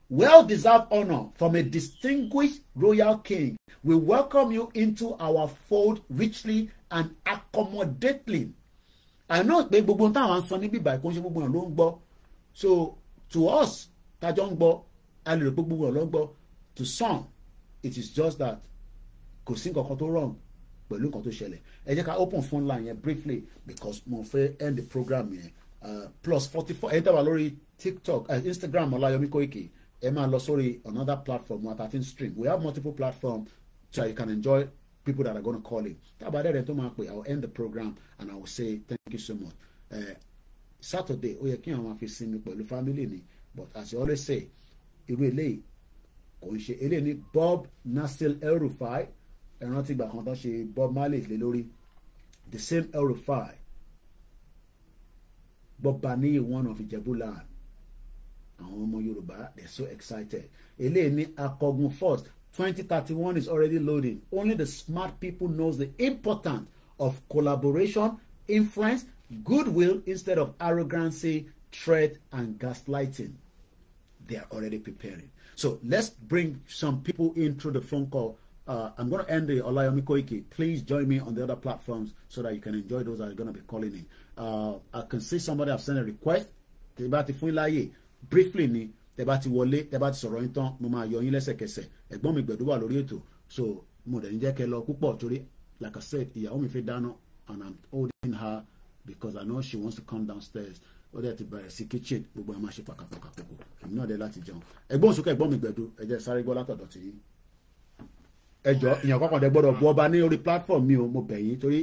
well deserved honor from a distinguished royal king. We welcome you into our fold richly and accommodately. I know pé gbogbo ohun táwọn sọ níbí ìbàkú ń ṣe gbogbo ọ̀n ló ń gbọ́. So to us tajọ́ ń gbọ́ a lè rò pé gbogbo ọ̀n ló ń gbọ́. To some it is just that kò sí nǹkan kan tó wrong pẹ̀lú nǹkan tó ṣẹlẹ̀. Ẹ jẹ́ ká open phone line yẹn briefly because mo fẹ́ end the program yẹn. Uh, plus forty four ẹ̀ ń lórí TikTok uh, Instagram Ọláyọmí Kóìkì ẹ máa lọ sórí another platform wa thirteen stream we have multiple platforms so you can enjoy people that are gonna call in tábà dẹ́rẹ̀ tó máa pè I will end the program and I will say thank you so much uh, Saturday ó yẹ kí àwọn afi sinmi pẹ̀lú family ni but as I always say irú eléyìí kò ń ṣe eléyìí ní Bob Nasir El-Rufai ẹran tí gbà kan tó ṣe Bob Marley lé lórí the same El-Rufai Bob Baniyi one of Ijebu land àwọn ọmọ Yorùbá they are so excited eléyìí ní akọgun first twenty thirty one is already loading only the smart people knows the importance of collaboration influence goodwill instead of arrogancy threat and gaslighting they are already preparing so let's bring some people in through the phone call. Uh, I'm going to end the Olayomi Koike. Please join me on the other platforms so that you can enjoy those that are going to be calling in. Uh, I can see somebody have sent a request. Tibati Funilaye, briefly ni tẹ bá ti wọlé tẹ bá ti sọ̀rọ̀ yín tán mo máa yọ yín lẹ́sẹ̀kẹsẹ̀ ẹ̀gbọ́n mi gbẹ̀dú wà lórí ètò so mo dẹ̀ ní jẹ́ kẹ́ lọ púpọ̀ torí like I said ìyàwó mi fẹ́ dáná and I'm holding her because I know she wants to come downstairs ó dẹ̀ ti bẹ̀rẹ̀ sí kitchen gbogbo ẹ̀ máa ṣe pàkàpàkàpàkò èmi náà dẹ̀ láti jẹun ẹ̀gbọ́n sókè ẹ̀gbọ́n mi gbẹ̀dú ẹ jẹ́ sáré gbọ́ látọ̀dọ̀ tì í ẹjọ́ èèyàn kọkàn dẹ gbọ́dọ̀ bu ọba ní orí platform mi o mo bẹ̀ yín torí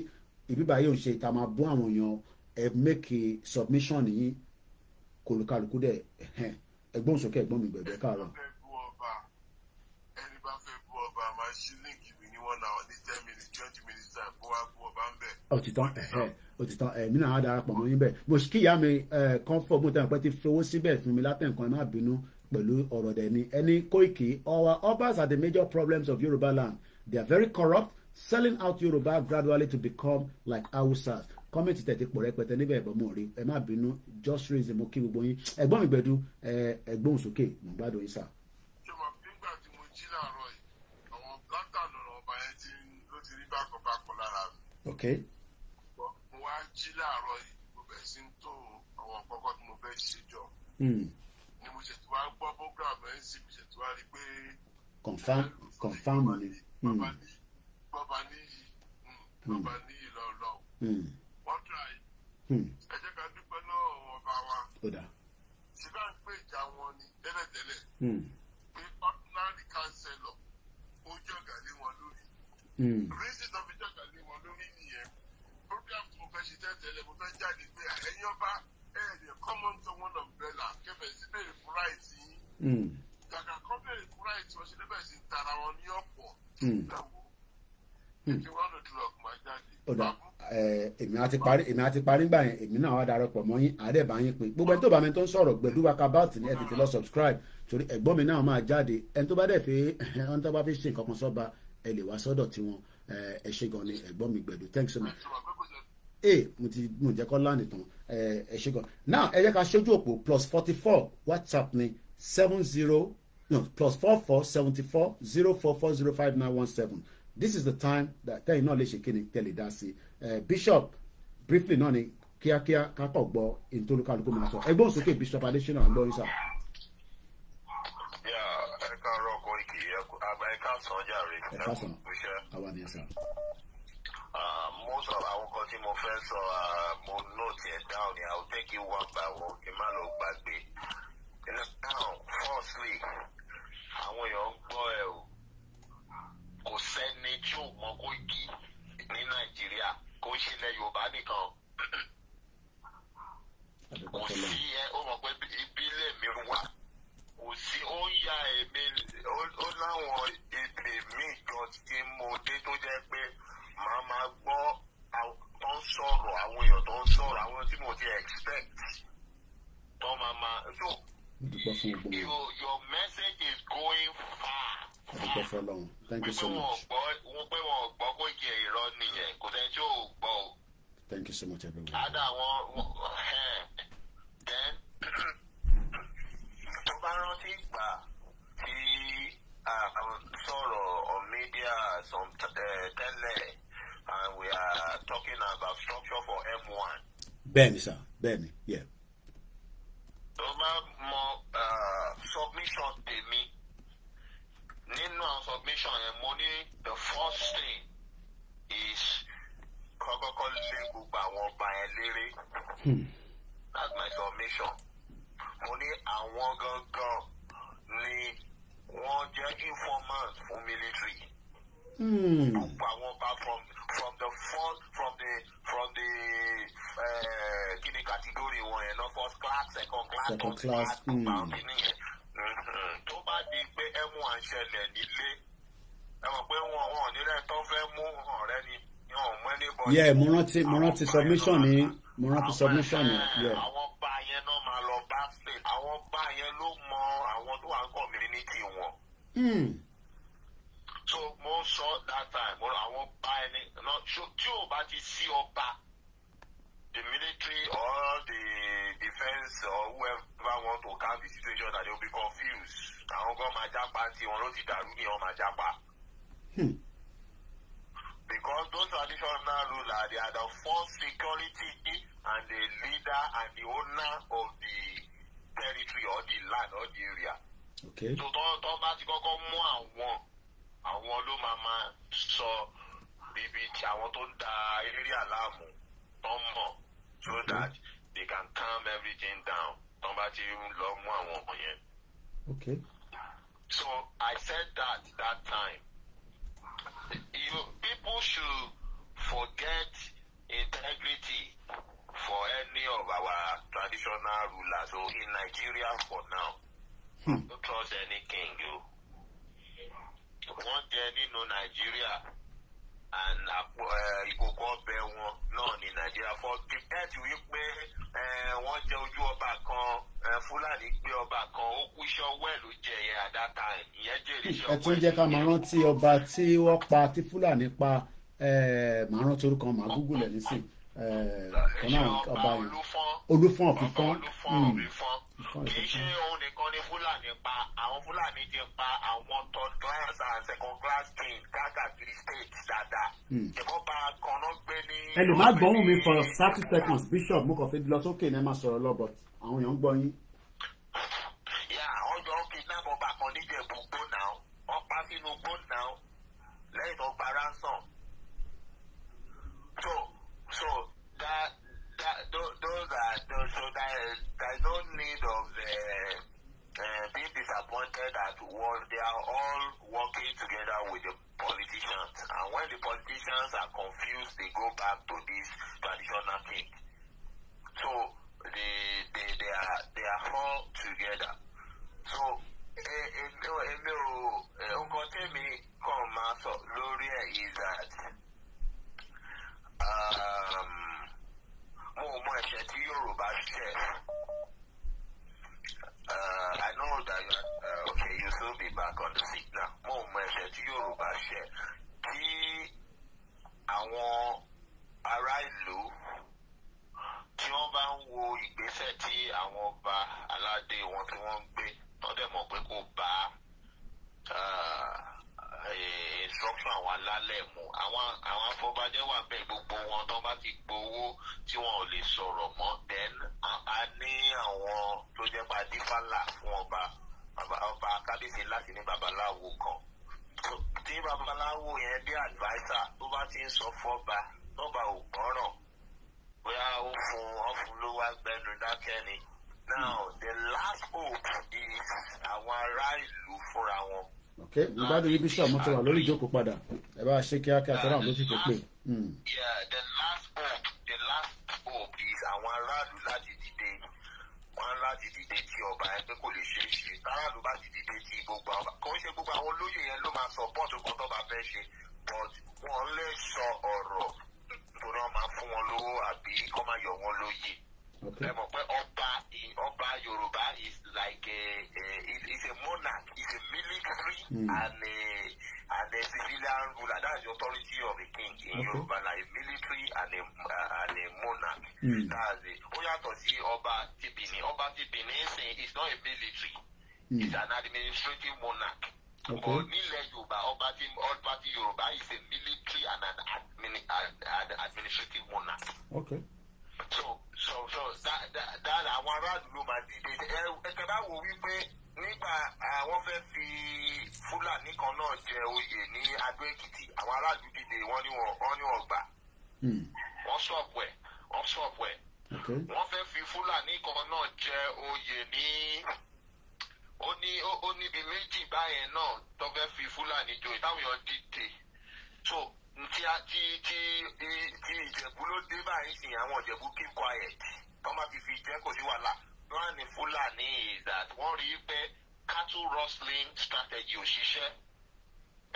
ìbíbáyé òun ṣe ìta máa bú àwọn èèyàn ẹ make submission yín kòlùkàlùkù dẹ̀ ẹ̀gbọ́n sókè ẹ̀gbọ́n mi gbẹ̀gbẹ́ káàárọ̀. ẹni bá fẹ́ bú ọba máa ṣí líǹkì mi ní one hour ní ten minutes twenty minutes time wá bú ọba ń bẹ̀. òtítàn òtítàn èmi náà á darapọ̀ mọ́ yín bẹ́ẹ̀ mo kí ìyá mi comfort bó tẹ̀wọ̀n pé ti fowó síbẹ̀ fún mi látẹ̀ nǹkan ẹ má bínú pẹ̀lú ọ̀rọ̀ dẹ̀ ni ẹni Koiki our obas are the major problems of Yoruba land they are very corrupt selling out Yoruba gradually to become like Hausas kọ́mẹ̀tì tẹ̀tí pọ̀ rẹpẹtẹ níbẹ̀ ẹ̀bọ̀ mọ̀ rí ẹ má bínú just raise mo kí gbogbo yín ẹ̀gbọ́n mi gbẹ̀du ẹ̀gbọ́n sókè mo gbádùn yín sà. ṣùgbọ́n nígbà tí mo jí láàárọ̀ yìí àwọn látàn lọ́rọ̀ ọba yẹn ti ló ti rí bákan lára mi. ok. mo wá jí láàárọ̀ yìí mo bẹ̀ sí ń tó àwọn kọ́kọ́ tí mo fẹ́ ṣe jọ. Hmm. ni mo ṣètò wá gbọ́ program ẹ̀ sì mo ṣètò wá rí pé. confam confam ni. Hmm. ẹ jẹ́ ká dúpẹ́ náà wọn bá wa ṣe bá ń pè ìjà wọn ni tẹ́lẹ̀tẹ́lẹ̀ hmm. pé ordinary councillor ó jọ̀gà lé wọn lórí hmm. reason tó fi jọ̀gà lé wọn lórí nìyẹn program tó fẹ́ ṣe tẹ́lẹ̀tẹ́lẹ̀ mo fẹ́ jáde pé ẹ̀yin ọba ẹ̀ẹ́dẹ̀ common to one umbrella kẹfẹ́ sí bẹ́ẹ̀ fúra ìsìn yín kàkà kọ́ bẹ́ẹ̀ fúra ìsìn wọn ṣe lẹ́bẹ̀ẹ́ sí tara wọn ní ọ̀pọ̀ ìdáwó ètò one o'clock máa jáde ọ̀dà èmi àti parí èmi àti parí gbà yẹn èmi náà wà darapọ̀ mọ́ yín àádẹ́ bá yín pé gbogbo ẹni tó bá mi tó ń sọ̀rọ̀ gbẹ̀dú Wakabat ní ẹ lọ subscribe torí ẹ̀gbọ́n mi náà máa jáde ẹni tó bá dẹ̀ fẹ́ ẹni tó bá fẹ́ ṣe nǹkan kan sọ́ba ẹ lè wá sọ́dọ̀ tiwọn ẹ ṣe gan ni ẹ̀gbọ́n mi gbẹ̀dú thanks so much ee mo ti mo jẹ kọ́ lánìí tán ẹ ṣe gan now ẹ jẹ́ ká ṣojú òpó plus forty four whatsapp ni seven zero no plus four four seventy four zero four four zero five nine one seven this is the time that tẹ́yìn náà lè ṣe kí ni tẹ́lẹ̀ dá sí eh, bishop briefly náà ni kíákíá kápọ̀ gbọ́ nítorí kálukú máa sọ ẹgbọ́n sókè bishop adesina lórí sá. ẹ̀ka ọ̀rọ̀ kò kì í ẹ̀ka sàn jàre ẹ̀ka sàn àwa ni ẹ̀sán. Ah, mo sọ àwọn kan tí mo fẹ́ sọ ah, mo note ẹ̀ down ni I'll take you one by one kí n má lọ gbàgbé. now firstly àwọn èèyàn ń gbọ́ ẹ̀ o kò sẹ́ni tí ò mọ Koiki ní nàìjíríà kò ṣe ilẹ̀ yorùbá nìkan kò sí ẹ ó mọ̀ pé ìbílẹ̀ mi wà kò sí ó ń ya èmi ó láwọn èdè míì jọ tí mo dé tó jẹ́ pé màá máa gbọ́ tó ń sọ̀rọ̀ àwọn èèyàn tó ń sọ̀rọ̀ àwọn tí mo ti expect tó máa máa dúpẹ́ fún your message is going far. ọlọ́run thank you so much. wọ́n wọn gbọ́ kó jẹ ìrọ nìyẹn kò tẹ́ tí ò gbọ́ o. thank you so much everyone. ada wọn then tó bá rántí gbà tí sọ̀rọ̀ on media some eh, tẹ́lẹ̀ and we are talking about structure for M1. bẹ́ẹ̀ni sir, bẹ́ẹ̀ni yeah tó mọ submission tèmi nínú àwọn submission yẹn mo ní the first thing is kọ́kọ́kọ́ lé gbogbo àwọn ọba yẹn léré hmm. that's my submission mo ní àwọn gangan ni wọ́n jẹ́ informant fún military hmm. gbogbo àwọn ọba from from the first from the from the uh, eh, kíni category wọn yẹn lọ first class second class second class gbogbo kíni yẹn tó bá di pé ẹmu à ń nílé ẹ mọ̀ pé wọn wọn ò tó fẹ́ mú ọ̀rẹ́ ni wọn mú ẹni bọ̀. yẹ mo rántí mo rántí submission ni mo rántí submission ni. àwọn bá yẹn náà máa lọ bá ṣe àwọn bá yẹn ló mọ àwọn tó wà ń community wọn. Hmm so mo sọ that time mo àwọn bá ẹni tí o bá ti sí ọba the military or the defence or whoever want to calm the situation that they will be confused àwọn kan máa jápa tí wọn ló ti dàrú ni wọn máa jápa. Hmm. because those traditional ruler they are the first security and the leader and the owner of the territory or the land or the area. okay. so tọ́ tọ́ bá ti kọ́kọ́ mú àwọn àwọn ló máa máa sọ ibi tí àwọn tó ń da eré àlámù tó ń so that they can calm everything down tó bá ti ń lọ mú àwọn ọmọ yẹn. Okay. So I said that that time. You, people should forget integrity for any of our traditional rulers. So in Nigeria for now, hmm. don't trust any king. You wọ́n jẹ nínú nàìjíríà àpò eh, ìkòkò ọbẹ̀ wọn náà ní nàìjíríà for the wípé eh, wọ́n jẹ ojú ọba kan eh, fúlàní gbé ọba kan ó kú sọ́wọ́ ló jẹ yẹn at ìyẹn jèrè sọ́wọ́ ẹ̀. ẹ tún jẹ́ ká máa rántí ọba tí wọ́n pa tí fúlàní pa máa rántí orúkọ màá gúgùlẹ̀ nísìnyí ọ̀nà eh, eh, ọba yìí olúfọ́n fífọ́n kì í ṣe òun nìkan ni fúlàní pa àwọn fúlàní ti pa àwọn third class and second class king káàkiri state dáadáa ìjọba kan náà gbé ní. ẹ lè mi for thirty seconds bishop mo kàn fi lọ sókè ní ẹ máa sọ̀rọ̀ but àwọn èèyàn ń gbọ́ yín. yà ọjọ́ kidnap ọba kan níjẹ̀bú gbóná wọ́n pa sínú gbóná lẹ́yìn tó gba ransom. so So that that those that those, so that is, no need of uh, uh, being disappointed at what they are all working together with the politicians. And when the politicians are confused, they go back to this traditional thing. So they they, they are they are all together. So èmi e-, ò e-, e-, nǹkan tèmi kàn máa sọ lórí ẹ̀ is that. Um, mo mọ ẹ̀ṣẹ̀ tí Yorùbá Uh, I know that uh, okay you still be back on the seat now. More mọ ẹ̀ṣẹ̀ tí Yorùbá ṣẹ̀ tí àwọn ará ìlú tí wọ́n bá ń wo ìgbésẹ̀ tí àwọn ọba aládé wọn tí wọ́n ń gbé tọ́dẹ̀ mọ̀ pé kò bá. Uh, Eh, instruction àwọn alálẹ̀ mu àwọn àwọn afọbajẹ wà bẹ́ẹ̀ gbogbo wọn tó bá ti gbowó tí wọn ò lè sọ̀rọ̀ mọ́ then a ní àwọn tó jẹ́ pa dífàlà fún ọba ọba kábíyèsí láti ní babaláwo kan tí babaláwo yẹn bí adviser tó bá ti ń sọ fọba lọba ò gbọ́ràn bóyá ó fún ọfun ló wá gbẹnu dákẹ́ ni now the last hope is àwọn ará ìlú fúnra wọn ok mo gbádùn yín bíṣọ mo ti wà lórí ìjókòó padà ẹ bá ṣe kíákíá tó rà lójú tó pè. Hmm. the last hope the last hope is àwọn aráàlú láti dìde wọn láti dìde tí ọba ẹ pé kò lè ṣe é ṣe aráàlú bá ti dìde tí gbogbo àwọn kò ń ṣe gbogbo àwọn olóyè yẹn ló máa support ọkàn tó bá fẹ́ ṣe but wọn lè sọ ọ̀rọ̀ nítorí wọn máa fún wọn lówó àbí kọ́ máa yọ wọn lóyè ẹ mọ̀ pé ọba ọba Yorùbá is like a, a is a monarch is a military mm. and a and a civilian ruler that's the authority of a king in okay. Yorùbá like a military and a uh, and a monarch mm. that's it ó yàtọ̀ sí ọba ti Benin ọba ti Benin not a military mm. is an administrative monarch. Okay. nílẹ̀ Yorùbá ọba is a military and an administrative monarch. Okay so so so that dáadáa àwọn aráàlú ló máa dìde ẹ ẹ bá wo wípé nígbà àwọn fẹ́ fi fúlàní kan náà jẹ oyè ní adó èkìtì àwọn aráàlú dìde wọ́n ní wọ́n ní wọ́n gbà hmm. wọ́n sọ̀pù ẹ̀ wọ́n sọ̀pù ẹ̀ wọ́n fẹ́ fi fúlàní kan náà jẹ oyè ní ó ní ó níbi méjì báyẹn náà tó fẹ́ fi fúlàní joyè táwọn èèyàn dìde so tí a ti ti ti ìjẹ̀bú ló dé báyìí sì àwọn ìjẹ̀bú keep quiet wọ́n má fi fi jẹ́ kò sí wàhálà wọ́n ní Fúlàní that wọ́n rí pé cattle rustling strategy ò ṣiṣẹ́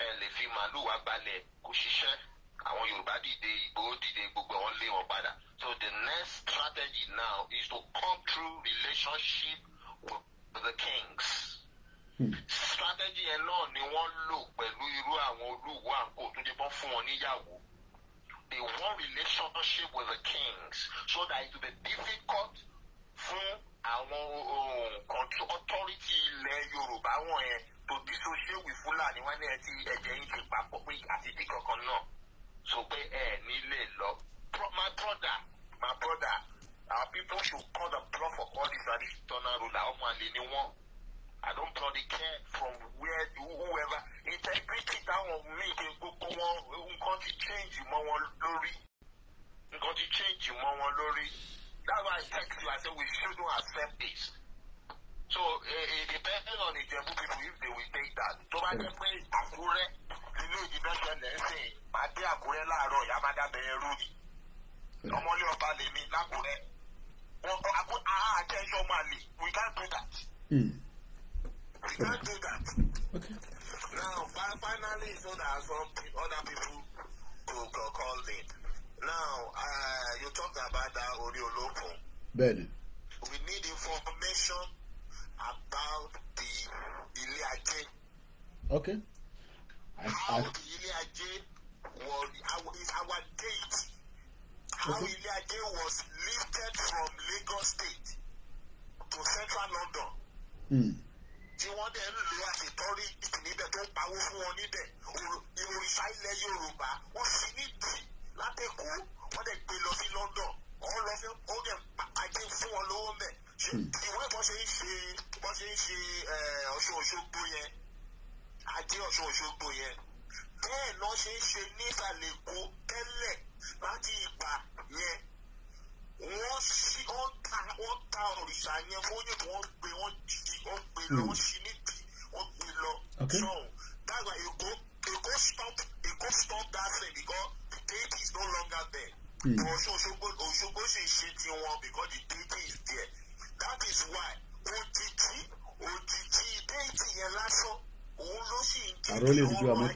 ẹ lè fi màálù wá gbalẹ̀ kò ṣiṣẹ́ àwọn Yorùbá dìde Ìgbòho dìde gbogbo wọn lé wọn padà so the next strategy now is to come through relationship with the kings. Hmm. strategy yẹn náà ni wọ́n lò pẹ̀lú irú àwọn olúwo àǹkó tó dé bọ́ fún wọn níyàwó they want relationship with the kings so that it will be difficult fún àwọn oh, authority ilẹ̀ Yorùbá wọn yẹn to dissociate with Fulani. wọn ní ẹ ti ẹ̀jẹ̀ yìí ti papọ̀ pé àti díkankan náà so pé ẹ nílé lọ Mm. We can't do that. Okay. Now, finally, so that some other people could call in. Now, uh, you talked about that Oriolopon. Bẹ́ẹ̀ni.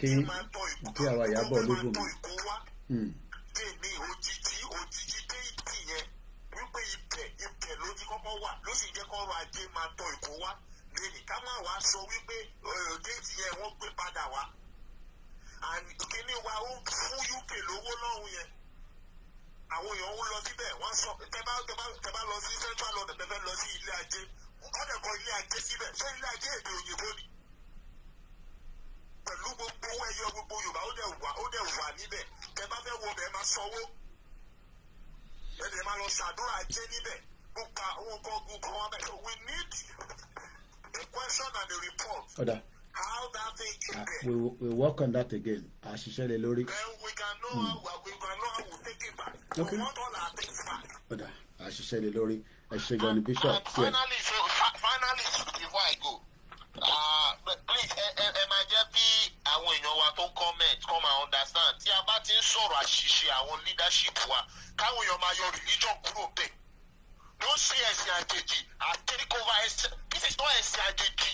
kí kí àwa Ìyábọ̀ lógo mi. tèmi hmm. òjijì òjijì dé ìdí yẹn wípé ibẹ̀ ibẹ̀ ló kọ́kọ́ wà ló sì jẹ́ kọ́rọ̀ ajé máa tọ Èkó wá lèyìn ká má wàá sọ wípé déètì yẹn wọ́n gbé padà wá kíní wa ó fún UK lówó lọ́hùn yẹn àwọn èèyàn ń lọ síbẹ̀ wọ́n sọ tẹ́bá tẹ́bá lọ sí central london tẹ́bá lọ sí ilé ajé ọ̀dẹ̀kọ̀ ilé ajé síbẹ̀ ṣé ilé ajé èdè òyìnbó ni. ọ̀dà ah, we will work on that again àṣìṣe lè lórí. ọ̀dà àṣìṣe lè lórí ẹ ṣe gan ni bishop. finally so finally before I go uh, please ẹ ẹ máa jẹ́ bí àwọn èèyàn wa tó ń comment come and understand tí a bá ti ń sọ̀rọ̀ àṣìṣe àwọn leadership wa káwọn èèyàn máa yọ religion kúrò bẹ́ẹ̀ no see ẹ̀sìn àjèjì I take over ẹ̀sìn this is not ẹ̀sìn àjèjì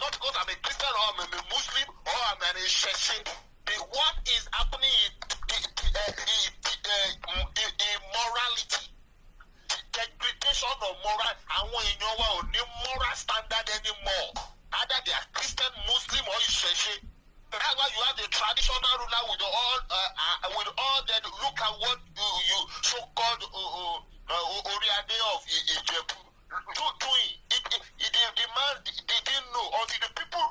not because I'm a Christian or I'm a Muslim or I'm an Sheshin. The what is happening in the, the, uh, the, the, uh, mm, the The degradation of moral. Àwọn èèyàn wa ò ní moral standard anymore. Either they are Christian, Muslim or Sheshin. That's why you have the traditional ruler with all uh, uh, with all that look at what you, you so-called uh, uh, uh, Oriade of Ijebu do doing. He, he, he, the, man they didn't know until the people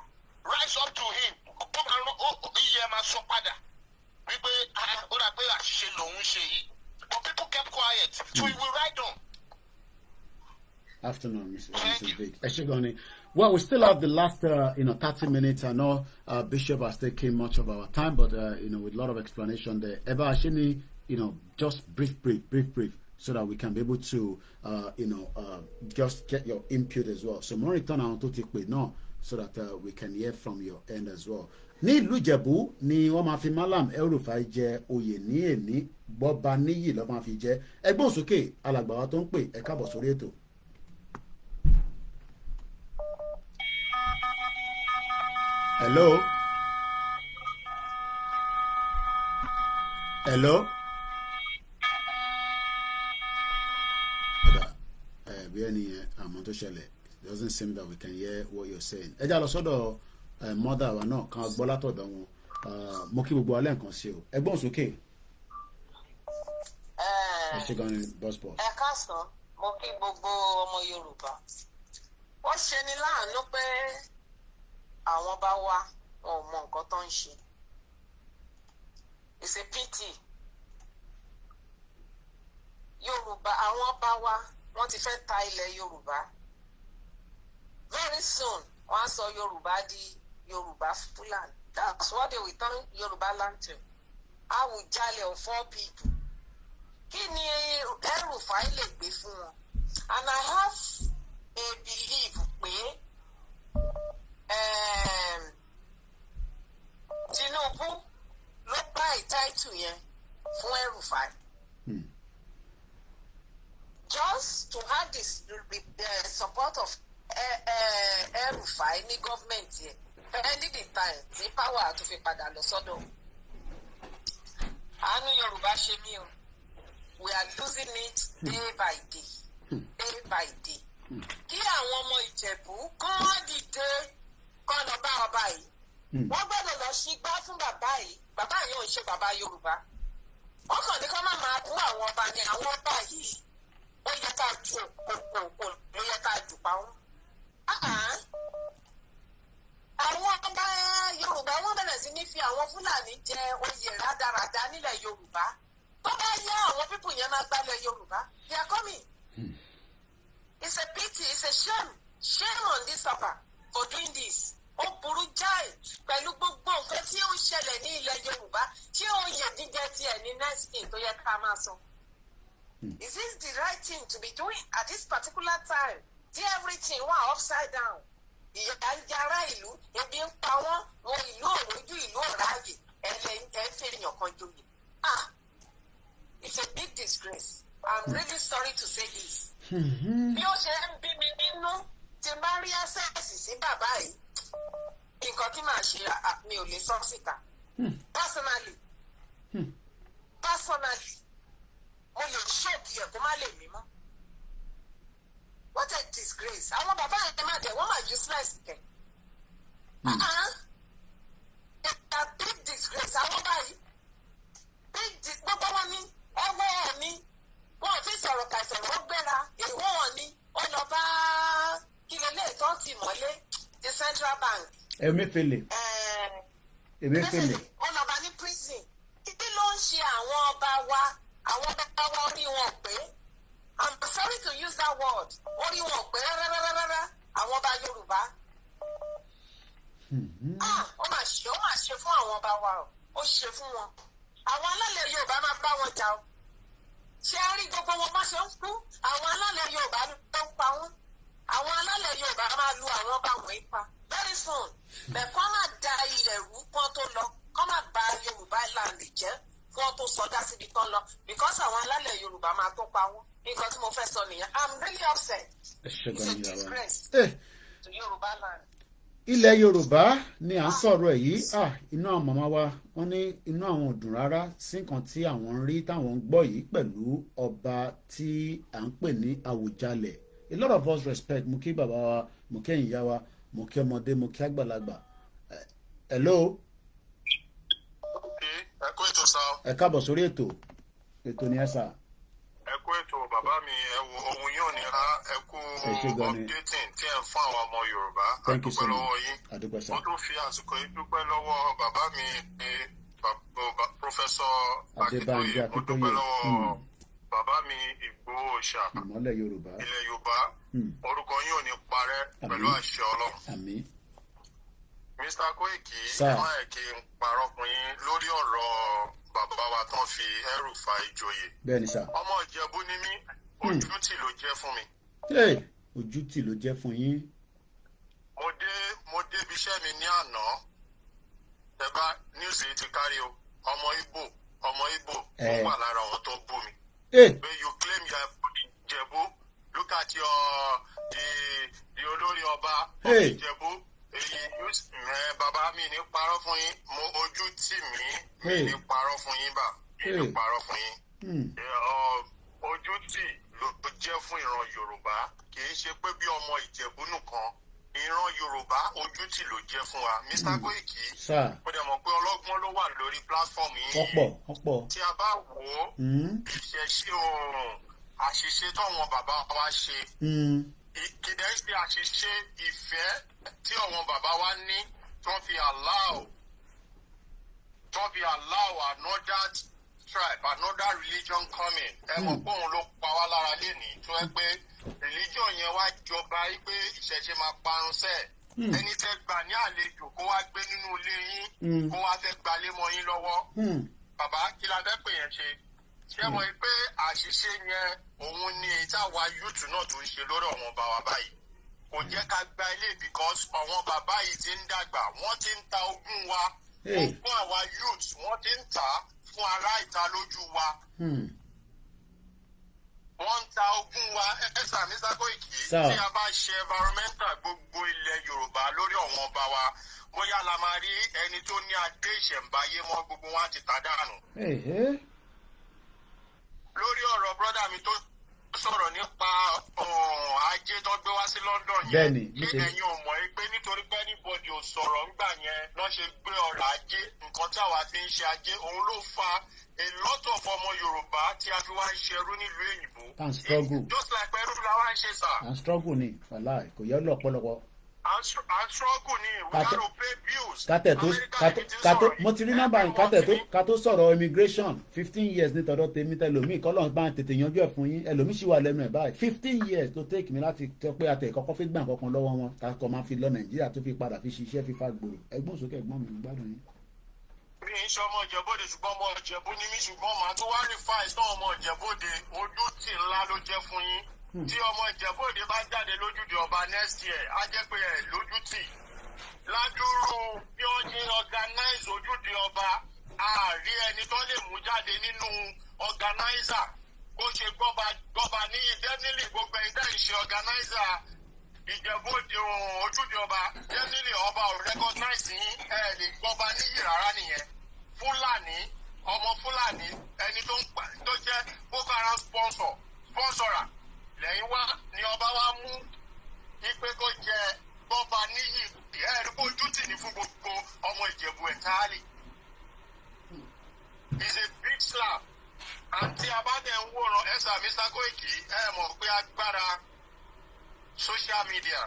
rise up to him. Kó máa rán iye máa sọ padà wípé ah, ó dà pé àṣìṣe lòun ṣe But people kept quiet so he will write on. Afternoon, Mr. Mrs. Vic. Well, we still have the last, uh, you know, 30 minutes. I know uh, Bishop has taken much of our time, but, uh, you know, with a lot of explanation there. Eba Ashini, you know, just brief, brief, brief, brief so that we can be able to uh, you know uh, just get your input as well so more return àwọn tó ti no, so that uh, we can hear from your end as well. ní ìlú ìjẹ̀bú ni wọ́n máa fi malam El-Rufai jẹ oyè ní èní bọ́ba níyì lọ́ máa fi jẹ ẹgbẹ́ òsókè alàgbà tó ń pè ẹ káàbọ̀ sórí ètò. hello hello. àbí ẹni yẹn àmọ́ tó ṣẹlẹ̀ it doesn't seem that we can hear what you're saying. ẹ já lọ sọ́dọ̀ eh, mọ́dà wa náà kan gbọ́ látọ̀dọ̀ wọn ah, mo kí gbogbo alẹ́ nǹkan sí o ẹ gbọ́n sókè. Eh, ẹ ṣe gan ni bus bus. ẹ káàsán mo kí gbogbo ọmọ Yorùbá wọ́n ṣe ni láàánú pé àwọn bá wá wọn ò mọ nǹkan tó ń ṣe it's a pity Yorùbá àwọn bá wá wọ́n ti fẹ́ ta ilẹ̀ yorùbá very soon wọ́n á sọ yorùbá di yorùbá fúlàní that's what they will turn yorùbá land to. a wò jalè on four people MFL. Ee, MFL. ṣẹ́gun yíra wa. ilẹ̀ yorùbá ni à ń ah. sọ̀rọ̀ èyí inú àwọn màmá wa wọ́n ní inú àwọn ò rárá sí nǹkan tí àwọn ń rí táwọn ń gbọ́ yìí pẹ̀lú ọba tí à ń pè ní àwùjalẹ̀ a lot of us respect mo kí bàbá wa mo kí ẹ̀yin ìyá wa mo kí ọmọdé mo kí àgbàlagbà eh, hello. ẹ kú ètò sá. ẹ káàbọ̀ sórí ètò ètò ni ẹ sá. ẹ ètò bàbá mi ẹ wo ẹ ṣe gan ni tí ẹ ń fún àwọn ọmọ Yorùbá adúpẹ́ lọ́wọ́ yín wọ́n tún fi àsìkò yìí dúpẹ́ lọ́wọ́ bàbá mi pọfẹsọ Akíntóyè wọ́n dúpẹ́ lọ́wọ́ hmm. bàbá mi Ìgbòho Òòṣà ilẹ̀ Yorùbá hmm. orúkọ yín ò ní parẹ́ pẹ̀lú àṣẹ Ọlọ́run Mr. Koiki ẹ kí n parọ́ fún yín lórí ọ̀rọ̀ bàbá wa tán fi ẹrù fa ìjòyè ọmọ Ìjẹ̀bú ni mí hmm. ojú tì ló jẹ́ fún mi ojútì ló jẹ́ fún yín. mo dé mo dé ibi iṣẹ́ mi ní àná ẹ bá news yìí ti kárí o ọmọ Ìgbò ọmọ Ìgbò ó eh. wà lára àwọn tó bú mi. Eh. pé you claim you are from Ìjẹ̀bú look at your the the olórí ọba of eh. Ìjẹ̀bú èyí bàbá mi ní parọ́ fún yín mo ojú tì mí mi ní parọ́ fún yín bá mi ní parọ́ fún yín hmm. ojú tì ló jẹ́ fún ìran yorùbá kì í ṣe pé bí ọmọ ìjẹ̀bú nìkan ìran yorùbá ojútì ló jẹ́ fún wa mr hmm. Koiki ó dẹ̀ mọ̀ pé ọlọ́gbọ́n ló wà lórí platform yìí ọ̀pọ̀ ọ̀pọ̀ tí a bá wò ó hmm. ìṣẹ̀ṣe oòrùn àṣìṣe táwọn bàbá wa ṣe ìkìdẹ̀ hmm. ṣe àṣìṣe ìfẹ́ tí àwọn bàbá wa ní tó fi allow tó fi allow another tribe another religion coming ẹ mọ̀ hmm. pé òun ló pa wá lára lénìí tó ẹ pé religion yẹn wá jọba yí pé ìṣẹ̀ṣe máa parun sẹ́ẹ̀ hmm. ẹni tẹ́ gbà ní àlejò kó wá gbé nínú ilé yín hmm. kó wá fẹ́ gbalé mọ́ yín lọ́wọ́ bàbá kí la fẹ́ pè yẹn ṣe ṣé mọ̀ pé àṣìṣe yẹn òun ni èyí táwa yúùtù náà tó ń ṣe lórí ọ̀wọ́n bá wa báyìí kò jẹ́ ká gba ilé because ọ̀wọ́n bàbá yìí ti ń dàgbà wọ́n ti ń ta ogún wa ogún àwa youth wọ́n ti ń tà fún ará ìta lójú wa. Hmm. wọ́n ń ta ogún wa ẹ̀sà mi Sákòìkí tí a bá ṣe environmental gbogbo ilẹ̀ Yorùbá lórí ọ̀wọ́n ọba wa bóyá la máa rí ẹni tó ní adé ìṣẹ̀ǹbáyé mọ́ gbogbo wa ti ta dànù. lórí ọ̀rọ̀ brọ́dà mi tó sọ̀rọ̀ nípa ajé tó gbé wá sí London yẹn bẹ́ẹ̀ni níṣẹ́ ò mọ̀ pé nítorí pé anybody ò sọ̀rọ̀ ńgbà yẹn lọ́ ṣe gbé ọ̀rọ̀ ajé nǹkan táwa fi ń ṣe ajé òun ló fa a lot of ọmọ Yorùbá tí a fi wá ń ṣerú nílùú èyìnbó. and struggle just like pẹ̀lú la wá ń ṣe sà. and struggle ni wàhálà kò yẹ lọ́pọ̀lọpọ̀ kàtẹ tó kàtó mo ti rí nọ́mbà yìí kàtẹ tó kàtó sọ̀rọ̀ immigration fifteen years ní tọ̀dọ̀ tèmi tẹlòmíì kọ́lọ́n bá tètè yanjú ẹ̀ fún yín ẹlòmíì sì wà lẹ́nu ẹ̀ báyìí fifteen years ló tẹ́kì mi láti sọ pé àtẹ̀ kọ́kọ́ fi gbà kankan lọ́wọ́ wọn kakọ́ máa fi lọ nàìjíríà tó fi padà fi ṣiṣẹ́ fífa gbòòrò ẹgbọ́n sókè ẹgbọ́n mi gbádùn yín. mi ń ṣe ọmọ ìjẹ́bọ́dé ṣùgbọ́n ọmọ ìjẹ́bú Hmm. tí ọmọ Ìjẹ̀bú Òde bá jáde lójúde ọba next year á jẹ́ pé ẹ̀ lójútì ládùúrú bí wọ́n ti organize ojúde ọba àárí ẹni tó lè mú jáde nínú organizer kó ṣe gbọ́ba gbọ́ba ní ìdẹ́nìlì gbogbo ẹ̀dá ìṣe organizer Ìjẹ̀bú Òde ojúde ọba dẹ́nìlì ọba ò recognize yín ẹ̀ lè gbọ́ba níyì rárá nìyẹn Fúlàní ọmọ Fúlàní ẹni tó jẹ́ Boko Haram sponsor sponsorer lẹ́yìn wá ni ọba wa mú ipe kó jẹ bọ́ba níyì ẹ̀rí ojú tì ní fún gbogbo ọmọ ìjẹ̀bù ẹ̀káàlì is a big slap àti abádẹ ń wòran ẹsà Mr. Koiki ẹ mọ̀ pé agbára social media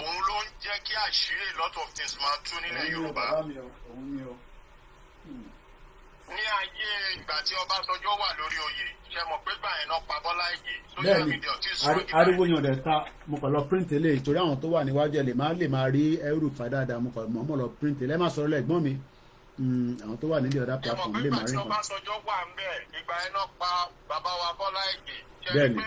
òun ló ń jẹ́ kí àṣírí lot of things máa tú nílẹ̀ Yorùbá ní ayé ìgbà tí Ọbásanjọ́ wà lórí oyè ṣe mọ̀ pé gbà náà pa Bọ́lá Ìgè social media tí ì sọ́ọ́ nígbà. ariwo yan ọ̀dẹ̀ ta mo kàn lọ print eléyìí torí àwọn tó wà níwájú ẹ̀ lè má lè má rí ẹrù fàdáadáa mo kàn mọ́ mọ́ lọ print eléyìí ẹ má sọ̀rọ̀ lẹ́gbọ́n mi. Hmm, àwọn tó wà nílé ọ̀dà platform lè máa rí nǹkan. Ọbásanjọ́ wà ń bẹ̀ ìgbà iná pa bàbá wa Bọ́lá Ìgè. Bẹ́ẹ̀ni.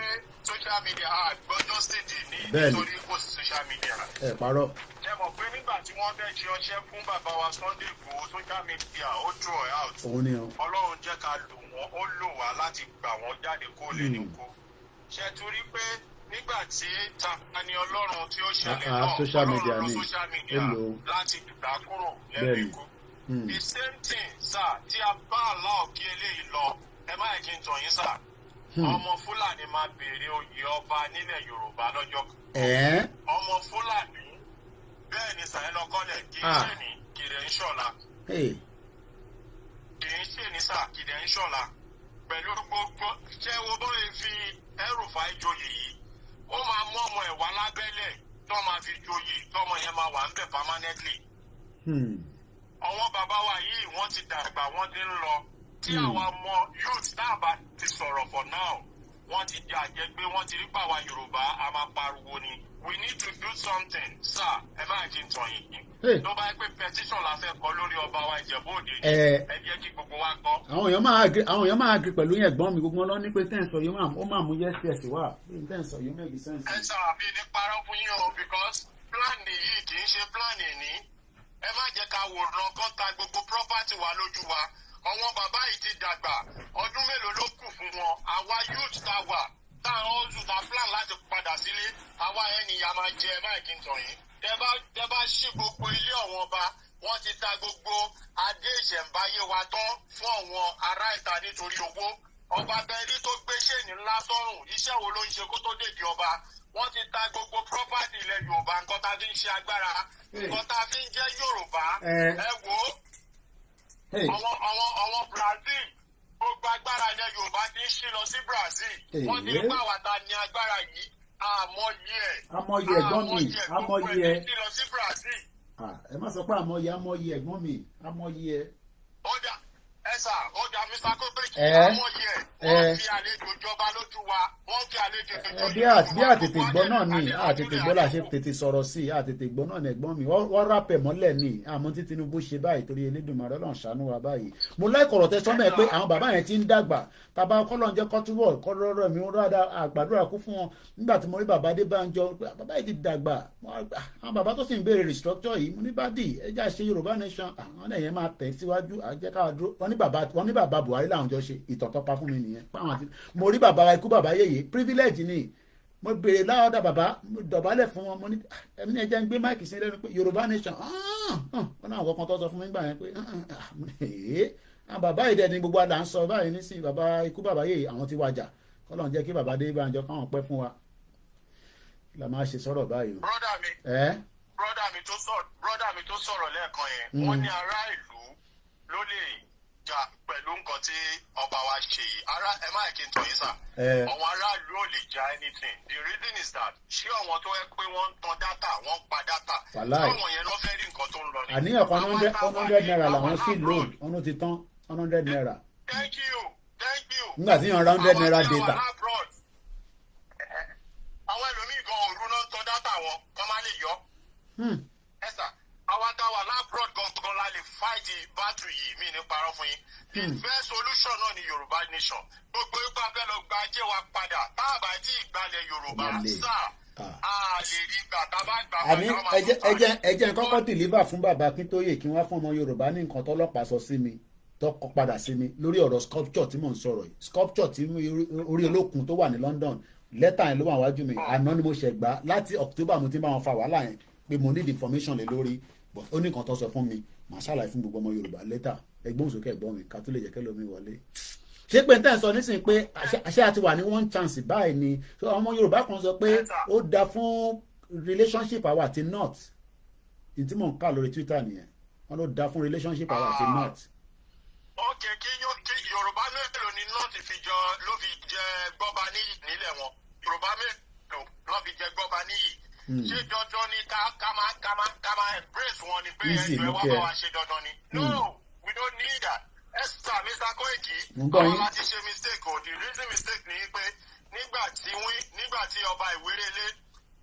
Social media àgbọ̀jọ́ stéèdì ní nítorí kò sí social media. Ẹ parọ́. Ṣé mọ̀ pé nígbà tí wọ́n fẹ́ ṣe ọṣẹ́ fún bàbá wa Sunday Igboho social media ó draw out. Òun ni o. Ọlọ́run jẹ́ ká lò wọ́n ó lò wá láti gbà wọ́n jáde kó lè ní kó. Ṣé torí pé nígbà tí Tani Ọlọ́run tí ó ṣẹlẹ̀ ah, ah, náà Ọlọ́run ló social media láti gbà kúrò lẹ́nu ikú the same thing sir tí a bá aláòkè eléyìí lọ ẹ má yẹ kí n tàn yín sir hmm. ọmọ fúlàní máa béèrè oyè ọba nílẹ̀ yorùbá lọ́jọ́ kan ọmọ fúlàní bẹ́ẹ̀ ni sàyẹ́lọ́kọ́lẹ̀ ah. kì í ṣe ní kìrẹ̀ ń ṣọ̀la kì í ṣe ní sà kìrẹ̀ ń ṣọ̀la pẹ̀lú gbogbo ṣé wo bó lè fi ẹrùfà ìjòyè yìí ó máa mú ọmọ ẹ̀ wá lábẹ́lẹ̀ tó máa fi joyè tọmọ yẹn máa wà ń bẹ̀ permanently. Hmm àwọn bàbá wa yìí wọ́n ti dàgbà wọ́n ti ń lọ tí hmm. àwa ọmọ youth náà bá ti sọ̀rọ̀ for now wọ́n ti di àjẹgbé wọ́n ti rí pàwa Yorùbá a máa pariwo ni we need to do something sir ẹ máa jí tàn yìí tó bá yẹ petition la fẹ́ kọ lórí ọba wa Ìjẹ̀bú Òde ni ẹ jẹ́ kí gbogbo wa kọ. àwọn èèyàn máa agree àwọn èèyàn máa agree pẹ̀lú yẹn gbọ́n mi gbogbo wọn lọ ní pé ten sọ yóò máa ó máa mú yes yes wá ten sọ yóò make sense. ẹ sọ àbí ní parọ́ fún yín o because plan yìí kì í ṣe plan ní ẹ má jẹ́ ká wòran kán ta gbogbo property wa lójú wa àwọn bàbá yìí ti dàgbà ọdún mélòó ló kù fún wọn àwa youth ta wà tá a ọ̀dù ta plan láti padà sílé àwa ẹnìyà máa jẹ máìkì tàn yín tẹ bá ṣí gbogbo ilé ọ̀wọ́n ọba wọ́n ti ta gbogbo adé ìṣẹ̀ǹbáyé wa tán fún àwọn ará ìta nítorí owó ọba bẹẹrí tó gbé ṣéènì ńlá sọ́rùn iṣẹ́ wo ló ń ṣe kó tó dèdè ọba wọ́n ti ta gbogbo property ilẹ̀ yorùbá nǹkan tá a fi ń ṣe agbára nǹkan tá a fi ń jẹ́ yorùbá ẹ wò ó àwọn àwọn àwọn brazil gbogbo agbára ilẹ̀ yorùbá ti ń ṣí lọ sí brazil wọ́n ti pa àwàta ní agbára yìí àmọye ẹ̀ àmọye ẹ̀gbọ́n mi àmọye ẹ̀ ẹ má sọ pé àmọye àmọye ẹ̀gbọ́n mi àmọye ẹ̀. ó ẹ sà ọjà Mr. Kobrik àwọn yẹ wọ́n fi àlejò jọba lójú wa wọ́n gbọ́ náà ni àtètè gbọ́ la ṣe tètè sọ̀rọ̀ sí i àtètè gbọ́ náà nẹ̀gbọ́n mi wọ́n rápẹ̀ mọ́lẹ̀ ni àmọ́ tí Tinubu ṣe báyìí torí Elédùmarè Ọlọ́run ṣàánú wa báyìí mo láìkọ̀rọ̀ tẹ sọ́mọ́ ẹ pé àwọn bàbá yẹn ti ń dàgbà bàbá kọ́lọ̀ ń jẹ́ kọ́ túbọ̀ kọ́lọ́rọ̀ mi wọ́n dáadáa àgbàdúrà kú fún wọn nígbà tí mo rí bàbá Adébánjọ bàbá yìí ti dàgbà àwọn bàbá tó sì ń béèrè restructure yìí mo ní bá dì ẹjẹ́ àṣẹ Yorùbá nation àwọn ah, ẹ̀yẹ máa tẹ̀ síwájú àjẹ́ káwá dúró wọ́n ní bàbá Buhari làwọn jọ ṣe ìtọ̀tọ̀ pa fún mi nìyẹn mo rí bàbá ikú bàbá yèyé privilege ni mo béèrè láọ̀dà bàbá mo dọ̀bálẹ̀ fún wọn mo ní ah, ẹ̀mí ni ń gbé máìkì sí lẹ́nu pé Yorùbá nation ah, wọ́n náà kọ́kọ́ tó sọ fún mi gbà yẹn pé àwọn ah, bàbá yìí dẹ̀ ni gbogbo àdá ń sọ báyìí nísìnyí bàbá ikú bàbá yìí àwọn ti wájà kọ́lọ́n jẹ́ kí bàbá dé bá káwọn pẹ́ fún wa la máa ṣe sọ̀rọ̀ báyìí. brọ́dà mi brọ́dà mi tó sọ̀rọ̀ brọ́dà mi tó sọ̀rọ̀ lẹ́ẹ̀kan yẹn hmm. wọ́n ní ará ìlú ló lè jà pẹ̀lú nǹkan tí ọba wa ṣe yìí ara ẹ má kí n tó yín sà àwọn aráàlú ò lè ja anything the reason is that ṣé àwọn tó ẹ pé wọ́n ń tan data wọ́n ń pa data ṣé àwọn ni. àníyàn kan one hundred naira one hundred naira. thank you thank you. nígbà tí one hundred naira data. àwọn ẹlòmíì gan òru náà ń tọ́ dátà wọn kọ́ máa lè yọ. ẹ hmm. sà àwọn táwa lábúrọ̀d gangan la lè fáìdì bátìrì yìí mí ní parọ́ fún yín. the hmm. best solution náà ni yorùbá nation gbogbo ipa fẹ́ lọ gba ajé wa padà tá a bá ti ìgbàlẹ̀ yorùbá sáà àmì ẹjẹ ẹjẹ ẹjẹ kọ́kọ́ dìlíbà fún bàbá Akíntóyè kí wọ́n fún ọmọ Yorùbá ní nǹkan tọ́lọ́pàá sọ sí mi tọkọ padà sí mi lórí ọ̀rọ̀ sculpture tí mò ń sọ̀rọ̀ yìí sculpture tí orí olókun tó wà ní London lẹ́tà yẹn ló wà wájú mi àná ni mo ṣẹ̀ gbà láti October mo ti bá wọn fa wàhálà yẹn pé mo need information lé lórí but ó ní kan tó sọ fún mi màá ṣàlàyé fún gbogbo ọmọ Yorùbá lẹ́tà ẹgbọ́n òsókè ẹ̀gbọ́n mi ká tó lè jẹ́ kẹ́lọ́ mi wọlé ṣé pé tẹ́ ẹ̀ sọ nísìnyí pé àṣẹ àti wà ní one chance báyìí ni ọmọ Yorùbá kan sọ pé ó da fún relationship àwa àti not, ìtí mò ń kà lórí Twitter nìyẹn wọn ló da fún relationship àwa àti ah. north ọkẹ kí yorùbá mélòó ni nọọsì fi jọ ló fi jẹ gbọba nílẹ̀ wọn yorùbá mélòó ló fi jẹ gbọba níyì hmm. ṣé dandan ni ká máa ká máa ká máa embrace wọn ni pé ẹjọ́ ẹ wá bá wa ṣe dandan ni. no hmm. we don't need that ẹsà mr Koiki àwọn láti ṣe mistake o the reason mistake ni pé nígbà tí wín nígbà tí ọba ìwérelé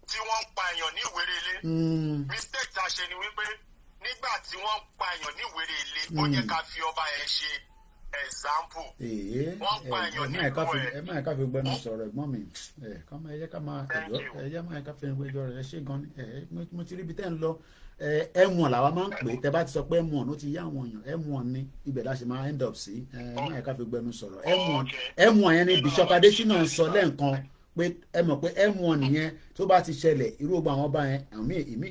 tí wọ́n ń pa èèyàn ní ìwérelé hmm. mistake ta ṣe ni wípé nígbà tí wọ́n pààyàn níwèrè ilé ó yẹ hmm. ká fi ọba yẹn ṣe example. wọ́n pààyàn ní ìlú ẹ máa ká fi gbẹnu hmm? sọ̀rọ̀ ẹ̀gbọ́n mi ẹ ká máa ẹyẹ ká máa ẹjọ́ ẹyẹ máa ká fi gbẹjọ rẹ̀ ṣé gan ẹ mo ti rí ibi tẹ́ ń lọ ẹ̀wọ̀n làwa máa ń pè é bá ti sọ pé ẹ̀wọ̀n ló ti yá àwọn èèyàn ẹ̀wọ̀n ni ibẹ̀ la ṣe máa end up sí ẹ máa ká fi gbẹnu sọ̀rọ̀ ẹ̀wọ̀n ẹ̀wọ̀n yẹn ni Bishop Adesina ń sọ lẹ́ǹkan pé ẹ mọ̀ pé m1 yẹn tó bá ti ṣẹlẹ̀ irú ogun àwọn ọba yẹn àwọn míì ìmí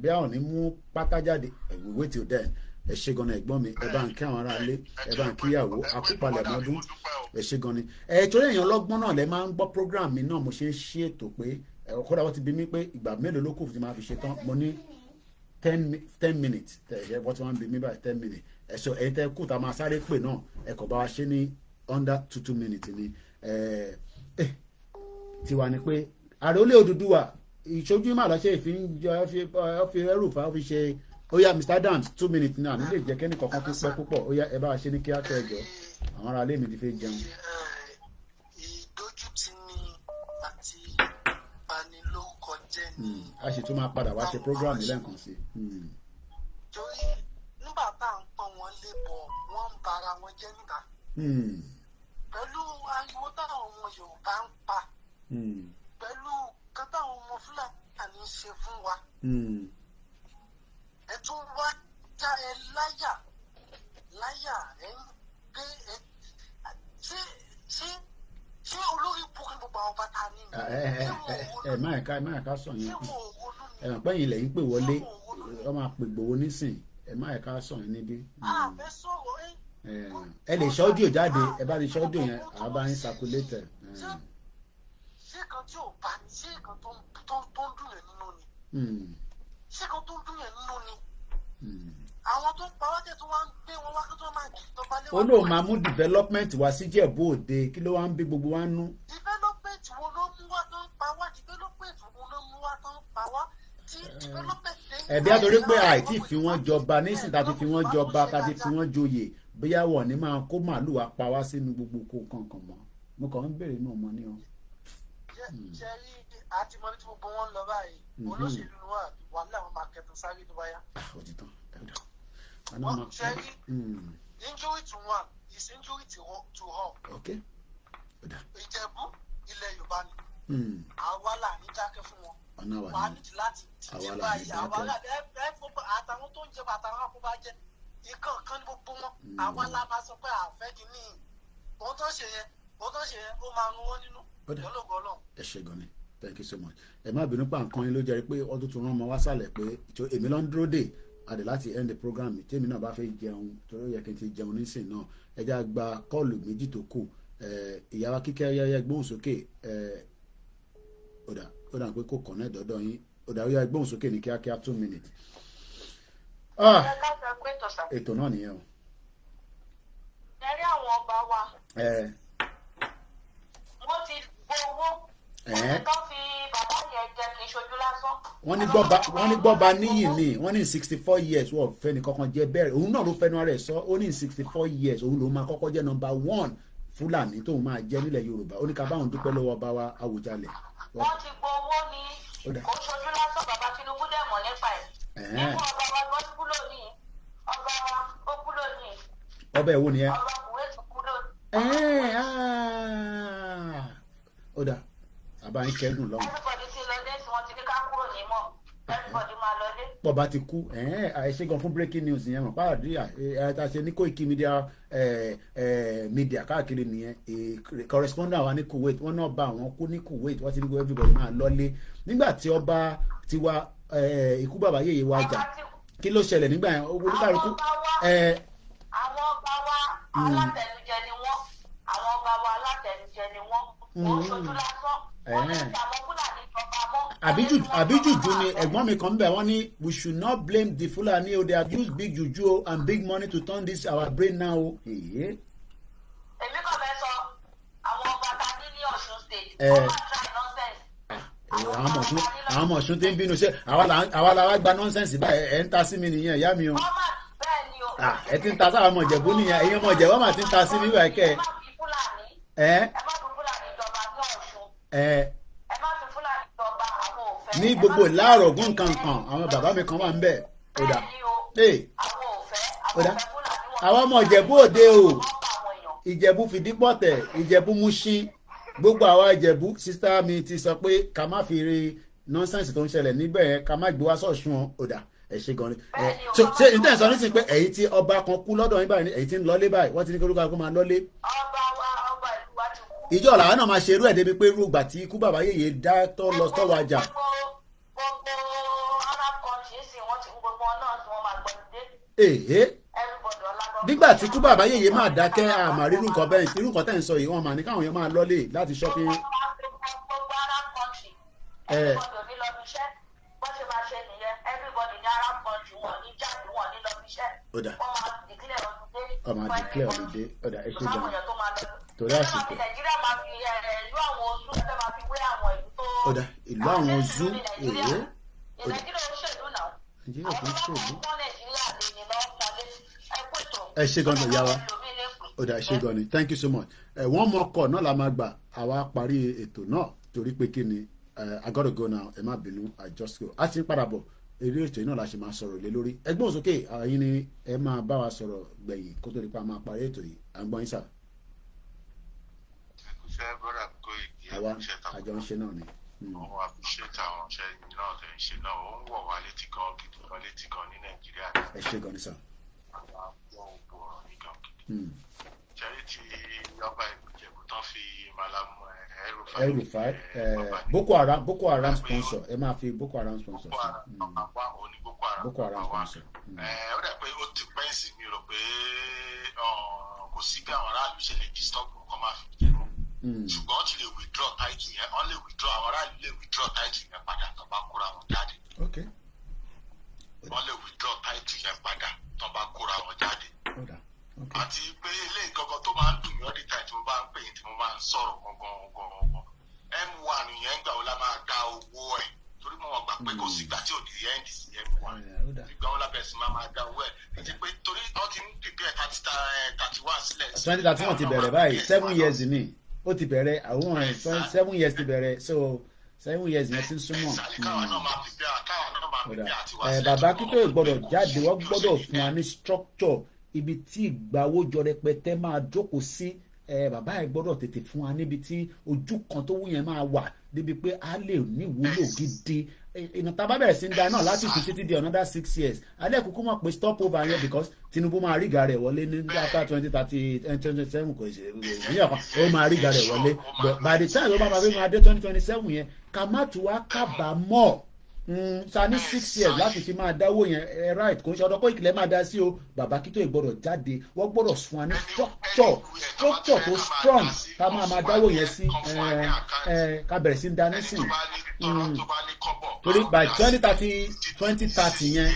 bí àwọn ní mú pátá jáde ìwé tí ó dẹ̀ ẹ ṣe gan ni ẹ̀gbọ́n mi ẹ bá ń kí àwọn ará ilé ẹ bá ń kíyàwó àkópalẹ̀ mọ́dún ẹ ṣe gan ni ẹ torí ọlọ́gbọ́n náà lẹ máa ń gbọ́ program mi náà mo ṣe ń ṣe ètò pé kódà wọ́n ti bí mi pé ìgbà mélòó ló kù fún ti máa fi ṣe tán mo ní ten minutes ẹ wọ́n ti wọ́n ń bí mi báyìí ten minutes ẹ sọ ẹ̀yin tẹ́ kù tá a máa sáré pè náà ẹ kò bá wa ṣe ní under two two minutes ni. Eh, tiwa ni pé àròlé Odùduwà ìṣojú màlọ́ṣẹ́ ìfín fi ẹrù fi ṣe oya Mr. Adams two minutes náà nílé jẹ́ kẹ́ni kọ̀ọ̀kan tó pẹ́ púpọ̀ oya ẹ bá wa ṣe ní kí á tẹ̀ jọ àwọn ará ilé ti fẹ́ jẹun. ìdójútì ni àti ìbanilórúkọ jẹ́ ni. Hmm, a sì tún máa padà wá ṣe program lẹ́ẹ̀kan sí i. Hmm. torí nígbà tá à ń pọ́n wọn lébọ̀ wọ́n ń bara wọn jẹ́ níta. Hmm. pẹ̀lú ariwo táwọn ọmọ Yorùbá ń pa. Hmm. pẹ̀lú kátà àwọn ọmọ fúlàní ṣe fún wa hmm. ẹ tún wá já ẹ láyà láyà ẹ ń gbé ẹ tí tí tí olórí bukú gbogbo àwọn bàtà ni. ẹ ẹ ẹ má ẹ̀ka má ẹ̀ka sọ yẹn ẹ mọ̀ pé yìí lẹ́yìn pè wọlé ọ máa pè gbowó nísìn ẹ má ẹ̀ka sọ yẹn níbí. Eh. Eh, ẹ lè ṣọ́ọ́dì jáde ẹ bá ti ṣọ́ọ́dì yẹn àá bá ń sakulétẹ̀ ṣé kan tí ò bá ní ṣé kan tó ń dùn yẹn nínú ni hmm. ṣé kan tó ń dùn yẹn nínú ni hmm. àwọn tó ń pa wájú tó wá ń gbé wọn wá kí tó máa tó bá lé wọn. ó lóun máa mú development wá sí Ìjẹ̀bú Òde kí ló wá ń bí gbogbo wa nú. development wo ló mú wá tó ń pa wá development wo ló mú wá tó ń pa wá tí eh, development lẹ́yìn. ẹ̀bí àtòrí pé àìtí fi wọ́n jọba nísìnyí tá a ti fi wọ́n jọba tá a ti fi wọ́n joyè bóyá wọ̀ ní máa kó màálù wa wá sínú gbogbo kó kankan mọ́ mo kàn ń béèrè náà mọ́ ní o. Hmm. ṣe rí àtìmọ́lé tí gbogbo wọn lọ báyìí hmm. olóṣèlú ni wọn àbí wà láwọn máa kẹtàn sáré tó báyà. Ah, wọ́n ṣe rí hmm. injury to one is injury to all. ìjẹ̀bú ilẹ̀ yorùbá ni àwa là ní dákẹ́ fún wọn wà á nídìí láti dìde báyìí àwa là ẹ gbogbo àtàwọn tó ń jẹ àtàwọn àkóbá jẹ ìkànnì kan ní gbogbo wọn àwa la máa sọ pé àfẹ́ kìíní ohun tó ṣe yẹn bọ́tọ̀ ṣe ó máa ń wọ́n nínú ọlọ́gọ́ ọlọ́run. ẹ ṣe gan ni thank you so much ẹ má bínú pa nǹkan yín ló jẹ́ pé ọdún tó rán ọmọ wá sálẹ̀ pé èmi ló ń dúró dè àdè láti end the program tèmi náà bá fẹ́ jẹun torí ó yẹ kí n ti jẹun nísìn náà ẹ já gba kọ́ọ̀lù méjì tó kù ìyá wa kíkẹ́ yẹ́yẹ́ gbóhùn sókè ọ̀dà ó dà pé kò kàn náà dọ́dọ̀ yín ọ̀dà ó yá gbóhùn sókè ní kíákíá two minutes. Ah! ètò náà nìyẹn o. ẹ rí àwọn ọba wa. tó fi bàbá wọ́n ní gbọ́ba wọ́n ní gbọ́ba níyì ni wọ́n ní sixty four years wọ́n fẹ́ni kọ́kàn jẹ bẹ́ẹ̀ òun náà ló fẹ́nu ara ẹ̀ sọ ó ní sixty four years òun ló máa kọ́kọ́ jẹ́ number one fúlàní tóun máa jẹ́ nílẹ̀ yorùbá ó ní ká báwọn dúpẹ́ lọ́wọ́ ọba wa àwùjalẹ̀. wọ́n ti gbowó ni kò ṣojú lásán bàbá tinubu dẹ̀ mọ̀ nípa ẹ̀ nínú ọba wa gbọ́ kúlò ní ọba wa ó kúlò ní. ọba ẹ̀ wo kúlò bá yín kẹ́dùn lọ́hùn. everybody ti kú àìṣe gan fún breaking news yẹn mọ̀ páàdì àtàṣe ní Koiki media media káàkiri nìyẹn correspondent wa ní Kuwait wọ́n náà bá àwọn kú ní Kuwait wọ́n ti ní everybody máa lọ́lé nígbà tí ọba tiwa ikú bàbá yèyé wa jà kí ló ṣẹlẹ̀ nígbà yẹn olúkàlùkù. àwọn ọba wa hmm. alátẹnujẹ ni wọ́n àwọn ọba wa alátẹnujẹ ni wọ́n wọ́n ṣojú hmm. lásán àbíjùjú ni ẹ̀gbọ́n mi kan bẹ̀ wọ́n ní we should not blame the Fulani o they have used big juju and big money to turn this our brain now o. èmi kò fẹ́ sọ àwọn ọba ta ní ní Ọ̀ṣun state ọba try nonsense. Ah, àwọn ọmọ Ọ̀ṣun tí ń bínú ṣe àwa làwa gba nonsense báyìí ẹ̀ ń ta sí mi nìyẹn ìyá mi o. Ah, ẹ ti ń ta sáwọn ọmọ Ìjẹ̀bú nìyẹn ẹ̀yin ọmọ Ìjẹ̀bú ọmọ ti ń ta sí mi báyìí kẹ́ ẹ. ẹ má bí Fulani ẹ má bí ní gbogbo láàrọ̀ gún kankan àwọn bàbá mi kan wà ń bẹ̀ ọ̀dà ọ̀dà àwọn ọmọ ìjẹ̀bú òde o ìjẹ̀bú fìdípọ̀tẹ̀ ìjẹ̀bú Mùṣín gbogbo àwa ìjẹ̀bú sísá mi ti sọ pé ká má fi rí nọ́nsẹ̀nsì tó ń ṣẹlẹ̀ níbẹ̀ yẹn ká má gbé wá sọ̀sùn ọ̀dà ẹ ṣe gan ni ẹ ṣe ìtẹ̀ sọ nísìnyí pé èyí tí ọba kan kú lọ́dọ̀ yín báyìí èyí tí ń lọ́lé báyìí wọ́n ti ní kí olúkọ ìjọ làwọn náà máa ṣerú ẹ̀ débi pé rúgbà tí ikú bàbá yèyé dá tó lọ sọ́wọ́ ajá. gbogbo arab country sì wọ́n ti gbogbo náà tí wọ́n máa gbọ́ dé. nígbà tí ikú bàbá yèyé máa dákẹ́ àmà rírun kan bẹ́ẹ̀ irú kan tẹ̀ ń sọ yìí wọ́n máa ní káwọn yẹn máa lọ́lé láti shopping. gbogbo arab country everybody ní lọ bí iṣẹ́ bó ṣe máa ṣe nìyẹn everybody ní arab wọn ní jáde wọn ní lọ bí iṣẹ́ wọ́n ọ̀dà ẹ ṣe torí àsìkò. ọ̀dà ìlú àwọn zoo èyí. nàìjíríà kò ń ṣòlú. ẹ ṣe gan-an wa ọ̀dà ẹ ṣe gan thank you so much. wọ́n mọ ọkọ̀ náà la máa gbà àwa parí ètò náà torí pé kí ni I gotta go now ẹ má bínú I just go. a ti ń padà bọ̀ eré ètò yìí náà la ṣe máa sọ̀rọ̀ lé lórí ẹgbọ́n sókè àyìn ni ẹ máa bá wa sọ̀rọ̀ gbẹ̀yìn kó tó di pa máa parí ètò yìí à yín sáà ṣé bọ́dà kó ìdí ẹ̀ ṣe tàbí. àjọ ń náà ni. òun àpèṣẹ́tà àwọn ṣẹ́ náà lè ń ṣe náà òun hmm. wọ̀ wá létí gan gidi gan létí gan ní nàìjíríà. ẹ ṣe gan ni sà. àwọn àgbọ̀ ògbò ọ̀rọ̀ ní gan gidi. Hmm. ṣẹ́rí ti ọba ìjẹ̀bù tán fi malamu eh, eh, eh, ẹrù fa boko haram boko haram sponsor ẹ máa fi boko haram sponsor sí. Hmm. boko haram sponsor. ó dà pé ó ti pẹ́ sí mi pé kò sí bí àwọn aráàlú ṣe lè disturb kọ́ máa fi jẹ́ Mm. ṣùgbọ́n ti lè withdraw title yẹn wọ́n lè withdraw àwọn aráàlú lè withdraw title yẹn padà tó bá kóra wọn jáde wọ́n lè withdraw title yẹn padà tó bá kóra wọn jáde àti pé ilé ìgangan tó máa ń dùn yọ́ níta tí mo bá ń pè é tí mo máa ń sọ̀rọ̀ gangan gangan m1 yẹn gbà wọ́n la máa da owó ẹ̀ torí mo gbà pé kò sígbà tí ò ní end sí m1 ìgbà wọ́n la bẹ̀rẹ̀ sí máa máa da owó ẹ̀ àti pé torí wọ́n ti ń pèpè ẹ̀ thirty eh, one sílẹ̀. twenty thirty one ti bẹ̀rẹ̀ báyìí seven years ni ó ti bẹ̀rẹ̀ àwọn seven years ti bẹ̀rẹ̀ so seven years yẹn ti ń súnmọ́. bàbá kíkọ́ ìgbọ́dọ̀ jáde wọ́n gbọ́dọ̀ fún wa ní structure ibi tí ìgbàwójọ rẹpẹtẹ máa jókòó sí bàbá yẹn gbọ́dọ̀ tètè fún wa níbi tí ojú kan tó wù yẹn máa wà débi pé a lè níwúlò gidi ìnà tá a bá bẹ̀rẹ̀ sí ń da náà láti fi títí di another six years alẹ́ kúkú mọ̀ pé stop over yẹn because Tinubu máa rí ìgà rẹ̀ wọlé ní after twenty thirty eh, twenty seven kò ṣe ìyẹn kan ó máa rí ìgà wọlé but by the time ló bá máa fi máa dé twenty twenty seven yẹn ká má kábàámọ̀ Mm, ta ní six years láti fi máa dáwó yẹn ẹ eh, right kò ń ṣe ọdọ kó ìkìlẹ̀ máa dá sí o bàbá kító ìgbọ́dọ̀ jáde wọ́n gbọ́dọ̀ fún wa ní structure structure tó strong ká máa máa dáwó yẹn sí eh, eh, ká bẹ̀rẹ̀ sí ń dání sí mm. torí by twenty thirty twenty thirty yẹn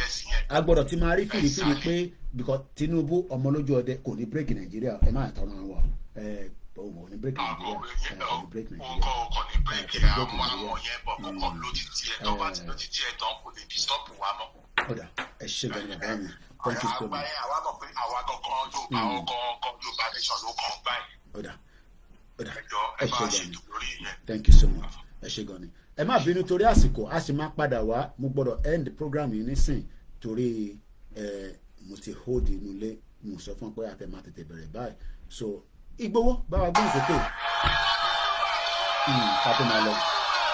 a gbọ́dọ̀ ti máa rí fìrìfìrì pé because Tinubu ọmọ lójú ọdẹ kò ní break Nàìjíríà ẹ máa tọrọ àwọn ẹ òun ò ní break Nàìjíríà ò ní break Nàìjíríà ò ní break Nàìjíríà ò ní break Nàìjíríà hmm. ọ̀dà ẹ ṣe gbẹ̀rẹ̀ bàbá mi thank you so much. àwa mọ̀ pé àwa kankan yóò bá hmm. ọkàn Yorùbá nation ló kàn báyìí. ọ̀dà ọ̀dà ẹ ṣe gbẹ̀rẹ̀ thank you so much ẹ ṣe gbẹ̀rẹ̀ ẹ má bínú torí àsìkò a sì máa padà wá mo gbọ́dọ̀ end program yìí nísìn torí mo ti hold inú ilé mo sọ fún ọ pé àtẹ máa tètè bẹ̀rẹ̀ báyìí so Ìgbòho bá wa gbé ìsókè hmm, ká tó máa lọ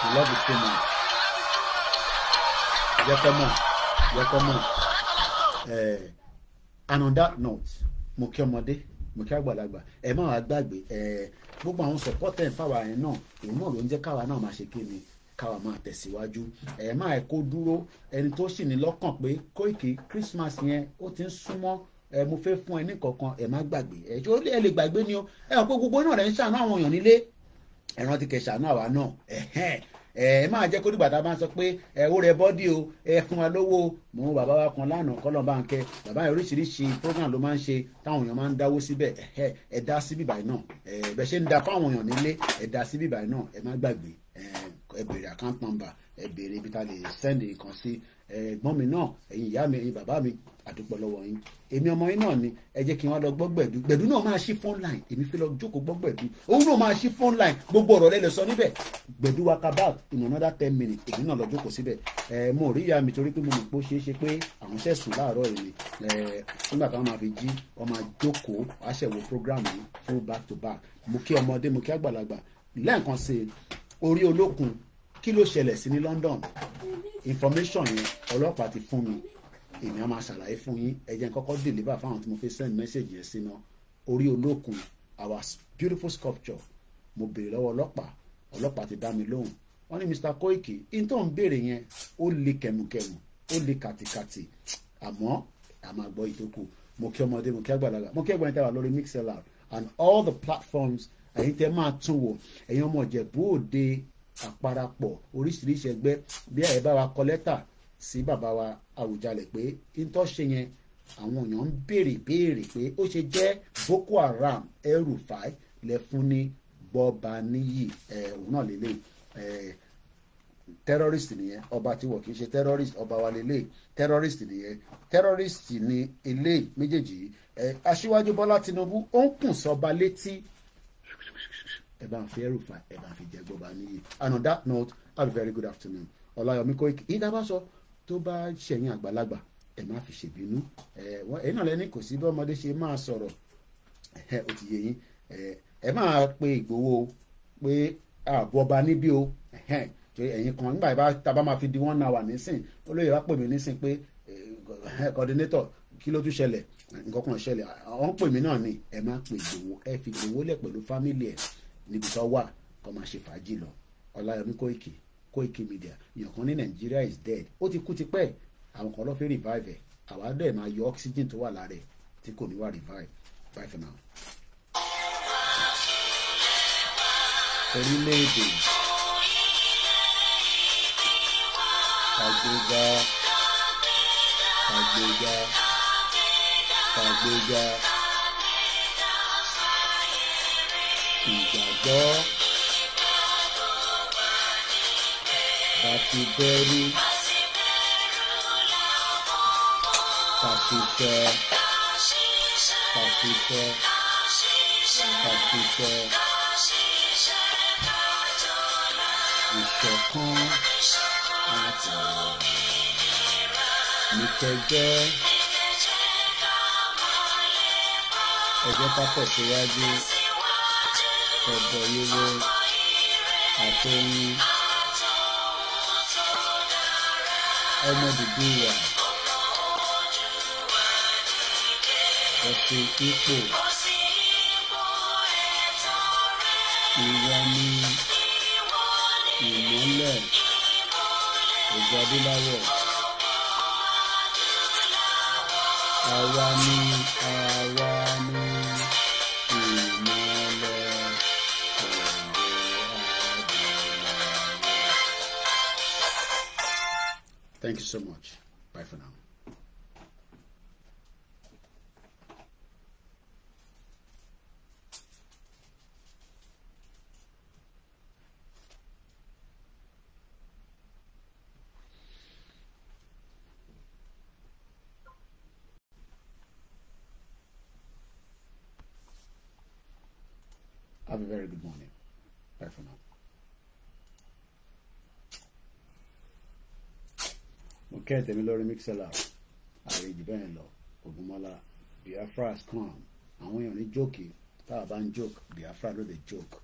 the love is too much yẹkọ mọ yẹkọ mọ and on that note mo kí ọmọdé mo kí àgbàlagbà ẹ má wàá gbàgbé eh, gbogbo àwọn support ẹ̀ ń fáwa yẹn náà òun náà ló ń jẹ́ káwa náà máa ṣe kí ni káwa máa tẹ̀síwájú ẹ máa kó dúró ẹni tó sì ní lọ́kàn pé Koiki Christmas yẹn ó ti ń súnmọ́ ẹ mo fẹ́ fún ẹ ní kankan ẹ má gbàgbé ẹ tí ó lé ẹ lè gbàgbé ni o ẹ hàn pé gbogbo náà rẹ ń ṣàánú àwọn èèyàn nílé ẹ rántí kẹ ṣàánú àwa náà ẹhẹn ẹ máa jẹ́ kó dìgbà tá a bá ń sọ pé ẹ wó rẹ bọ́dì o ẹ fún wa lówó mò ń bàbá wa kan lánàá kọ́ lọ́nba nkẹ́ bàbá yẹn oríṣiríṣi program ló máa ń ṣe táwọn èèyàn máa ń dáwó síbẹ̀ ẹ dá síbí báyìí náà ẹ bẹ ṣe ń da fáwọn èèyàn nílé ẹ dá síbí báyìí náà ẹ má gbàgbé ẹ béèrè account number ẹ béèrè ibi tá a lè send nǹkan sí ẹ̀gbọ́n mi náà ẹ̀yin ìyá mi ẹ̀yin bàbá mi àdúpọ̀ lọ́wọ́ yín èmi ọmọ yín náà ni ẹ jẹ́ kí wọ́n lọ gbọ́ gbẹ̀dú gbẹ̀dú náà máa ṣí phone line èmi fẹ́ lọ jókòó gbọ́ gbẹ̀dú òun náà máa ṣí phone line gbogbo ọ̀rọ̀ lẹ́lẹ̀ sọ níbẹ̀ gbẹ̀dú wa kaba in another ten minutes èmi náà lọ jókòó síbẹ̀ ẹ mo rí ìyá mi torí pé mo mọ̀ pé ó ṣeé ṣe pé àwọn iṣẹ́ sùn láàárọ̀ èmi ẹ nígbà táwọn máa fi jí wọ́n máa jókòó aṣẹ̀wò program yìí fún back to back mo kí ọmọdé mo kí àgbàlagbà lẹ́ẹ̀kan sí orí olókun kí ló ṣẹlẹ̀ sí ní London information yẹn ọlọ́pàá ti fún mi èmi á máa ṣàlàyé fún yín ẹ kọ́kọ́ deliver fáwọn tí mo fi send message yẹn sí náà orí olókun our beautiful sculpture mo béèrè lọ́wọ́ ọlọ́pàá ọlọ́pàá ti dá mi lóhùn wọ́n ní Mr. Koike. in tó ń béèrè yẹn ó le kẹ̀mùkẹ̀mù ó le kàtìkàtì àmọ́ àmàgbọ́ ìtókù mo kí ọmọdé mo kí àgbàlagbà mo kí ẹgbẹ́ níta wà lórí mixlr and all the platforms ẹ̀yin tẹ́ máa tún wò ẹ̀yin ọmọ ìjẹ̀bú òde àparapọ̀ oríṣiríṣi ẹgbẹ́ bí ẹ bá wa kọ lẹ́tà sí bàbá wa Àwùjalẹ̀ pé ìtọ́ṣe yẹn àwọn èèyàn ń béèrè béèrè pé ó ṣe jẹ́ Boko Haram El-Rufai lẹ́fún ní Gbọ́baníyì òun náà lélẹ̀ terrorist nìyẹn ọba tí wọ́n kì í ṣe terrorist ọba wa lélẹ̀ terrorist nìyẹn terrorist ni eléyìí méjèèjì yìí Aṣíwájú Bọ́lá Tinubu ó ń kùn sọba létí ẹ fi ẹrù fà ẹ fi jẹ gbọba níyì and on that note have a very good afternoon ọláyọmí kóìkì ìdábàsọ tó bá ṣẹyìn àgbàlagbà ẹ má fi ṣèbínú ẹ náà lẹni kò sí bí ọmọdé ṣe máa sọ̀rọ̀ ẹ ò ti yé yín ẹ máa pe ìgbowó pé ààbò ọba níbí o ẹ̀yin kan nígbà yìí tá a bá máa fi di one hour nísìn olóyè wa pè mí nísìn pé coordinator kí ló tún ṣẹlẹ̀ nǹkan kan ṣẹlẹ̀ ọ̀hún pè mí náà ni ẹ má pe ìgbowó ẹ fi ìgbowó lẹ̀ pẹ̀lú fámìlì ẹ̀ níbi tó wà kó máa ṣe fàájì lọ ọláyọmí kóìkì kóìkì media ìyọ̀kan ní nàìjíríà is dead ó ti kú tipẹ́ àwọn kan ló fẹ́ revive ẹ̀ àwa dẹ̀ máa yọ oxygen tó wà lára ẹ̀ tí kò ní wá revive bye for now. orílẹ̀-èdè àgbéga àgbéga àgbéga. ìgbàgbọ́ àti bẹ̀rù kàṣiṣẹ́ kàṣiṣẹ́ kàṣiṣẹ́ ìṣọ̀kan àti ìkẹjẹ́ ẹ̀jẹ̀ pápọ̀ síwájú ẹbọ yíwó àtọyìn ọmọ dúdú wà ọ̀sẹ̀ ipò ìwọ ni ìmọ́lẹ̀ ìjọ adúláwọ̀. so much. kẹ́ẹ̀ tẹ̀mí lórí mixela ààrẹ jù bẹ́ẹ̀ lọ Ògúnmọ́lá Biafra is calm àwọn èèyàn ní jókè tá a bá ń jókè Biafra ló lè jókè.